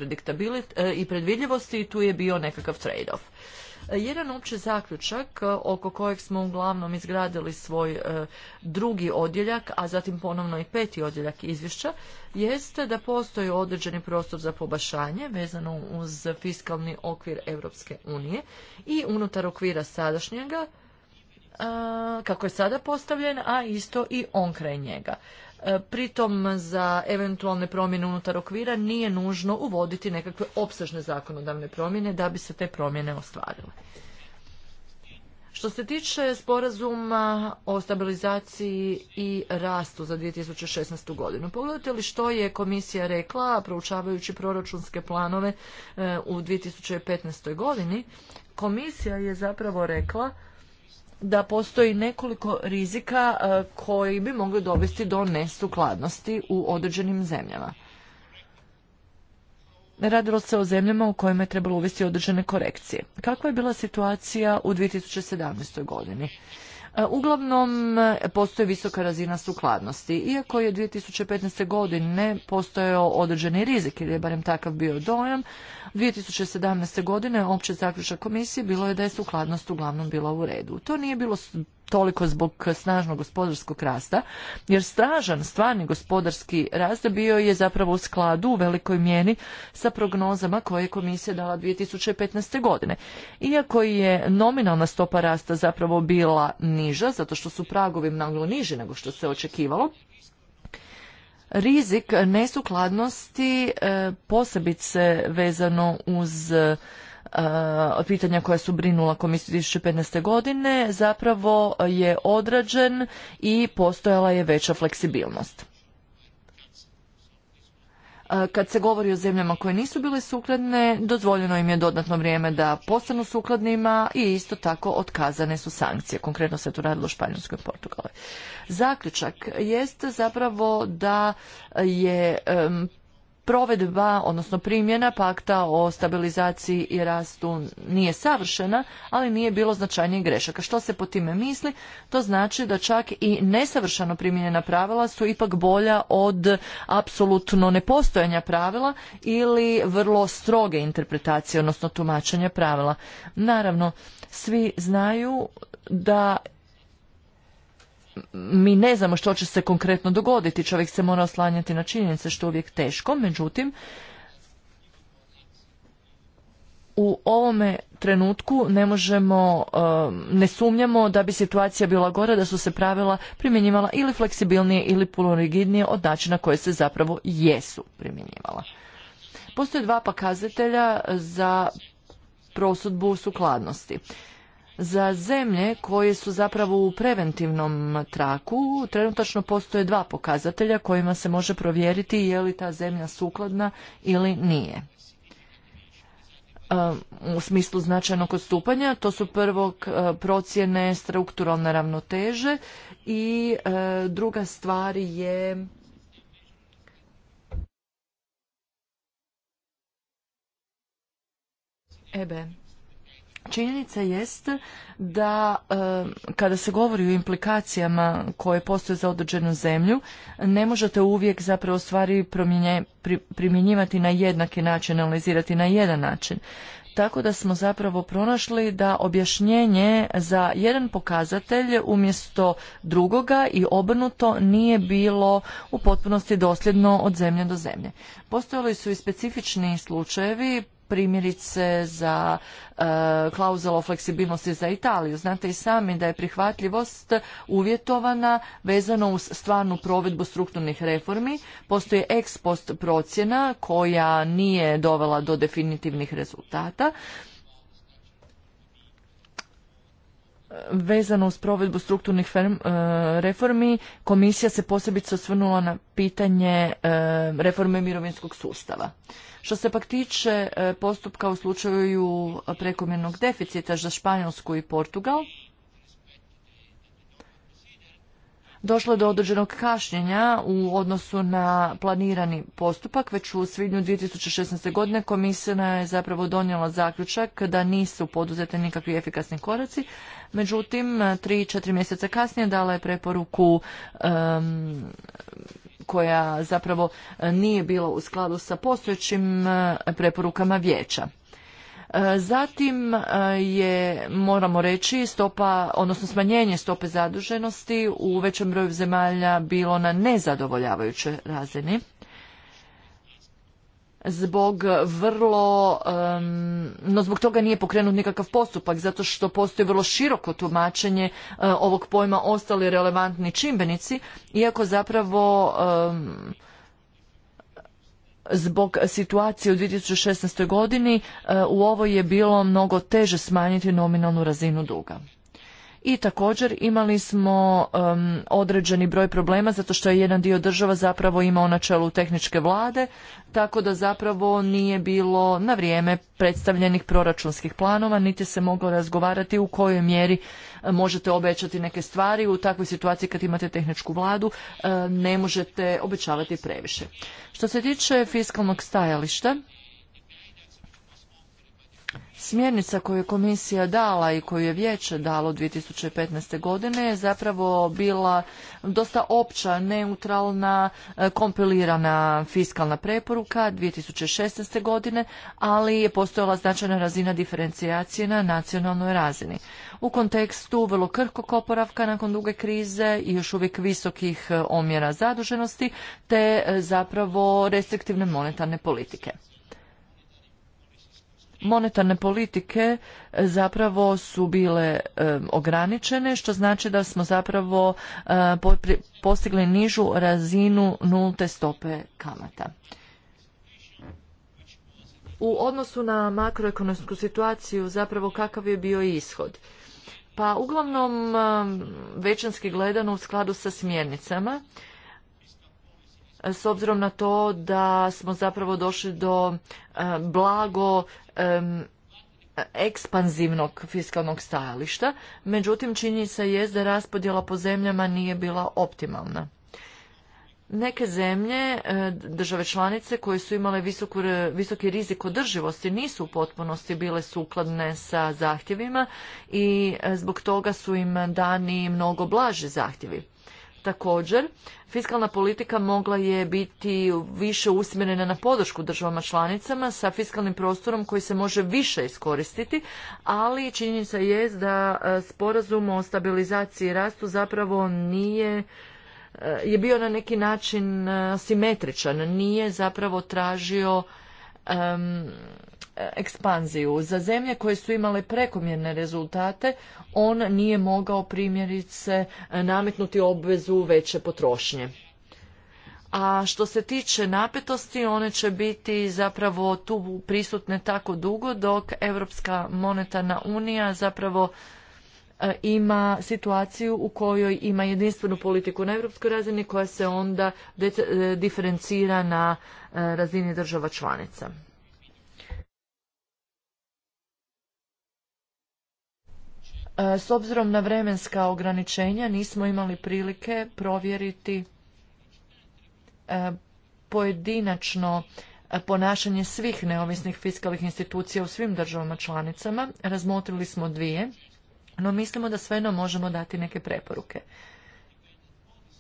e, i predvidljivosti i tu je bio nekakav trade-off. Jedan opći zaključak e, oko kojeg smo uglavnom izgradili svoj e, drugi odjeljak, a zatim ponovno i peti odjeljak izvješća, jeste da postoji određeni prostor za pobašanje vezano uz fiskalni okvir Europske unije i unutar okvira sadašnjega kako je sada postavljen, a isto i on kraj njega. E, pritom za eventualne promjene unutar okvira nije nužno uvoditi nekakve opsežne zakonodavne promjene da bi se te promjene ostvarile. Što se tiče sporazuma o stabilizaciji i rastu za 2016. godinu, pogledajte li što je komisija rekla, proučavajući proračunske planove e, u 2015. godini, komisija je zapravo rekla da postoji nekoliko rizika e, koji bi mogli dovesti do nesukladnosti u određenim zemljama. Radilo se o zemljama u kojima je trebalo uvesti određene korekcije. Kakva je bila situacija u 2017. godini? E, uglavnom, e, postoji visoka razina sukladnosti. Iako je 2015. godine postojao određeni rizik, ili je barem takav bio dojam, 2017. godine opće zaključak komisije bilo je da je sukladnost uglavnom bila u redu. To nije bilo toliko zbog snažnog gospodarskog rasta, jer stražan stvarni gospodarski rast bio je zapravo u skladu u velikoj mjeni sa prognozama koje je komisija dala 2015. godine. Iako je nominalna stopa rasta zapravo bila niža, zato što su pragovi mnogo niži nego što se očekivalo, rizik nesukladnosti e, posebice vezano uz Eh, od pitanja koja su brinula komisiju 2015. godine zapravo je odrađen i postojala je veća fleksibilnost. Eh, kad se govori o zemljama koje nisu bile sukladne, dozvoljeno im je dodatno vrijeme da postanu sukladnima i isto tako otkazane su sankcije. Konkretno se to radilo u Španjolskoj i Portugaloj. Zaključak jest zapravo da je provedba, odnosno primjena pakta o stabilizaciji i rastu nije savršena, ali nije bilo značajnije grešaka. Što se po time misli? To znači da čak i nesavršano primjenjena pravila su ipak bolja od apsolutno nepostojanja pravila ili vrlo stroge interpretacije, odnosno tumačenja pravila. Naravno, svi znaju da mi ne znamo što će se konkretno dogoditi, čovjek se mora oslanjati na činjenice što je uvijek teško, međutim u ovome trenutku ne možemo, um, ne sumnjamo da bi situacija bila gora, da su se pravila primjenjivala ili fleksibilnije ili puno od načina koje se zapravo jesu primjenjivala. Postoje dva pokazatelja za prosudbu sukladnosti. Za zemlje koje su zapravo u preventivnom traku, trenutačno postoje dva pokazatelja kojima se može provjeriti je li ta zemlja sukladna ili nije. U smislu značajnog odstupanja, to su prvo e, procjene strukturalne ravnoteže i e, druga stvar je EBE. Činjenica jest da e, kada se govori o implikacijama koje postoje za određenu zemlju, ne možete uvijek zapravo stvari primjenjivati na jednaki način, analizirati na jedan način. Tako da smo zapravo pronašli da objašnjenje za jedan pokazatelj umjesto drugoga i obrnuto nije bilo u potpunosti dosljedno od zemlje do zemlje. Postojali su i specifični slučajevi primjerice za e, klauzulu o fleksibilnosti za Italiju. Znate i sami da je prihvatljivost uvjetovana vezano uz stvarnu provedbu strukturnih reformi. Postoji ex post procjena koja nije dovela do definitivnih rezultata. vezano uz provedbu strukturnih e, reformi komisija se posebice osvrnula na pitanje e, reforme mirovinskog sustava. Što se pak tiče e, postupka u slučaju prekomjernog deficita za Španjolsku i Portugal, došlo je do određenog kašnjenja u odnosu na planirani postupak. Već u svibnju 2016. godine komisija je zapravo donijela zaključak da nisu poduzete nikakvi efikasni koraci, Međutim, tri, četiri mjeseca kasnije dala je preporuku koja zapravo nije bila u skladu sa postojećim eh, preporukama vijeća. Eh, zatim eh, je, moramo reći, stopa, odnosno smanjenje stope zaduženosti u većem broju zemalja bilo na nezadovoljavajućoj razini zbog vrlo, no zbog toga nije pokrenut nikakav postupak, zato što postoji vrlo široko tumačenje e, ovog pojma ostali relevantni čimbenici, iako zapravo zbog situacije u 2016. godini e, u ovoj je bilo mnogo teže smanjiti nominalnu razinu duga i također imali smo određeni broj problema zato što je jedan dio država zapravo imao na čelu tehničke vlade tako da zapravo nije bilo na vrijeme predstavljenih proračunskih planova niti se moglo razgovarati u kojoj mjeri e, možete obećati neke stvari u takvoj situaciji kad imate tehničku vladu e, ne možete obećavati previše. Što se tiče fiskalnog stajališta Smjernica koju je komisija dala i koju je vijeće dalo 2015. godine je zapravo bila dosta opća, neutralna, e, kompilirana fiskalna preporuka 2016. godine, ali je postojala značajna razina diferencijacije na nacionalnoj razini. U kontekstu vrlo krhkog oporavka nakon duge krize i još uvijek visokih e, omjera zaduženosti, te e, zapravo restriktivne monetarne politike monetarne politike zapravo su bile e, ograničene što znači da smo zapravo e, postigli nižu razinu nulte stope kamata. U odnosu na makroekonomsku situaciju zapravo kakav je bio ishod? Pa uglavnom e, većinski gledano u skladu sa smjernicama s obzirom na to da smo zapravo došli do eh, blago ekspanzivnog fiskalnog stajališta, međutim činjenica je da raspodjela po zemljama nije bila optimalna. Neke zemlje, eh, države članice koje su imale visoku, visoki rizik održivosti nisu u potpunosti bile sukladne sa zahtjevima i eh, zbog toga su im dani mnogo blaži zahtjevi. Također, fiskalna politika mogla je biti više usmjerena na podršku državama članicama sa fiskalnim prostorom koji se može više iskoristiti, ali činjenica je da e, sporazum o stabilizaciji i rastu zapravo nije e, je bio na neki način e, simetričan, nije zapravo tražio E, ekspanziju. Za zemlje koje su imale prekomjerne rezultate, on nije mogao primjerice e, nametnuti obvezu veće potrošnje. A što se tiče napetosti, one će biti zapravo tu prisutne tako dugo dok Europska monetarna unija zapravo e, ima situaciju u kojoj ima jedinstvenu politiku na europskoj razini koja se onda diferencira na razini država članica. E, s obzirom na vremenska ograničenja nismo imali prilike provjeriti e, pojedinačno e, ponašanje svih neovisnih fiskalnih institucija u svim državama članicama. Razmotrili smo dvije, no mislimo da svejedno možemo dati neke preporuke.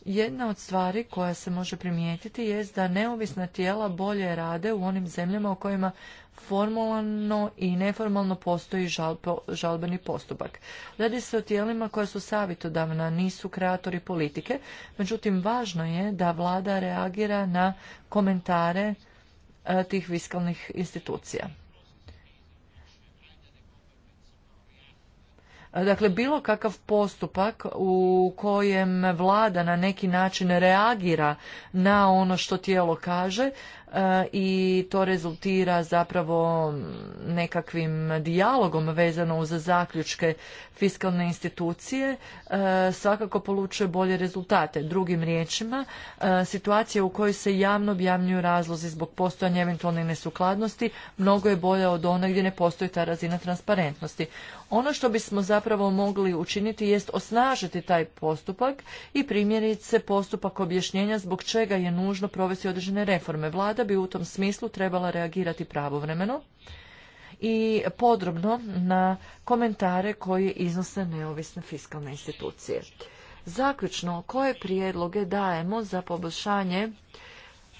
Jedna od stvari koja se može primijetiti je da neovisna tijela bolje rade u onim zemljama u kojima formalno i neformalno postoji žalbeni postupak. Radi se o tijelima koja su savjetodavna, nisu kreatori politike, međutim važno je da vlada reagira na komentare e, tih fiskalnih institucija. Dakle, bilo kakav postupak u kojem vlada na neki način reagira na ono što tijelo kaže, i to rezultira zapravo nekakvim dijalogom vezano uz zaključke fiskalne institucije e, svakako polučuje bolje rezultate. Drugim riječima, e, situacija u kojoj se javno objavljuju razlozi zbog postojanja eventualne nesukladnosti mnogo je bolja od one gdje ne postoji ta razina transparentnosti. Ono što bismo zapravo mogli učiniti jest osnažiti taj postupak i primjerice postupak objašnjenja zbog čega je nužno provesti određene reforme. Vlada bi u tom smislu trebala reagirati pravovremeno i podrobno na komentare koje iznose neovisne fiskalne institucije. Zaključno, koje prijedloge dajemo za poboljšanje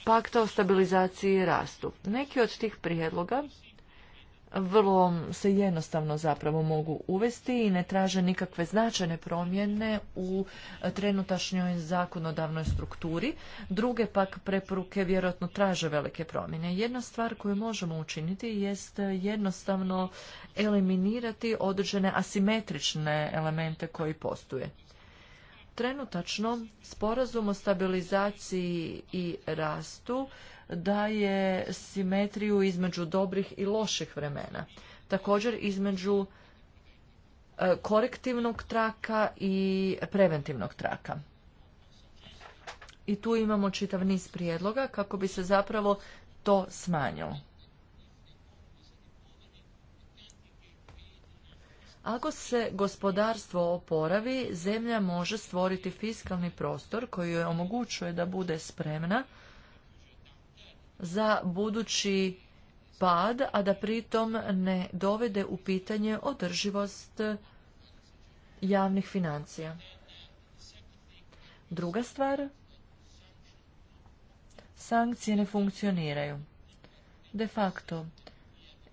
pakta o stabilizaciji i rastu? Neki od tih prijedloga vrlo se jednostavno zapravo mogu uvesti i ne traže nikakve značajne promjene u trenutašnjoj zakonodavnoj strukturi. Druge pak preporuke vjerojatno traže velike promjene. Jedna stvar koju možemo učiniti jest jednostavno eliminirati određene asimetrične elemente koji postoje. Trenutačno sporazum o stabilizaciji i rastu daje simetriju između dobrih i loših vremena. Također između e, korektivnog traka i preventivnog traka. I tu imamo čitav niz prijedloga kako bi se zapravo to smanjilo. Ako se gospodarstvo oporavi, zemlja može stvoriti fiskalni prostor koji joj omogućuje da bude spremna za budući pad, a da pritom ne dovede u pitanje održivost javnih financija. Druga stvar, sankcije ne funkcioniraju. De facto,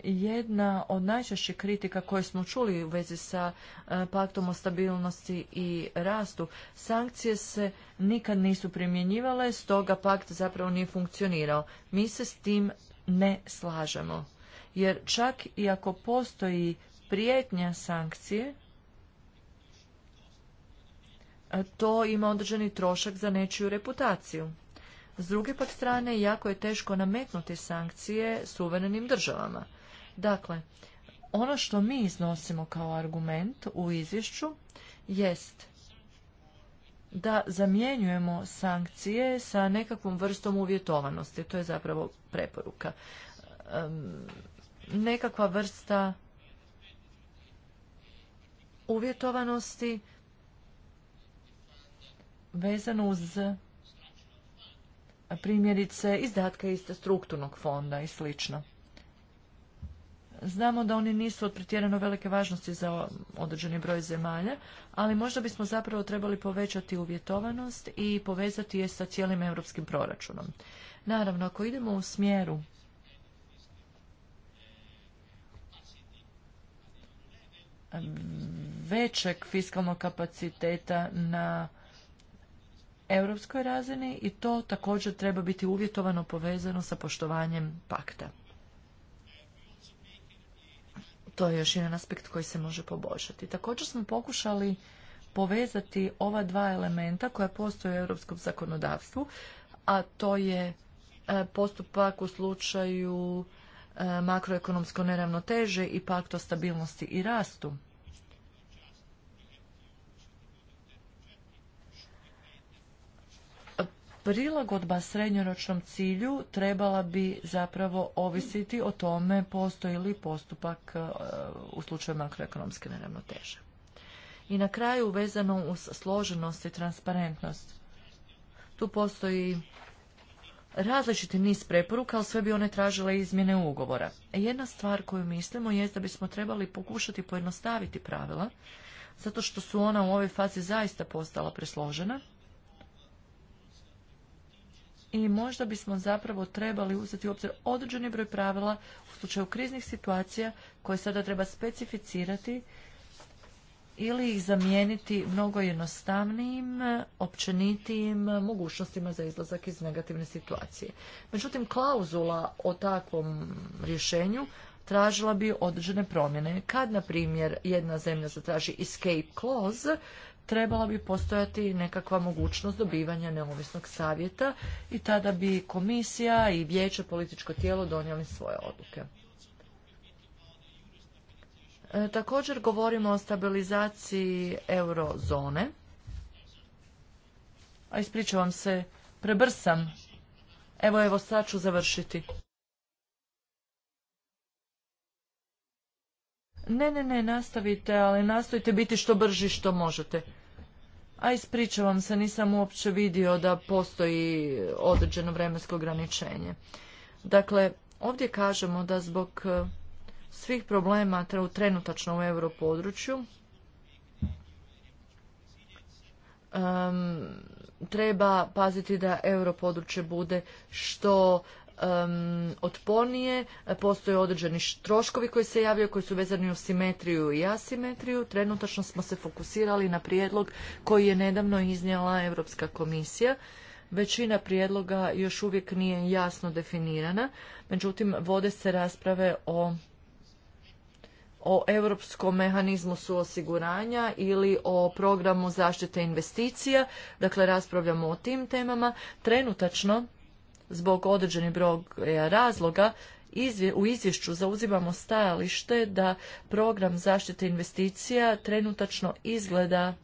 jedna od najčešćih kritika koje smo čuli u vezi sa e, paktom o stabilnosti i rastu. Sankcije se nikad nisu primjenjivale, stoga pakt zapravo nije funkcionirao. Mi se s tim ne slažemo. Jer čak i ako postoji prijetnja sankcije, e, to ima određeni trošak za nečiju reputaciju. S druge pak strane, jako je teško nametnuti sankcije suverenim državama. Dakle, ono što mi iznosimo kao argument u izvješću jest da zamjenjujemo sankcije sa nekakvom vrstom uvjetovanosti. To je zapravo preporuka. Nekakva vrsta uvjetovanosti vezano uz primjerice izdatke iz strukturnog fonda i slično. Znamo da oni nisu od pretjerano velike važnosti za određeni broj zemalja, ali možda bismo zapravo trebali povećati uvjetovanost i povezati je sa cijelim europskim proračunom. Naravno, ako idemo u smjeru većeg fiskalnog kapaciteta na europskoj razini i to također treba biti uvjetovano povezano sa poštovanjem pakta to je još jedan aspekt koji se može poboljšati. Također smo pokušali povezati ova dva elementa koja postoje u europskom zakonodavstvu, a to je e, postupak u slučaju e, makroekonomsko neravnoteže i pakt o stabilnosti i rastu. prilagodba srednjoročnom cilju trebala bi zapravo ovisiti o tome postoji li postupak e, u slučaju makroekonomske neravnoteže. I na kraju vezano uz složenost i transparentnost. Tu postoji različiti niz preporuka, ali sve bi one tražile izmjene ugovora. Jedna stvar koju mislimo je da bismo trebali pokušati pojednostaviti pravila, zato što su ona u ovoj fazi zaista postala presložena i možda bismo zapravo trebali uzeti u obzir određeni broj pravila u slučaju kriznih situacija koje sada treba specificirati ili ih zamijeniti mnogo jednostavnijim, općenitijim mogućnostima za izlazak iz negativne situacije. Međutim, klauzula o takvom rješenju tražila bi određene promjene. Kad, na primjer, jedna zemlja zatraži escape clause, trebala bi postojati nekakva mogućnost dobivanja neovisnog savjeta i tada bi komisija i vijeće političko tijelo donijeli svoje odluke. E, također govorimo o stabilizaciji eurozone. A ispričavam se, prebrsam. Evo, evo, sad ću završiti. Ne, ne, ne, nastavite, ali nastojite biti što brži što možete a ispričavam se, nisam uopće vidio da postoji određeno vremensko ograničenje. Dakle, ovdje kažemo da zbog e, svih problema trenutačno u europodručju treba paziti da europodručje bude što um, otpornije, postoje određeni troškovi koji se javljaju, koji su vezani u simetriju i asimetriju. Trenutačno smo se fokusirali na prijedlog koji je nedavno iznijela Europska komisija. Većina prijedloga još uvijek nije jasno definirana, međutim vode se rasprave o o europskom mehanizmu suosiguranja ili o programu zaštite investicija. Dakle, raspravljamo o tim temama. Trenutačno zbog određenih broja razloga u izvješću zauzimamo stajalište da program zaštite investicija trenutačno izgleda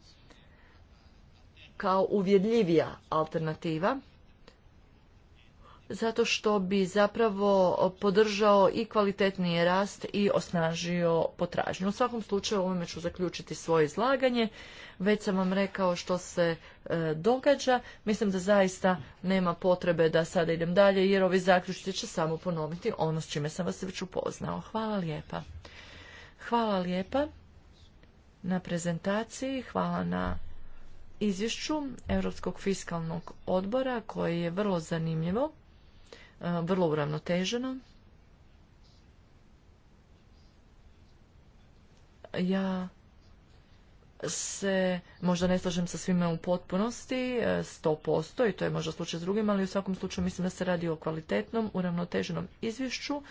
kao uvjedljivija alternativa zato što bi zapravo podržao i kvalitetniji rast i osnažio potražnju. U svakom slučaju ovime ću zaključiti svoje izlaganje. Već sam vam rekao što se e, događa. Mislim da zaista nema potrebe da sada idem dalje jer ovi zaključci će samo ponoviti ono s čime sam vas već upoznao. Hvala lijepa. Hvala lijepa na prezentaciji, hvala na izvješću Europskog fiskalnog odbora koji je vrlo zanimljivo. E, vrlo uravnoteženo. Ja se možda ne slažem sa svima u potpunosti, 100% e, i to je možda slučaj s drugim, ali u svakom slučaju mislim da se radi o kvalitetnom, uravnoteženom izvješću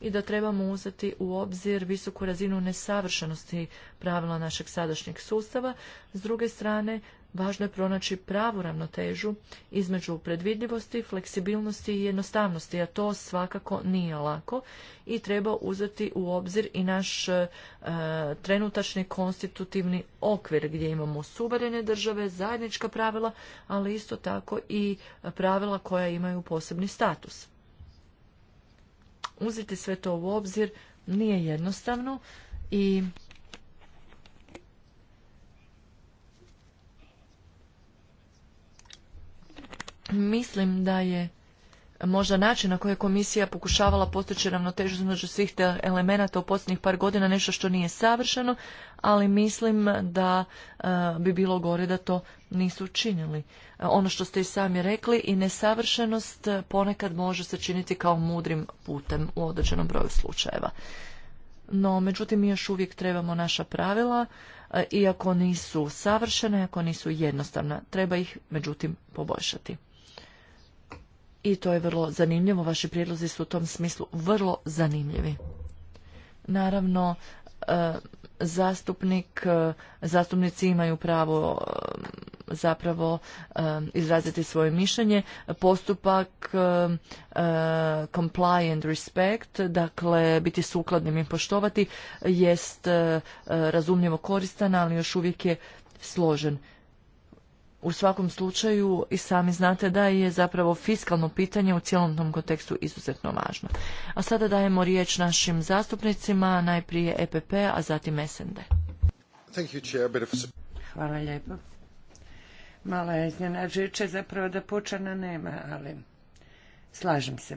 i da trebamo uzeti u obzir visoku razinu nesavršenosti pravila našeg sadašnjeg sustava. S druge strane, važno je pronaći pravu ravnotežu između predvidljivosti, fleksibilnosti i jednostavnosti, a to svakako nije lako i treba uzeti u obzir i naš e, trenutačni konstitutivni okvir gdje imamo suverene države, zajednička pravila, ali isto tako i pravila koja imaju posebni status uzeti sve to u obzir nije jednostavno i mislim da je možda način na koji je komisija pokušavala postići ravnotežu između svih elemenata u posljednjih par godina nešto što nije savršeno, ali mislim da e, bi bilo gore da to nisu učinili. E, ono što ste i sami rekli i nesavršenost ponekad može se činiti kao mudrim putem u određenom broju slučajeva. No, međutim, mi još uvijek trebamo naša pravila, e, iako nisu savršene, ako nisu jednostavna, treba ih međutim poboljšati i to je vrlo zanimljivo. Vaši prijedlozi su u tom smislu vrlo zanimljivi. Naravno, e, zastupnik, e, zastupnici imaju pravo e, zapravo izraziti svoje mišljenje. Postupak compliant respect, dakle biti sukladnim i poštovati, jest razumljivo koristan, ali još uvijek je složen u svakom slučaju i sami znate da je zapravo fiskalno pitanje u cijelom tom kontekstu izuzetno važno. A sada dajemo riječ našim zastupnicima, najprije EPP, a zatim SND. Hvala lijepo. Mala je iznenađujuće zapravo da pučana nema, ali slažem se.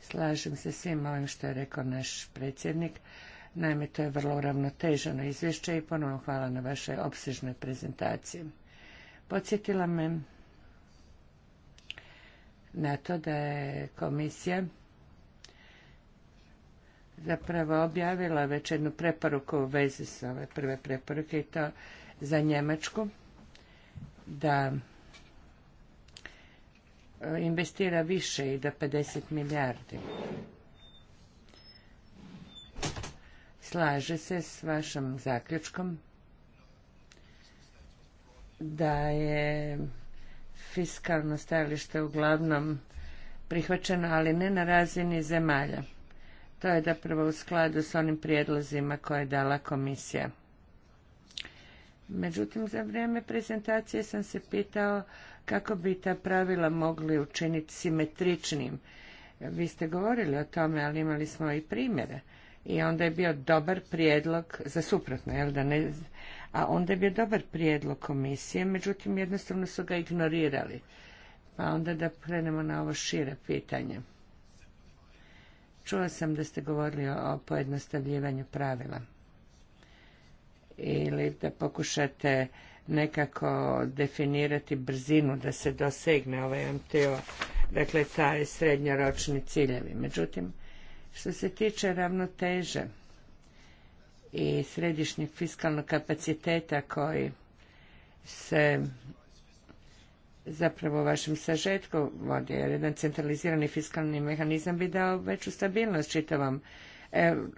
Slažem se svim ovim što je rekao naš predsjednik, Naime, to je vrlo uravnoteženo izvješće i ponovno hvala na vašoj opsežnoj prezentaciji. Podsjetila me na to da je komisija zapravo objavila već jednu preporuku u vezi sa ove prve preporuke i to za Njemačku da investira više i da 50 milijardi slaže se s vašom zaključkom da je fiskalno stajalište uglavnom prihvaćeno, ali ne na razini zemalja. To je da prvo u skladu s onim prijedlozima koje je dala komisija. Međutim, za vrijeme prezentacije sam se pitao kako bi ta pravila mogli učiniti simetričnim. Vi ste govorili o tome, ali imali smo i primjere i onda je bio dobar prijedlog za suprotno, jel da ne, a onda je bio dobar prijedlog komisije, međutim jednostavno su ga ignorirali. Pa onda da krenemo na ovo šire pitanje. Čula sam da ste govorili o pojednostavljivanju pravila ili da pokušate nekako definirati brzinu da se dosegne ovaj MTO, dakle taj srednjoročni ciljevi. Međutim, što se tiče ravnoteže i središnjeg fiskalnog kapaciteta koji se zapravo u vašem sažetku vodi, jer jedan centralizirani fiskalni mehanizam bi dao veću stabilnost čitavom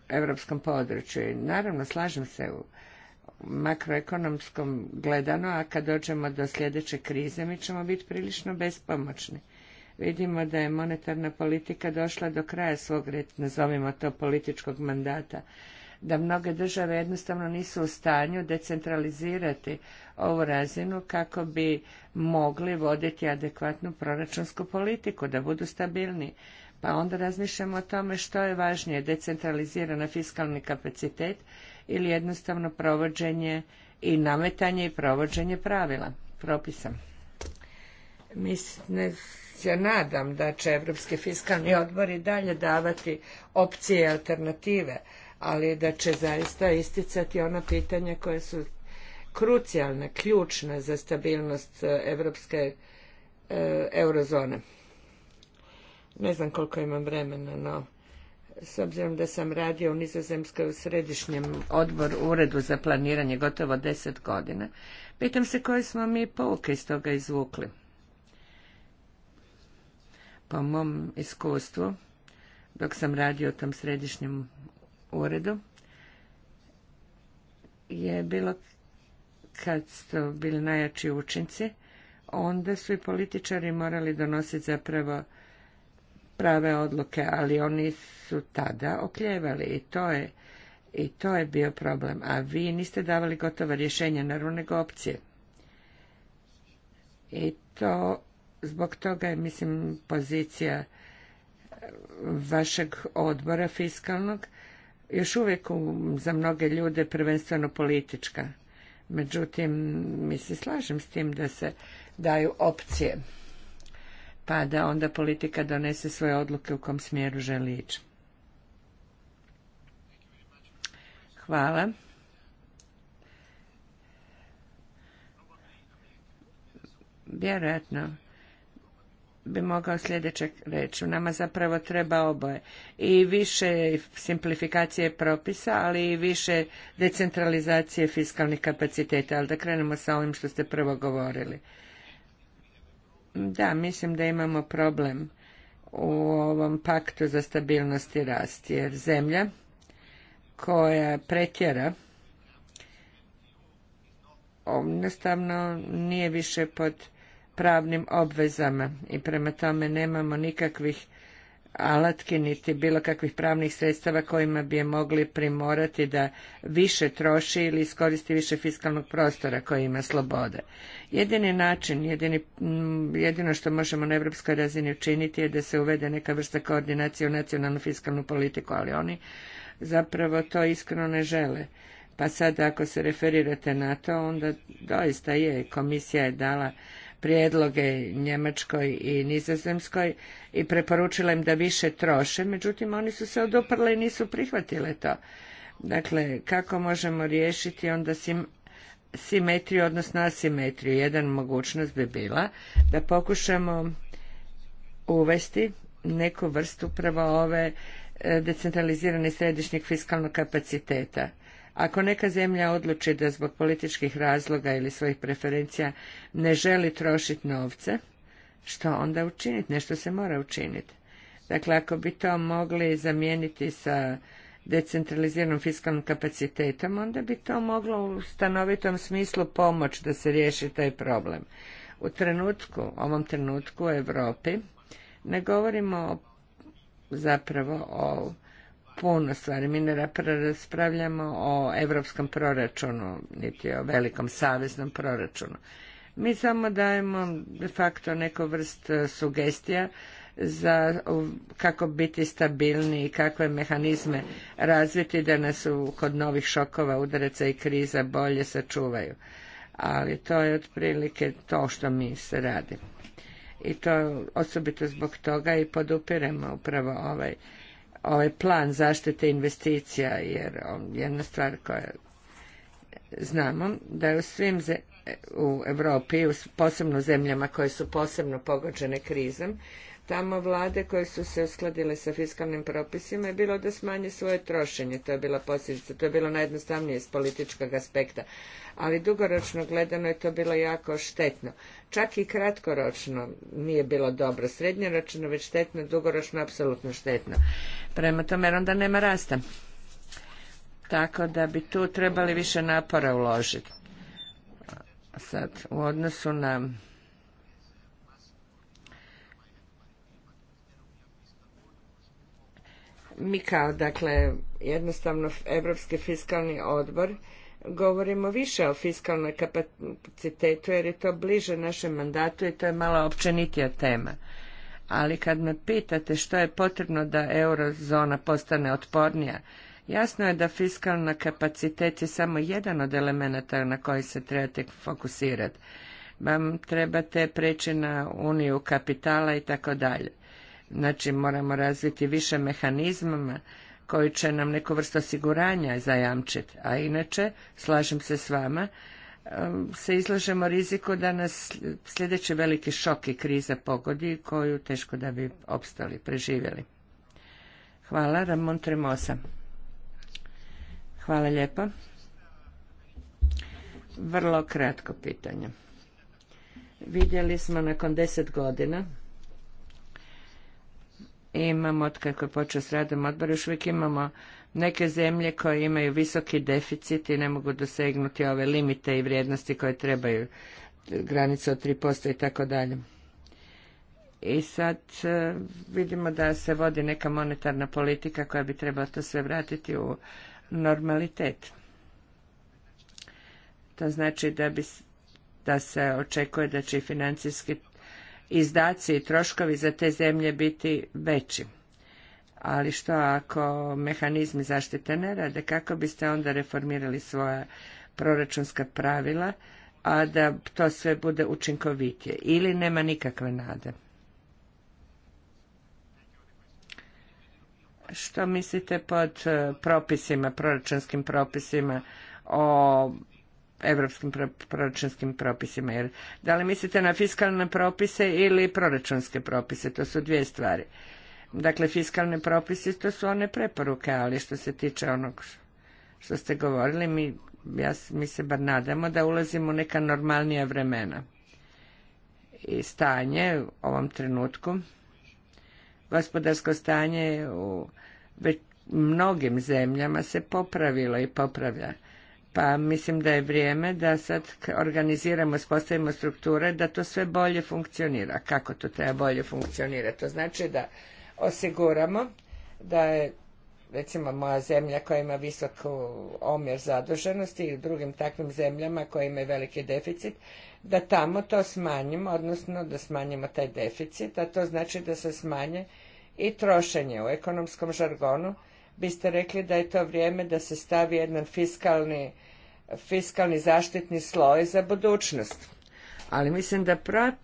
europskom području. I naravno, slažem se u makroekonomskom gledano, a kad dođemo do sljedeće krize mi ćemo biti prilično bespomoćni vidimo da je monetarna politika došla do kraja svog, nazovimo to, političkog mandata. Da mnoge države jednostavno nisu u stanju decentralizirati ovu razinu kako bi mogli voditi adekvatnu proračunsku politiku, da budu stabilni. Pa onda razmišljamo o tome što je važnije, decentralizirana fiskalni kapacitet ili jednostavno provođenje i nametanje i provođenje pravila, propisa se nadam da će Europski fiskalni odbor i dalje davati opcije i alternative, ali da će zaista isticati ona pitanja koja su krucijalna, ključna za stabilnost Europske e, eurozone. Ne znam koliko imam vremena, no s obzirom da sam radio u Nizozemskoj u središnjem odboru uredu za planiranje gotovo deset godina, pitam se koje smo mi pouke iz toga izvukli po mom iskustvu, dok sam radio u tom središnjem uredu, je bilo kad su bili najjači učinci, onda su i političari morali donositi zapravo prave odluke, ali oni su tada okljevali i to je i to je bio problem. A vi niste davali gotova rješenja, naravno nego opcije. I to Zbog toga je, mislim, pozicija e, vašeg odbora fiskalnog još uvijek za mnoge ljude prvenstveno politička. Međutim, mi se slažem s tim da se daju opcije, pa da onda politika donese svoje odluke u kom smjeru želi ići. Hvala. Vjerojatno bi mogao sljedeće reći. Nama zapravo treba oboje. I više simplifikacije propisa, ali i više decentralizacije fiskalnih kapaciteta. Ali da krenemo sa ovim što ste prvo govorili. Da, mislim da imamo problem u ovom paktu za stabilnost i rast. Jer zemlja koja pretjera jednostavno nije više pod pravnim obvezama i prema tome nemamo nikakvih alatki niti bilo kakvih pravnih sredstava kojima bi je mogli primorati da više troši ili iskoristi više fiskalnog prostora koji ima slobode. Jedini način, jedini, mm, jedino što možemo na europskoj razini učiniti je da se uvede neka vrsta koordinacije u nacionalnu fiskalnu politiku, ali oni zapravo to iskreno ne žele. Pa sada ako se referirate na to, onda doista je, komisija je dala prijedloge Njemačkoj i Nizozemskoj i preporučila im da više troše, međutim oni su se oduprli i nisu prihvatile to. Dakle, kako možemo riješiti onda sim, simetriju, odnosno asimetriju? Jedan mogućnost bi bila da pokušamo uvesti neku vrstu upravo ove e, decentralizirane središnjeg fiskalnog kapaciteta ako neka zemlja odluči da zbog političkih razloga ili svojih preferencija ne želi trošiti novce, što onda učiniti? Nešto se mora učiniti. Dakle, ako bi to mogli zamijeniti sa decentraliziranom fiskalnom kapacitetom, onda bi to moglo u stanovitom smislu pomoć da se riješi taj problem. U trenutku, ovom trenutku u Europi ne govorimo zapravo o puno stvari. Mi ne raspravljamo o europskom proračunu, niti o velikom saveznom proračunu. Mi samo dajemo de facto neku vrst e, sugestija za kako biti stabilni i kakve mehanizme razviti da nas kod novih šokova, udaraca i kriza bolje sačuvaju. Ali to je otprilike to što mi se radi. I to osobito zbog toga i podupiremo upravo ovaj ovaj plan zaštite investicija jer jedna stvar koja znamo da je u svim u Europi, posebno u zemljama koje su posebno pogođene krizom, tamo vlade koje su se uskladile sa fiskalnim propisima je bilo da smanje svoje trošenje. To je bila posljedica, to je bilo najjednostavnije iz političkog aspekta. Ali dugoročno gledano je to bilo jako štetno. Čak i kratkoročno nije bilo dobro. Srednjoročno već štetno, dugoročno apsolutno štetno. Prema tome, jer onda nema rasta. Tako da bi tu trebali više napora uložiti. Sad, u odnosu na mi kao, dakle, jednostavno Europski fiskalni odbor govorimo više o fiskalnoj kapacitetu jer je to bliže našem mandatu i to je malo općenitija tema. Ali kad me pitate što je potrebno da eurozona postane otpornija, jasno je da fiskalna kapacitet je samo jedan od elemenata na koji se trebate fokusirati. Vam trebate preći na uniju kapitala i tako dalje. Znači moramo razviti više mehanizmama koji će nam neku vrstu osiguranja zajamčiti. A inače, slažem se s vama, se izlažemo riziku da nas sljedeći veliki šok i kriza pogodi koju teško da bi opstali, preživjeli. Hvala, Ramon Tremosa. Hvala lijepo. Vrlo kratko pitanje. Vidjeli smo nakon deset godina imamo, od kako je počeo s radom odbor, još uvijek imamo neke zemlje koje imaju visoki deficit i ne mogu dosegnuti ove limite i vrijednosti koje trebaju, granice od 3% i tako dalje. I sad e, vidimo da se vodi neka monetarna politika koja bi trebala to sve vratiti u normalitet. To znači da da se očekuje da će i financijski izdaci i troškovi za te zemlje biti veći. Ali što ako mehanizmi zaštite ne rade, kako biste onda reformirali svoja proračunska pravila, a da to sve bude učinkovitije ili nema nikakve nade? Što mislite pod eh, propisima, proračunskim propisima o europskim proračunskim propisima. Jer, da li mislite na fiskalne propise ili proračunske propise? To su dvije stvari. Dakle, fiskalne propisi to su one preporuke, ali što se tiče onog što ste govorili, mi, ja, mi se bar nadamo da ulazimo u neka normalnija vremena. I stanje u ovom trenutku, gospodarsko stanje u već mnogim zemljama se popravilo i popravlja pa mislim da je vrijeme da sad organiziramo, spostavimo strukture da to sve bolje funkcionira. Kako to treba bolje funkcionira? To znači da osiguramo da je recimo moja zemlja koja ima visok omjer zaduženosti i u drugim takvim zemljama koje imaju veliki deficit, da tamo to smanjimo, odnosno da smanjimo taj deficit, a to znači da se smanje i trošenje u ekonomskom žargonu biste rekli da je to vrijeme da se stavi jedan fiskalni, zaštitni sloj za budućnost. Ali mislim da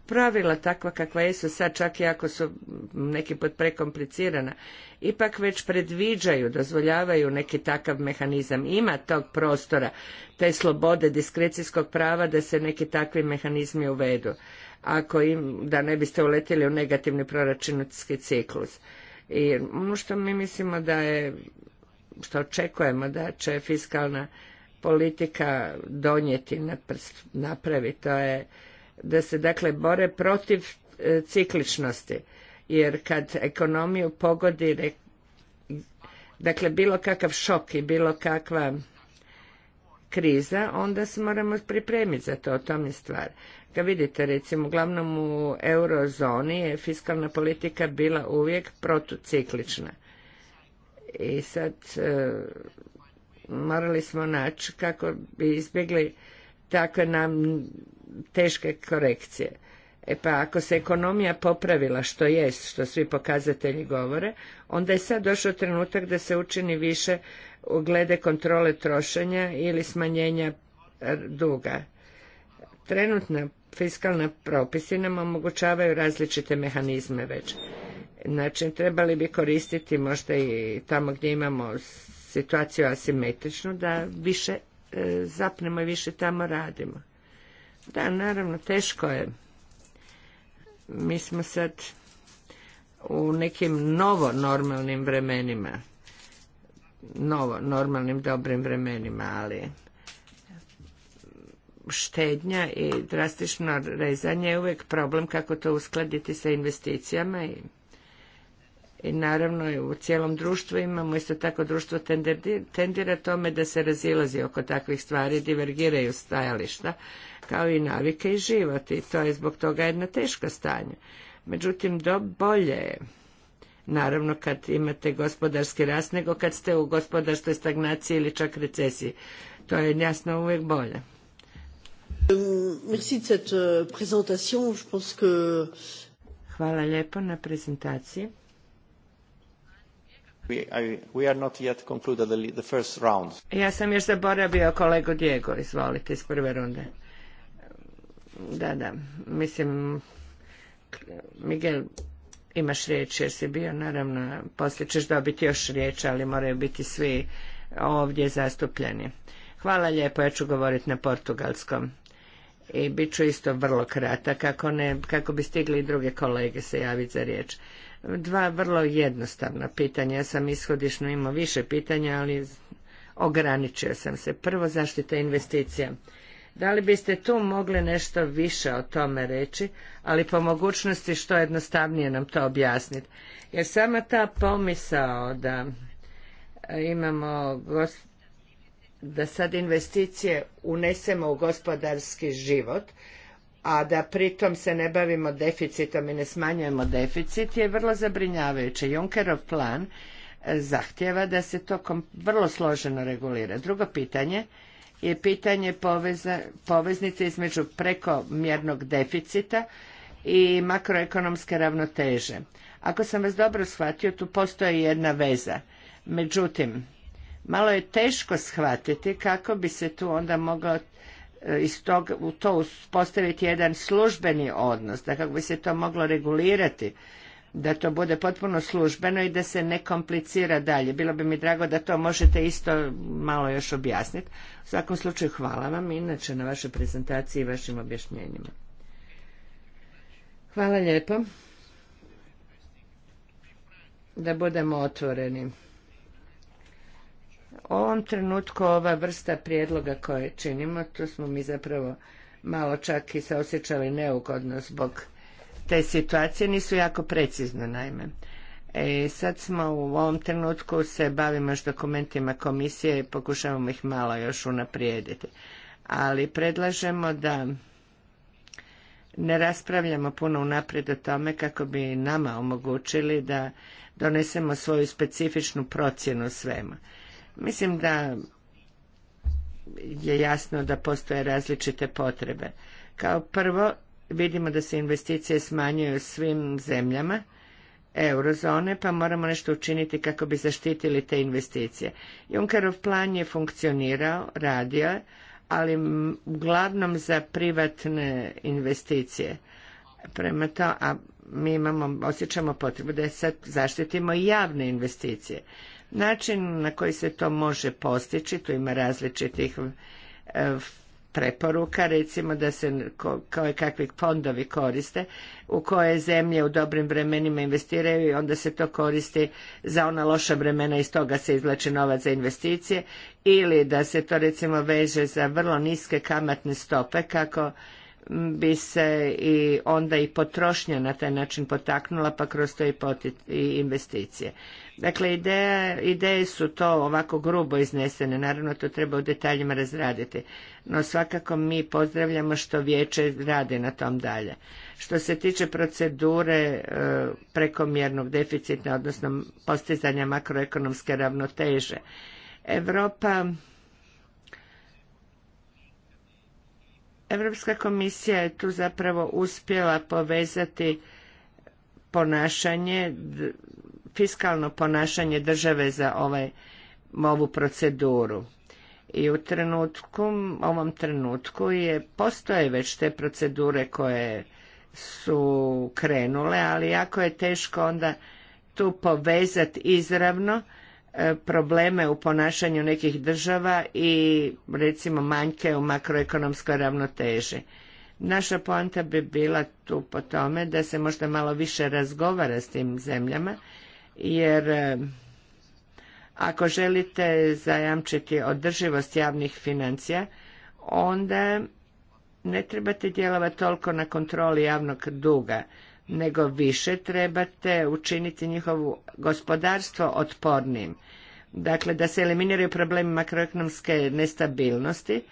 pravila takva kakva jesu sad, čak i ako su neki put prekomplicirana, ipak već predviđaju, dozvoljavaju neki takav mehanizam. Ima tog prostora, te slobode diskrecijskog prava da se neki takvi mehanizmi uvedu. Ako im, da ne biste uletjeli u negativni proračunski ciklus. I ono što mi mislimo da je, što očekujemo da će fiskalna politika donijeti, napravi, to je da se dakle bore protiv e, cikličnosti. Jer kad ekonomiju pogodi, dakle bilo kakav šok i bilo kakva kriza, onda se moramo pripremiti za to, o tom stvar ga vidite recimo uglavnom u eurozoni je fiskalna politika bila uvijek protuciklična i sad e, morali smo naći kako bi izbjegli takve nam teške korekcije. E pa ako se ekonomija popravila što jest, što svi pokazatelji govore, onda je sad došao trenutak da se učini više u glede kontrole trošenja ili smanjenja duga. Trenutna fiskalne propisi nam omogućavaju različite mehanizme već. Znači, trebali bi koristiti možda i tamo gdje imamo situaciju asimetričnu da više e, zapnemo i više tamo radimo. Da, naravno, teško je. Mi smo sad u nekim novo normalnim vremenima. Novo normalnim dobrim vremenima, ali štednja i drastično rezanje je uvijek problem kako to uskladiti sa investicijama i, i naravno u cijelom društvu imamo isto tako društvo tendira, tome da se razilazi oko takvih stvari, divergiraju stajališta kao i navike i život i to je zbog toga jedna teška stanja Međutim, do bolje je naravno kad imate gospodarski rast nego kad ste u gospodarskoj stagnaciji ili čak recesiji. To je jasno uvijek bolje. Euh, euh, Hvala lijepo na prezentaciji. Ja sam još zaboravio kolegu Diego, izvolite, iz prve runde. Da, da, mislim, Miguel, imaš riječ jer si bio, naravno, poslije ćeš dobiti još riječ, ali moraju biti svi ovdje zastupljeni. Hvala lijepo, ja ću govoriti na portugalskom i bit ću isto vrlo krata kako, ne, kako bi stigli i druge kolege se javiti za riječ. Dva vrlo jednostavna pitanja. Ja sam ishodišno imao više pitanja, ali ograničio sam se. Prvo, zaštita investicija. Da li biste tu mogli nešto više o tome reći, ali po mogućnosti što jednostavnije nam to objasniti? Jer sama ta pomisao da imamo da sad investicije unesemo u gospodarski život, a da pritom se ne bavimo deficitom i ne smanjujemo deficit je vrlo zabrinjavajuće. Junckerov plan e, zahtjeva da se to vrlo složeno regulira. Drugo pitanje je pitanje poveza, poveznice između prekomjernog deficita i makroekonomske ravnoteže. Ako sam vas dobro shvatio, tu postoji jedna veza. Međutim, Malo je teško shvatiti kako bi se tu onda moglo e, iz tog, u to jedan službeni odnos, da kako bi se to moglo regulirati, da to bude potpuno službeno i da se ne komplicira dalje. Bilo bi mi drago da to možete isto malo još objasniti. U svakom slučaju hvala vam inače na vašoj prezentaciji i vašim objašnjenjima. Hvala lijepo. Da budemo otvoreni. U ovom trenutku ova vrsta prijedloga koje činimo, to smo mi zapravo malo čak i se osjećali neugodno zbog te situacije, nisu jako precizne naime. E, sad smo u ovom trenutku se bavimo još dokumentima komisije i pokušavamo ih malo još unaprijediti. Ali predlažemo da ne raspravljamo puno unaprijed o tome kako bi nama omogućili da donesemo svoju specifičnu procjenu svema. Mislim da je jasno da postoje različite potrebe. Kao prvo, vidimo da se investicije smanjuju svim zemljama eurozone, pa moramo nešto učiniti kako bi zaštitili te investicije. Junkerov plan je funkcionirao, radio je, ali uglavnom za privatne investicije. Prema to, a mi imamo, osjećamo potrebu da sad zaštitimo i javne investicije. Način na koji se to može postići, tu ima različitih e, preporuka, recimo da se koje kakvi fondovi koriste, u koje zemlje u dobrim vremenima investiraju i onda se to koristi za ona loša vremena, iz toga se izvlači novac za investicije ili da se to recimo veže za vrlo niske kamatne stope kako bi se i onda i potrošnja na taj način potaknula pa kroz to i, i investicije. Dakle, ideja, ideje su to ovako grubo iznesene, naravno to treba u detaljima razraditi, no svakako mi pozdravljamo što vijeće radi na tom dalje. Što se tiče procedure e, prekomjernog deficita, odnosno postizanja makroekonomske ravnoteže, Europa Europska komisija je tu zapravo uspjela povezati ponašanje fiskalno ponašanje države za ovaj, ovu proceduru. I u trenutku, ovom trenutku je, postoje već te procedure koje su krenule, ali jako je teško onda tu povezati izravno e, probleme u ponašanju nekih država i recimo manjke u makroekonomskoj ravnoteži. Naša poanta bi bila tu po tome da se možda malo više razgovara s tim zemljama jer e, ako želite zajamčiti održivost javnih financija, onda ne trebate djelovati toliko na kontroli javnog duga, nego više trebate učiniti njihovo gospodarstvo otpornim. Dakle, da se eliminiraju problemi makroekonomske nestabilnosti,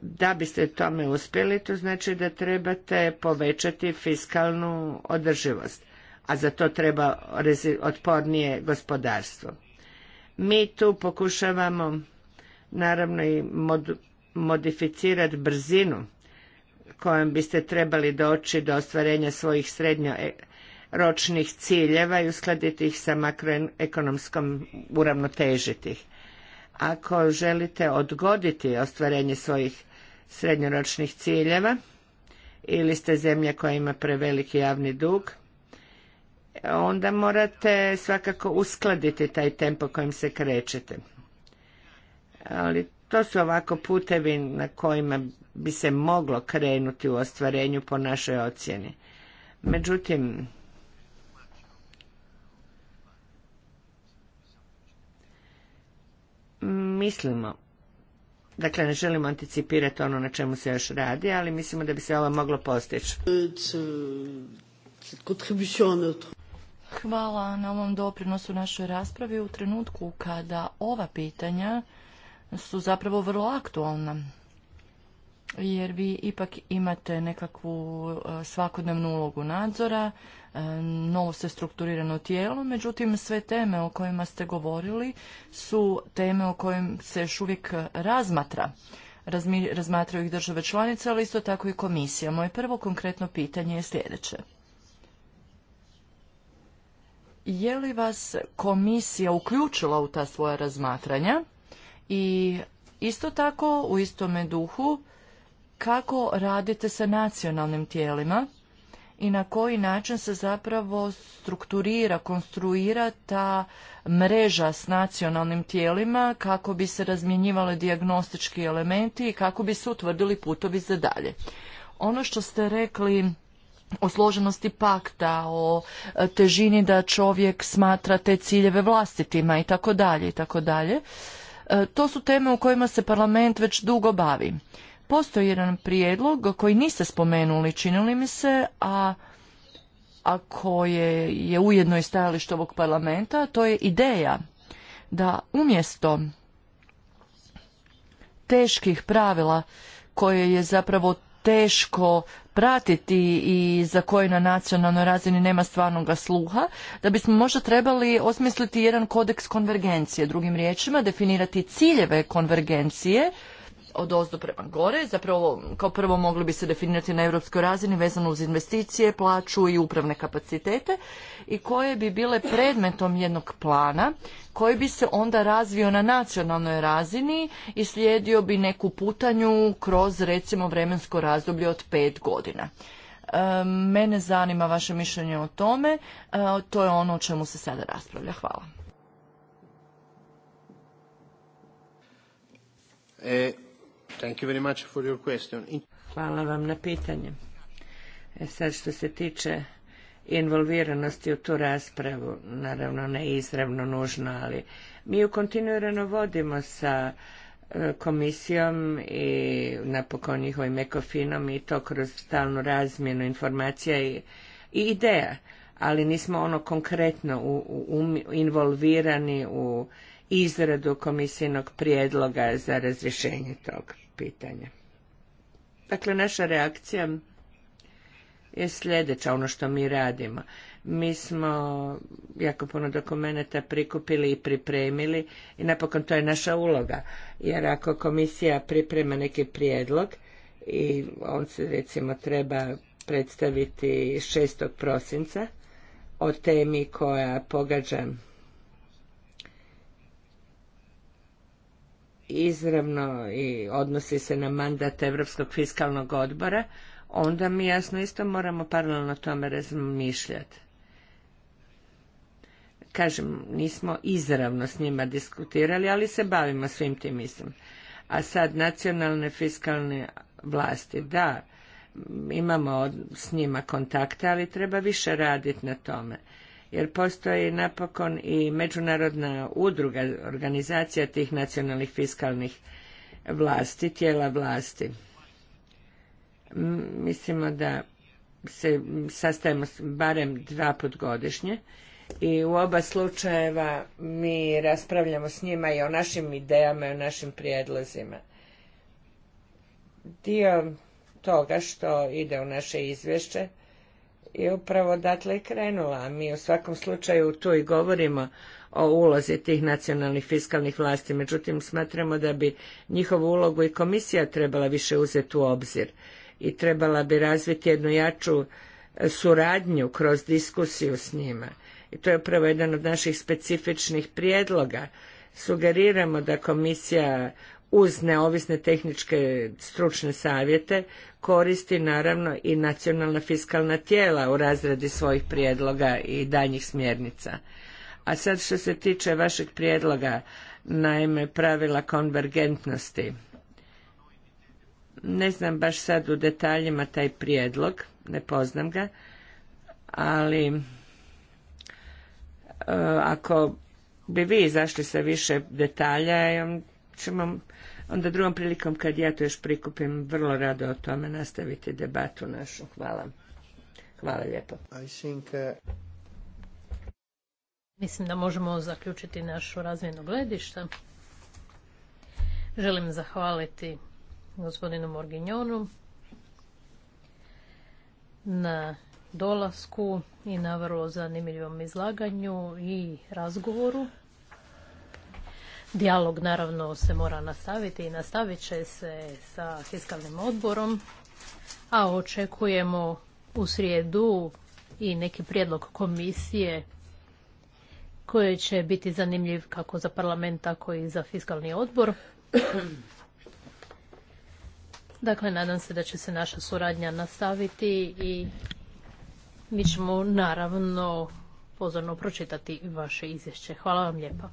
da biste tome uspjeli, to znači da trebate povećati fiskalnu održivost a za to treba otpornije gospodarstvo. Mi tu pokušavamo naravno i mod, modificirati brzinu kojom biste trebali doći do ostvarenja svojih srednjoročnih e, ciljeva i uskladiti ih sa makroekonomskom uravnotežiti Ako želite odgoditi ostvarenje svojih srednjoročnih ciljeva ili ste zemlja koja ima preveliki javni dug, onda morate svakako uskladiti taj tempo kojim se krećete. Ali to su ovako putevi na kojima bi se moglo krenuti u ostvarenju po našoj ocjeni. Međutim, mislimo, dakle ne želimo anticipirati ono na čemu se još radi, ali mislimo da bi se ovo moglo postići. Hvala na ovom doprinosu našoj raspravi u trenutku kada ova pitanja su zapravo vrlo aktualna. Jer vi ipak imate nekakvu e, svakodnevnu ulogu nadzora, e, novo se strukturirano tijelo, međutim sve teme o kojima ste govorili su teme o kojim se još uvijek razmatra. razmatraju ih države članice, ali isto tako i komisija. Moje prvo konkretno pitanje je sljedeće je li vas komisija uključila u ta svoja razmatranja i isto tako u istome duhu kako radite sa nacionalnim tijelima i na koji način se zapravo strukturira, konstruira ta mreža s nacionalnim tijelima kako bi se razmjenjivali dijagnostički elementi i kako bi se utvrdili putovi za dalje. Ono što ste rekli o složenosti pakta, o e, težini da čovjek smatra te ciljeve vlastitima i tako dalje i tako dalje. E, to su teme u kojima se parlament već dugo bavi. Postoji jedan prijedlog koji niste spomenuli, činili mi se, a a koje je ujedno i stajalište ovog parlamenta, to je ideja da umjesto teških pravila koje je zapravo teško pratiti i za koje na nacionalnoj razini nema stvarnoga sluha, da bismo možda trebali osmisliti jedan kodeks konvergencije. Drugim riječima, definirati ciljeve konvergencije od ozdo prema gore. Zapravo, kao prvo mogli bi se definirati na europskoj razini vezano uz investicije, plaću i upravne kapacitete i koje bi bile predmetom jednog plana koji bi se onda razvio na nacionalnoj razini i slijedio bi neku putanju kroz recimo vremensko razdoblje od pet godina. mene zanima vaše mišljenje o tome. E, to je ono o čemu se sada raspravlja. Hvala. E, Thank Hvala vam na pitanje. E sad što se tiče involviranosti u tu raspravu, naravno ne izravno nužno, ali mi ju kontinuirano vodimo sa e, komisijom i napokon njihovim ekofinom i to kroz stalnu razmjenu informacija i, ideja, ali nismo ono konkretno u, um, involvirani u izradu komisijnog prijedloga za razrješenje toga pitanje. Dakle, naša reakcija je sljedeća, ono što mi radimo. Mi smo jako puno dokumenta prikupili i pripremili i napokon to je naša uloga. Jer ako komisija priprema neki prijedlog i on se recimo treba predstaviti 6. prosinca o temi koja pogađa izravno i odnosi se na mandat Europskog fiskalnog odbora, onda mi jasno isto moramo paralelno tome razmišljati. Kažem, nismo izravno s njima diskutirali, ali se bavimo svim tim istim. A sad nacionalne fiskalne vlasti, da, imamo s njima kontakte, ali treba više raditi na tome jer postoji napokon i međunarodna udruga, organizacija tih nacionalnih fiskalnih vlasti, tijela vlasti. Mislimo da se sastajemo barem dva put godišnje i u oba slučajeva mi raspravljamo s njima i o našim idejama i o našim prijedlozima. Dio toga što ide u naše izvješće i upravo datle i krenula. mi u svakom slučaju tu i govorimo o ulozi tih nacionalnih fiskalnih vlasti, međutim smatramo da bi njihovu ulogu i komisija trebala više uzeti u obzir i trebala bi razviti jednu jaču e, suradnju kroz diskusiju s njima. I to je upravo jedan od naših specifičnih prijedloga. Sugeriramo da komisija uz neovisne tehničke stručne savjete koristi naravno i nacionalna fiskalna tijela u razradi svojih prijedloga i danjih smjernica. A sad što se tiče vašeg prijedloga, naime pravila konvergentnosti. Ne znam baš sad u detaljima taj prijedlog, ne poznam ga, ali e, ako bi vi izašli sa više detalja, e, ćemo onda drugom prilikom kad ja to još prikupim, vrlo rado o tome nastaviti debatu našu. Hvala. Hvala lijepo. Uh, Mislim da možemo zaključiti našu razmjenu gledišta. Želim zahvaliti gospodinu Morginjonu na dolasku i na vrlo zanimljivom izlaganju i razgovoru. Dijalog naravno se mora nastaviti i nastavit će se sa fiskalnim odborom, a očekujemo u srijedu i neki prijedlog komisije koji će biti zanimljiv kako za parlament, tako i za fiskalni odbor. Dakle, nadam se da će se naša suradnja nastaviti i mi ćemo naravno pozorno pročitati vaše izvješće. Hvala vam lijepa.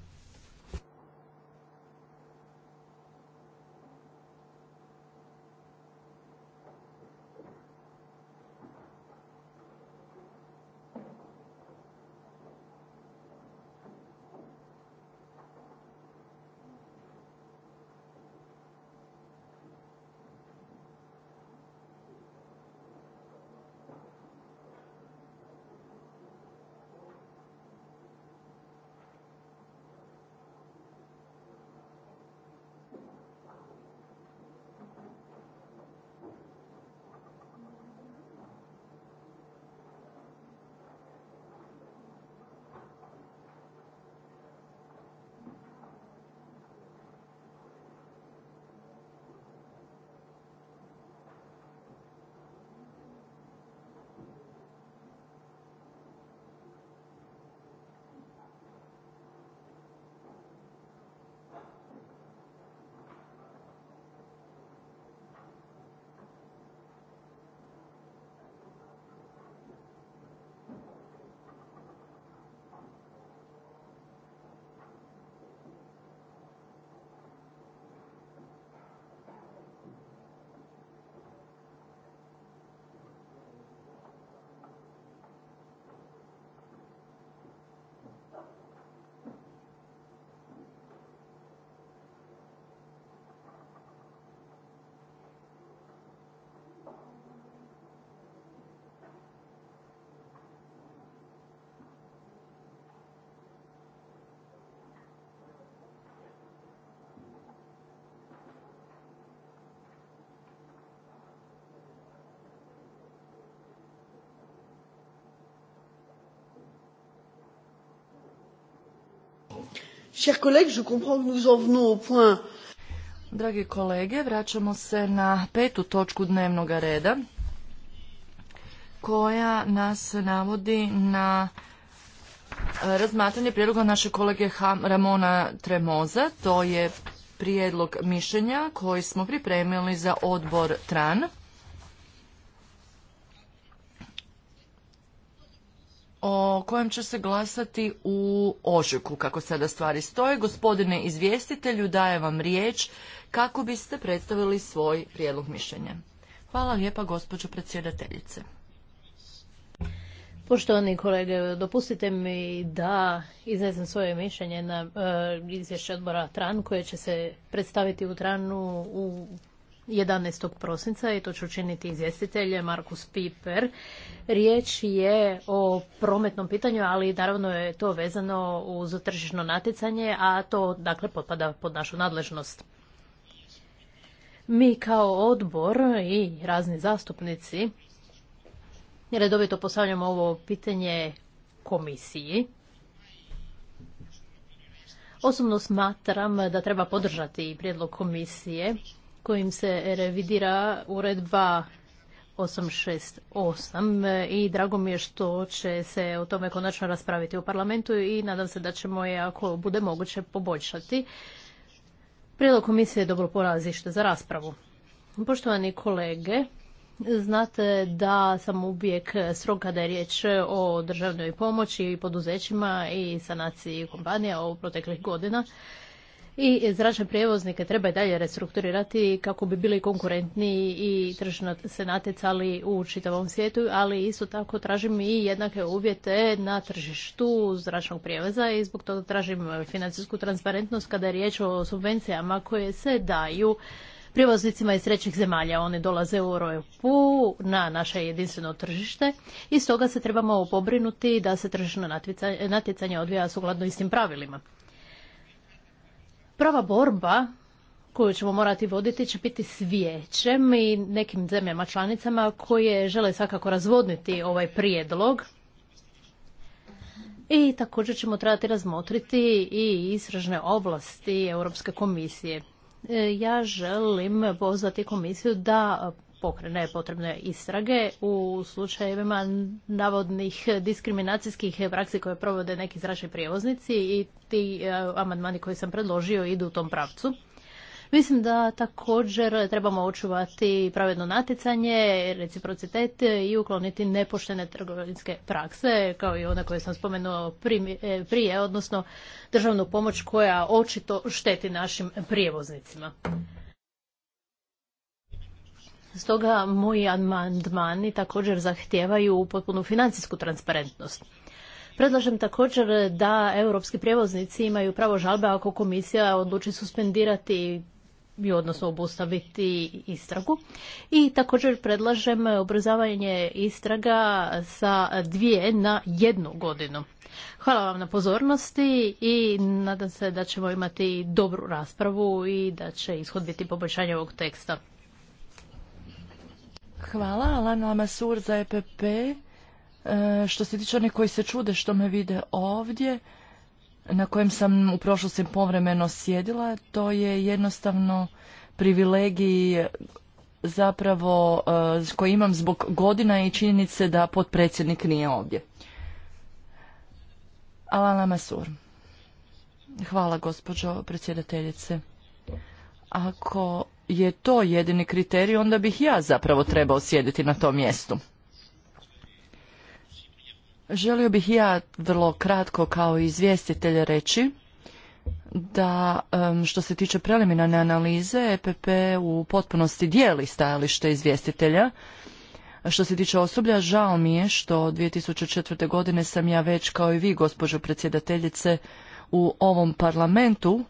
Drage kolege, vraćamo se na petu točku dnevnog reda koja nas navodi na e, razmatranje prijedloga naše kolege Ramona Tremoza. To je prijedlog mišljenja koji smo pripremili za odbor TRAN. o kojem će se glasati u ožujku, kako sada stvari stoje. Gospodine izvjestitelju, daje vam riječ kako biste predstavili svoj prijedlog mišljenja. Hvala lijepa, gospođo predsjedateljice. Poštovani kolege, dopustite mi da iznesem svoje mišljenje na e, izvješće odbora TRAN koje će se predstaviti u TRANu u 11. prosinca i to ću učiniti izvjestitelj Markus Piper. Riječ je o prometnom pitanju, ali naravno je to vezano uz tržišno natjecanje, a to dakle potpada pod našu nadležnost. Mi kao odbor i razni zastupnici redovito postavljamo ovo pitanje komisiji. Osobno smatram da treba podržati prijedlog komisije kojim se revidira uredba 868 e, i drago mi je što će se o tome konačno raspraviti u parlamentu i nadam se da ćemo je ako bude moguće poboljšati. Prijedlog komisije je dobro porazište za raspravu. Poštovani kolege, Znate da sam uvijek strog kada je riječ o državnoj pomoći i poduzećima i sanaciji kompanija u proteklih godina i zračne prijevoznike treba i dalje restrukturirati kako bi bili konkurentni i tržno se natjecali u čitavom svijetu, ali isto tako tražim i jednake uvjete na tržištu zračnog prijevoza i zbog toga tražim financijsku transparentnost kada je riječ o subvencijama koje se daju prijevoznicima iz trećih zemalja. Oni dolaze u Europu na naše jedinstveno tržište i stoga se trebamo pobrinuti da se tržišno natjecanje odvija sukladno istim pravilima. Prava borba koju ćemo morati voditi će biti svijećem i nekim zemljama članicama koje žele svakako razvodniti ovaj prijedlog. I također ćemo trebati razmotriti i istražne oblasti Europske komisije. E, ja želim pozvati komisiju da pokrene potrebne istrage u slučajevima navodnih diskriminacijskih praksi koje provode neki zračni prijevoznici i ti e, amandmani koji sam predložio idu u tom pravcu. Mislim da također trebamo očuvati pravedno natjecanje, reciprocitet i ukloniti nepoštene trgovinske prakse, kao i one koje sam spomenuo e, prije, odnosno državnu pomoć koja očito šteti našim prijevoznicima. Stoga moji amandmani također zahtijevaju potpunu financijsku transparentnost. Predlažem također da europski prijevoznici imaju pravo žalbe ako komisija odluči suspendirati i odnosno obustaviti istragu. I također predlažem obrazavanje istraga sa dvije na jednu godinu. Hvala vam na pozornosti i nadam se da ćemo imati dobru raspravu i da će ishod biti poboljšanje ovog teksta. Hvala, Alana Lamasur za EPP. E, što se tiče onih koji se čude što me vide ovdje, na kojem sam u prošlosti povremeno sjedila, to je jednostavno privilegiji zapravo e, koji imam zbog godina i činjenice da potpredsjednik nije ovdje. Alana Lamasur. Hvala, gospođo predsjedateljice. Ako je to jedini kriterij, onda bih ja zapravo trebao sjediti na tom mjestu. Želio bih ja vrlo kratko kao izvjestitelj reći da što se tiče preliminarne analize EPP u potpunosti dijeli stajalište izvjestitelja. Što se tiče osoblja, žao mi je što 2004. godine sam ja već kao i vi, gospođo predsjedateljice, u ovom parlamentu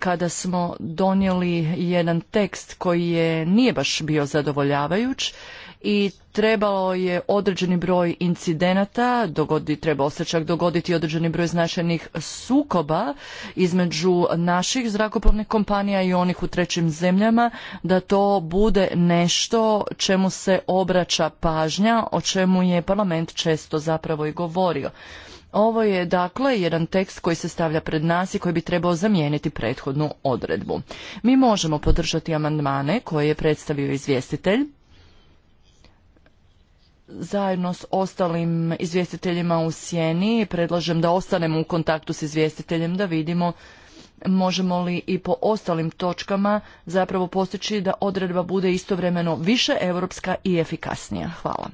kada smo donijeli jedan tekst koji je nije baš bio zadovoljavajuć i trebalo je određeni broj incidenata, dogodi, trebao se čak dogoditi određeni broj značajnih sukoba između naših zrakoplovnih kompanija i onih u trećim zemljama, da to bude nešto čemu se obraća pažnja, o čemu je parlament često zapravo i govorio. Ovo je dakle jedan tekst koji se stavlja pred nas i koji bi trebao zamijeniti prethodnu odredbu. Mi možemo podržati amandmane koje je predstavio izvjestitelj zajedno s ostalim izvjestiteljima u sjeni predlažem da ostanemo u kontaktu s izvjestiteljem da vidimo možemo li i po ostalim točkama zapravo postići da odredba bude istovremeno više europska i efikasnija. Hvala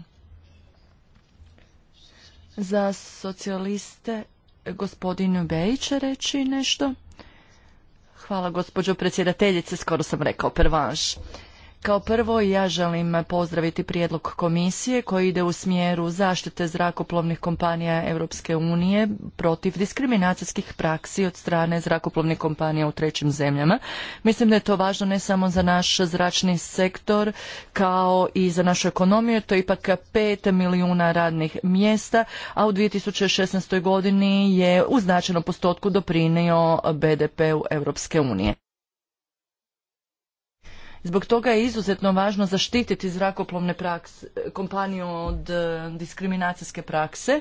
za socijaliste e, gospodin Bej će reći nešto. Hvala gospođo predsjedateljice, skoro sam rekao van. Kao prvo ja želim pozdraviti prijedlog komisije koji ide u smjeru zaštite zrakoplovnih kompanija Europske unije protiv diskriminacijskih praksi od strane zrakoplovnih kompanija u trećim zemljama. Mislim da je to važno ne samo za naš zračni sektor kao i za našu ekonomiju, to je ipak pet milijuna radnih mjesta, a u 2016. godini je u značajnom postotku doprinio BDP-u Europske unije. Zbog toga je izuzetno važno zaštititi zrakoplovne kompanije kompaniju od e, diskriminacijske prakse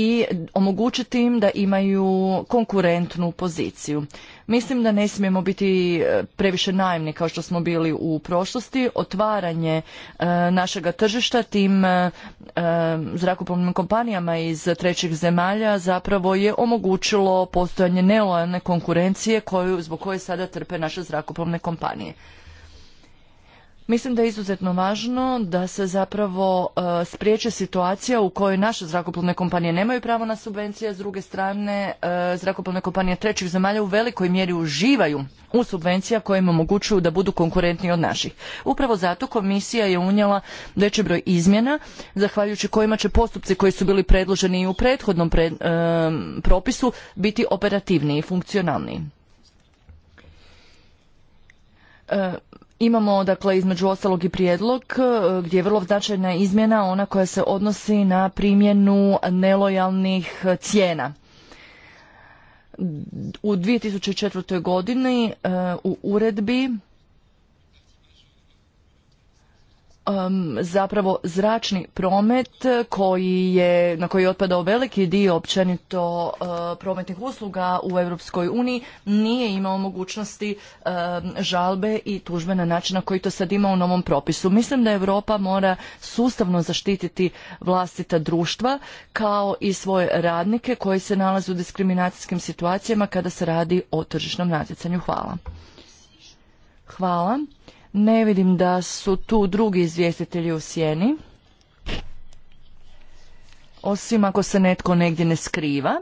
i omogućiti im da imaju konkurentnu poziciju. Mislim da ne smijemo biti e, previše najemni kao što smo bili u prošlosti. Otvaranje e, našega tržišta tim zrakoplovnim kompanijama iz trećih zemalja zapravo je omogućilo postojanje nelojalne konkurencije koju, zbog koje sada trpe naše zrakoplovne kompanije. Mislim da je izuzetno važno da se zapravo e, spriječe situacija u kojoj naše zrakoplovne kompanije nemaju pravo na subvencije, s druge strane e, zrakoplovne kompanije trećih zemalja u velikoj mjeri uživaju u subvencija koje im omogućuju da budu konkurentni od naših. Upravo zato komisija je unijela veći broj izmjena, zahvaljujući kojima će postupci koji su bili predloženi i u prethodnom e, propisu biti operativniji i funkcionalniji Imamo dakle između ostalog i prijedlog e, gdje je vrlo značajna izmjena ona koja se odnosi na primjenu nelojalnih e, cijena. U 2004. godini e, u uredbi Um, zapravo zračni promet koji je, na koji je otpadao veliki dio općenito uh, prometnih usluga u Europskoj uniji nije imao mogućnosti um, žalbe i tužbe na način na koji to sad ima u novom propisu. Mislim da Europa mora sustavno zaštititi vlastita društva kao i svoje radnike koji se nalaze u diskriminacijskim situacijama kada se radi o tržišnom natjecanju. Hvala. Hvala. Ne vidim da su tu drugi izvjestitelji u sjeni. Osim ako se netko negdje ne skriva.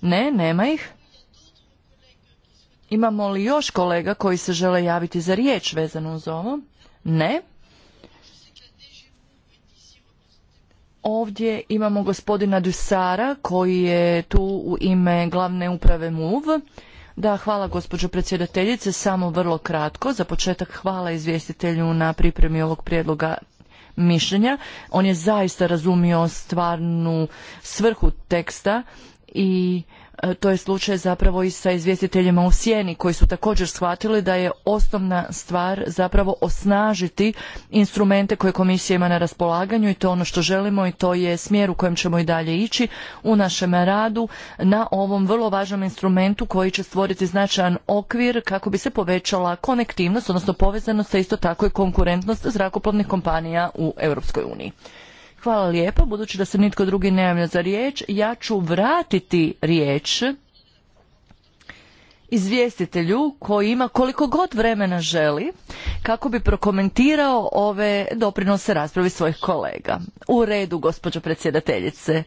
Ne, nema ih. Imamo li još kolega koji se žele javiti za riječ vezano uz ovo? Ne. Ovdje imamo gospodina Dusara koji je tu u ime glavne uprave MUV. Da, hvala gospođo predsjedateljice. Samo vrlo kratko. Za početak hvala izvjestitelju na pripremi ovog prijedloga mišljenja. On je zaista razumio stvarnu svrhu teksta i E, to je slučaj zapravo i sa izvjestiteljima u sjeni koji su također shvatili da je osnovna stvar zapravo osnažiti instrumente koje komisija ima na raspolaganju i to je ono što želimo i to je smjer u kojem ćemo i dalje ići u našem radu na ovom vrlo važnom instrumentu koji će stvoriti značajan okvir kako bi se povećala konektivnost odnosno povezanost a isto tako i konkurentnost zrakoplovnih kompanija u Europskoj uniji. Hvala lijepa, budući da se nitko drugi ne javlja za riječ, ja ću vratiti riječ izvjestitelju koji ima koliko god vremena želi kako bi prokomentirao ove doprinose raspravi svojih kolega. U redu, gospođo predsjedateljice.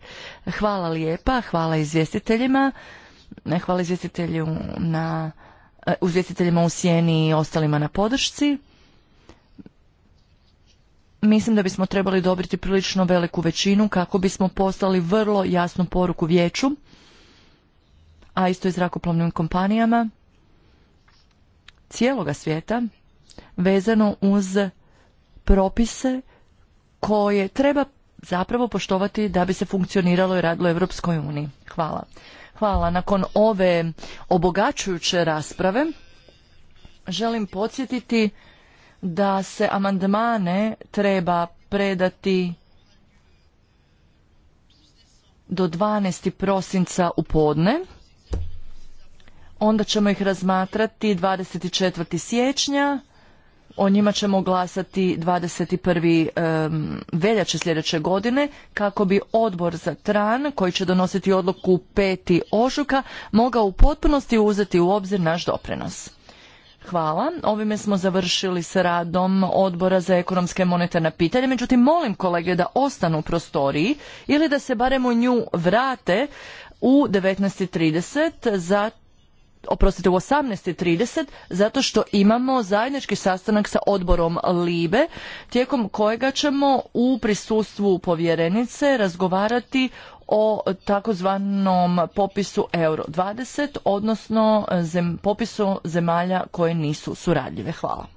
Hvala lijepa, hvala izvjestiteljima, hvala izvjestitelju na, e, izvjestiteljima u sjeni i ostalima na podršci mislim da bismo trebali dobiti prilično veliku većinu kako bismo poslali vrlo jasnu poruku vijeću, a isto i zrakoplovnim kompanijama cijeloga svijeta vezano uz propise koje treba zapravo poštovati da bi se funkcioniralo i radilo Europskoj uniji. Hvala. Hvala. Nakon ove obogaćujuće rasprave želim podsjetiti da se amandmane treba predati do 12. prosinca u podne. Onda ćemo ih razmatrati 24. siječnja. O njima ćemo glasati 21. veljače sljedeće godine kako bi odbor za tran koji će donositi odluku 5. ožuka mogao u potpunosti uzeti u obzir naš doprinos. Hvala. Ovime smo završili s radom odbora za ekonomske monetarne pitanje. Međutim, molim kolege da ostanu u prostoriji ili da se barem u nju vrate u 19.30 za oprostite, u 18.30, zato što imamo zajednički sastanak sa odborom LIBE, tijekom kojega ćemo u prisustvu povjerenice razgovarati o takozvanom popisu Euro 20, odnosno eh, popisu zemalja koje nisu suradljive. Hvala.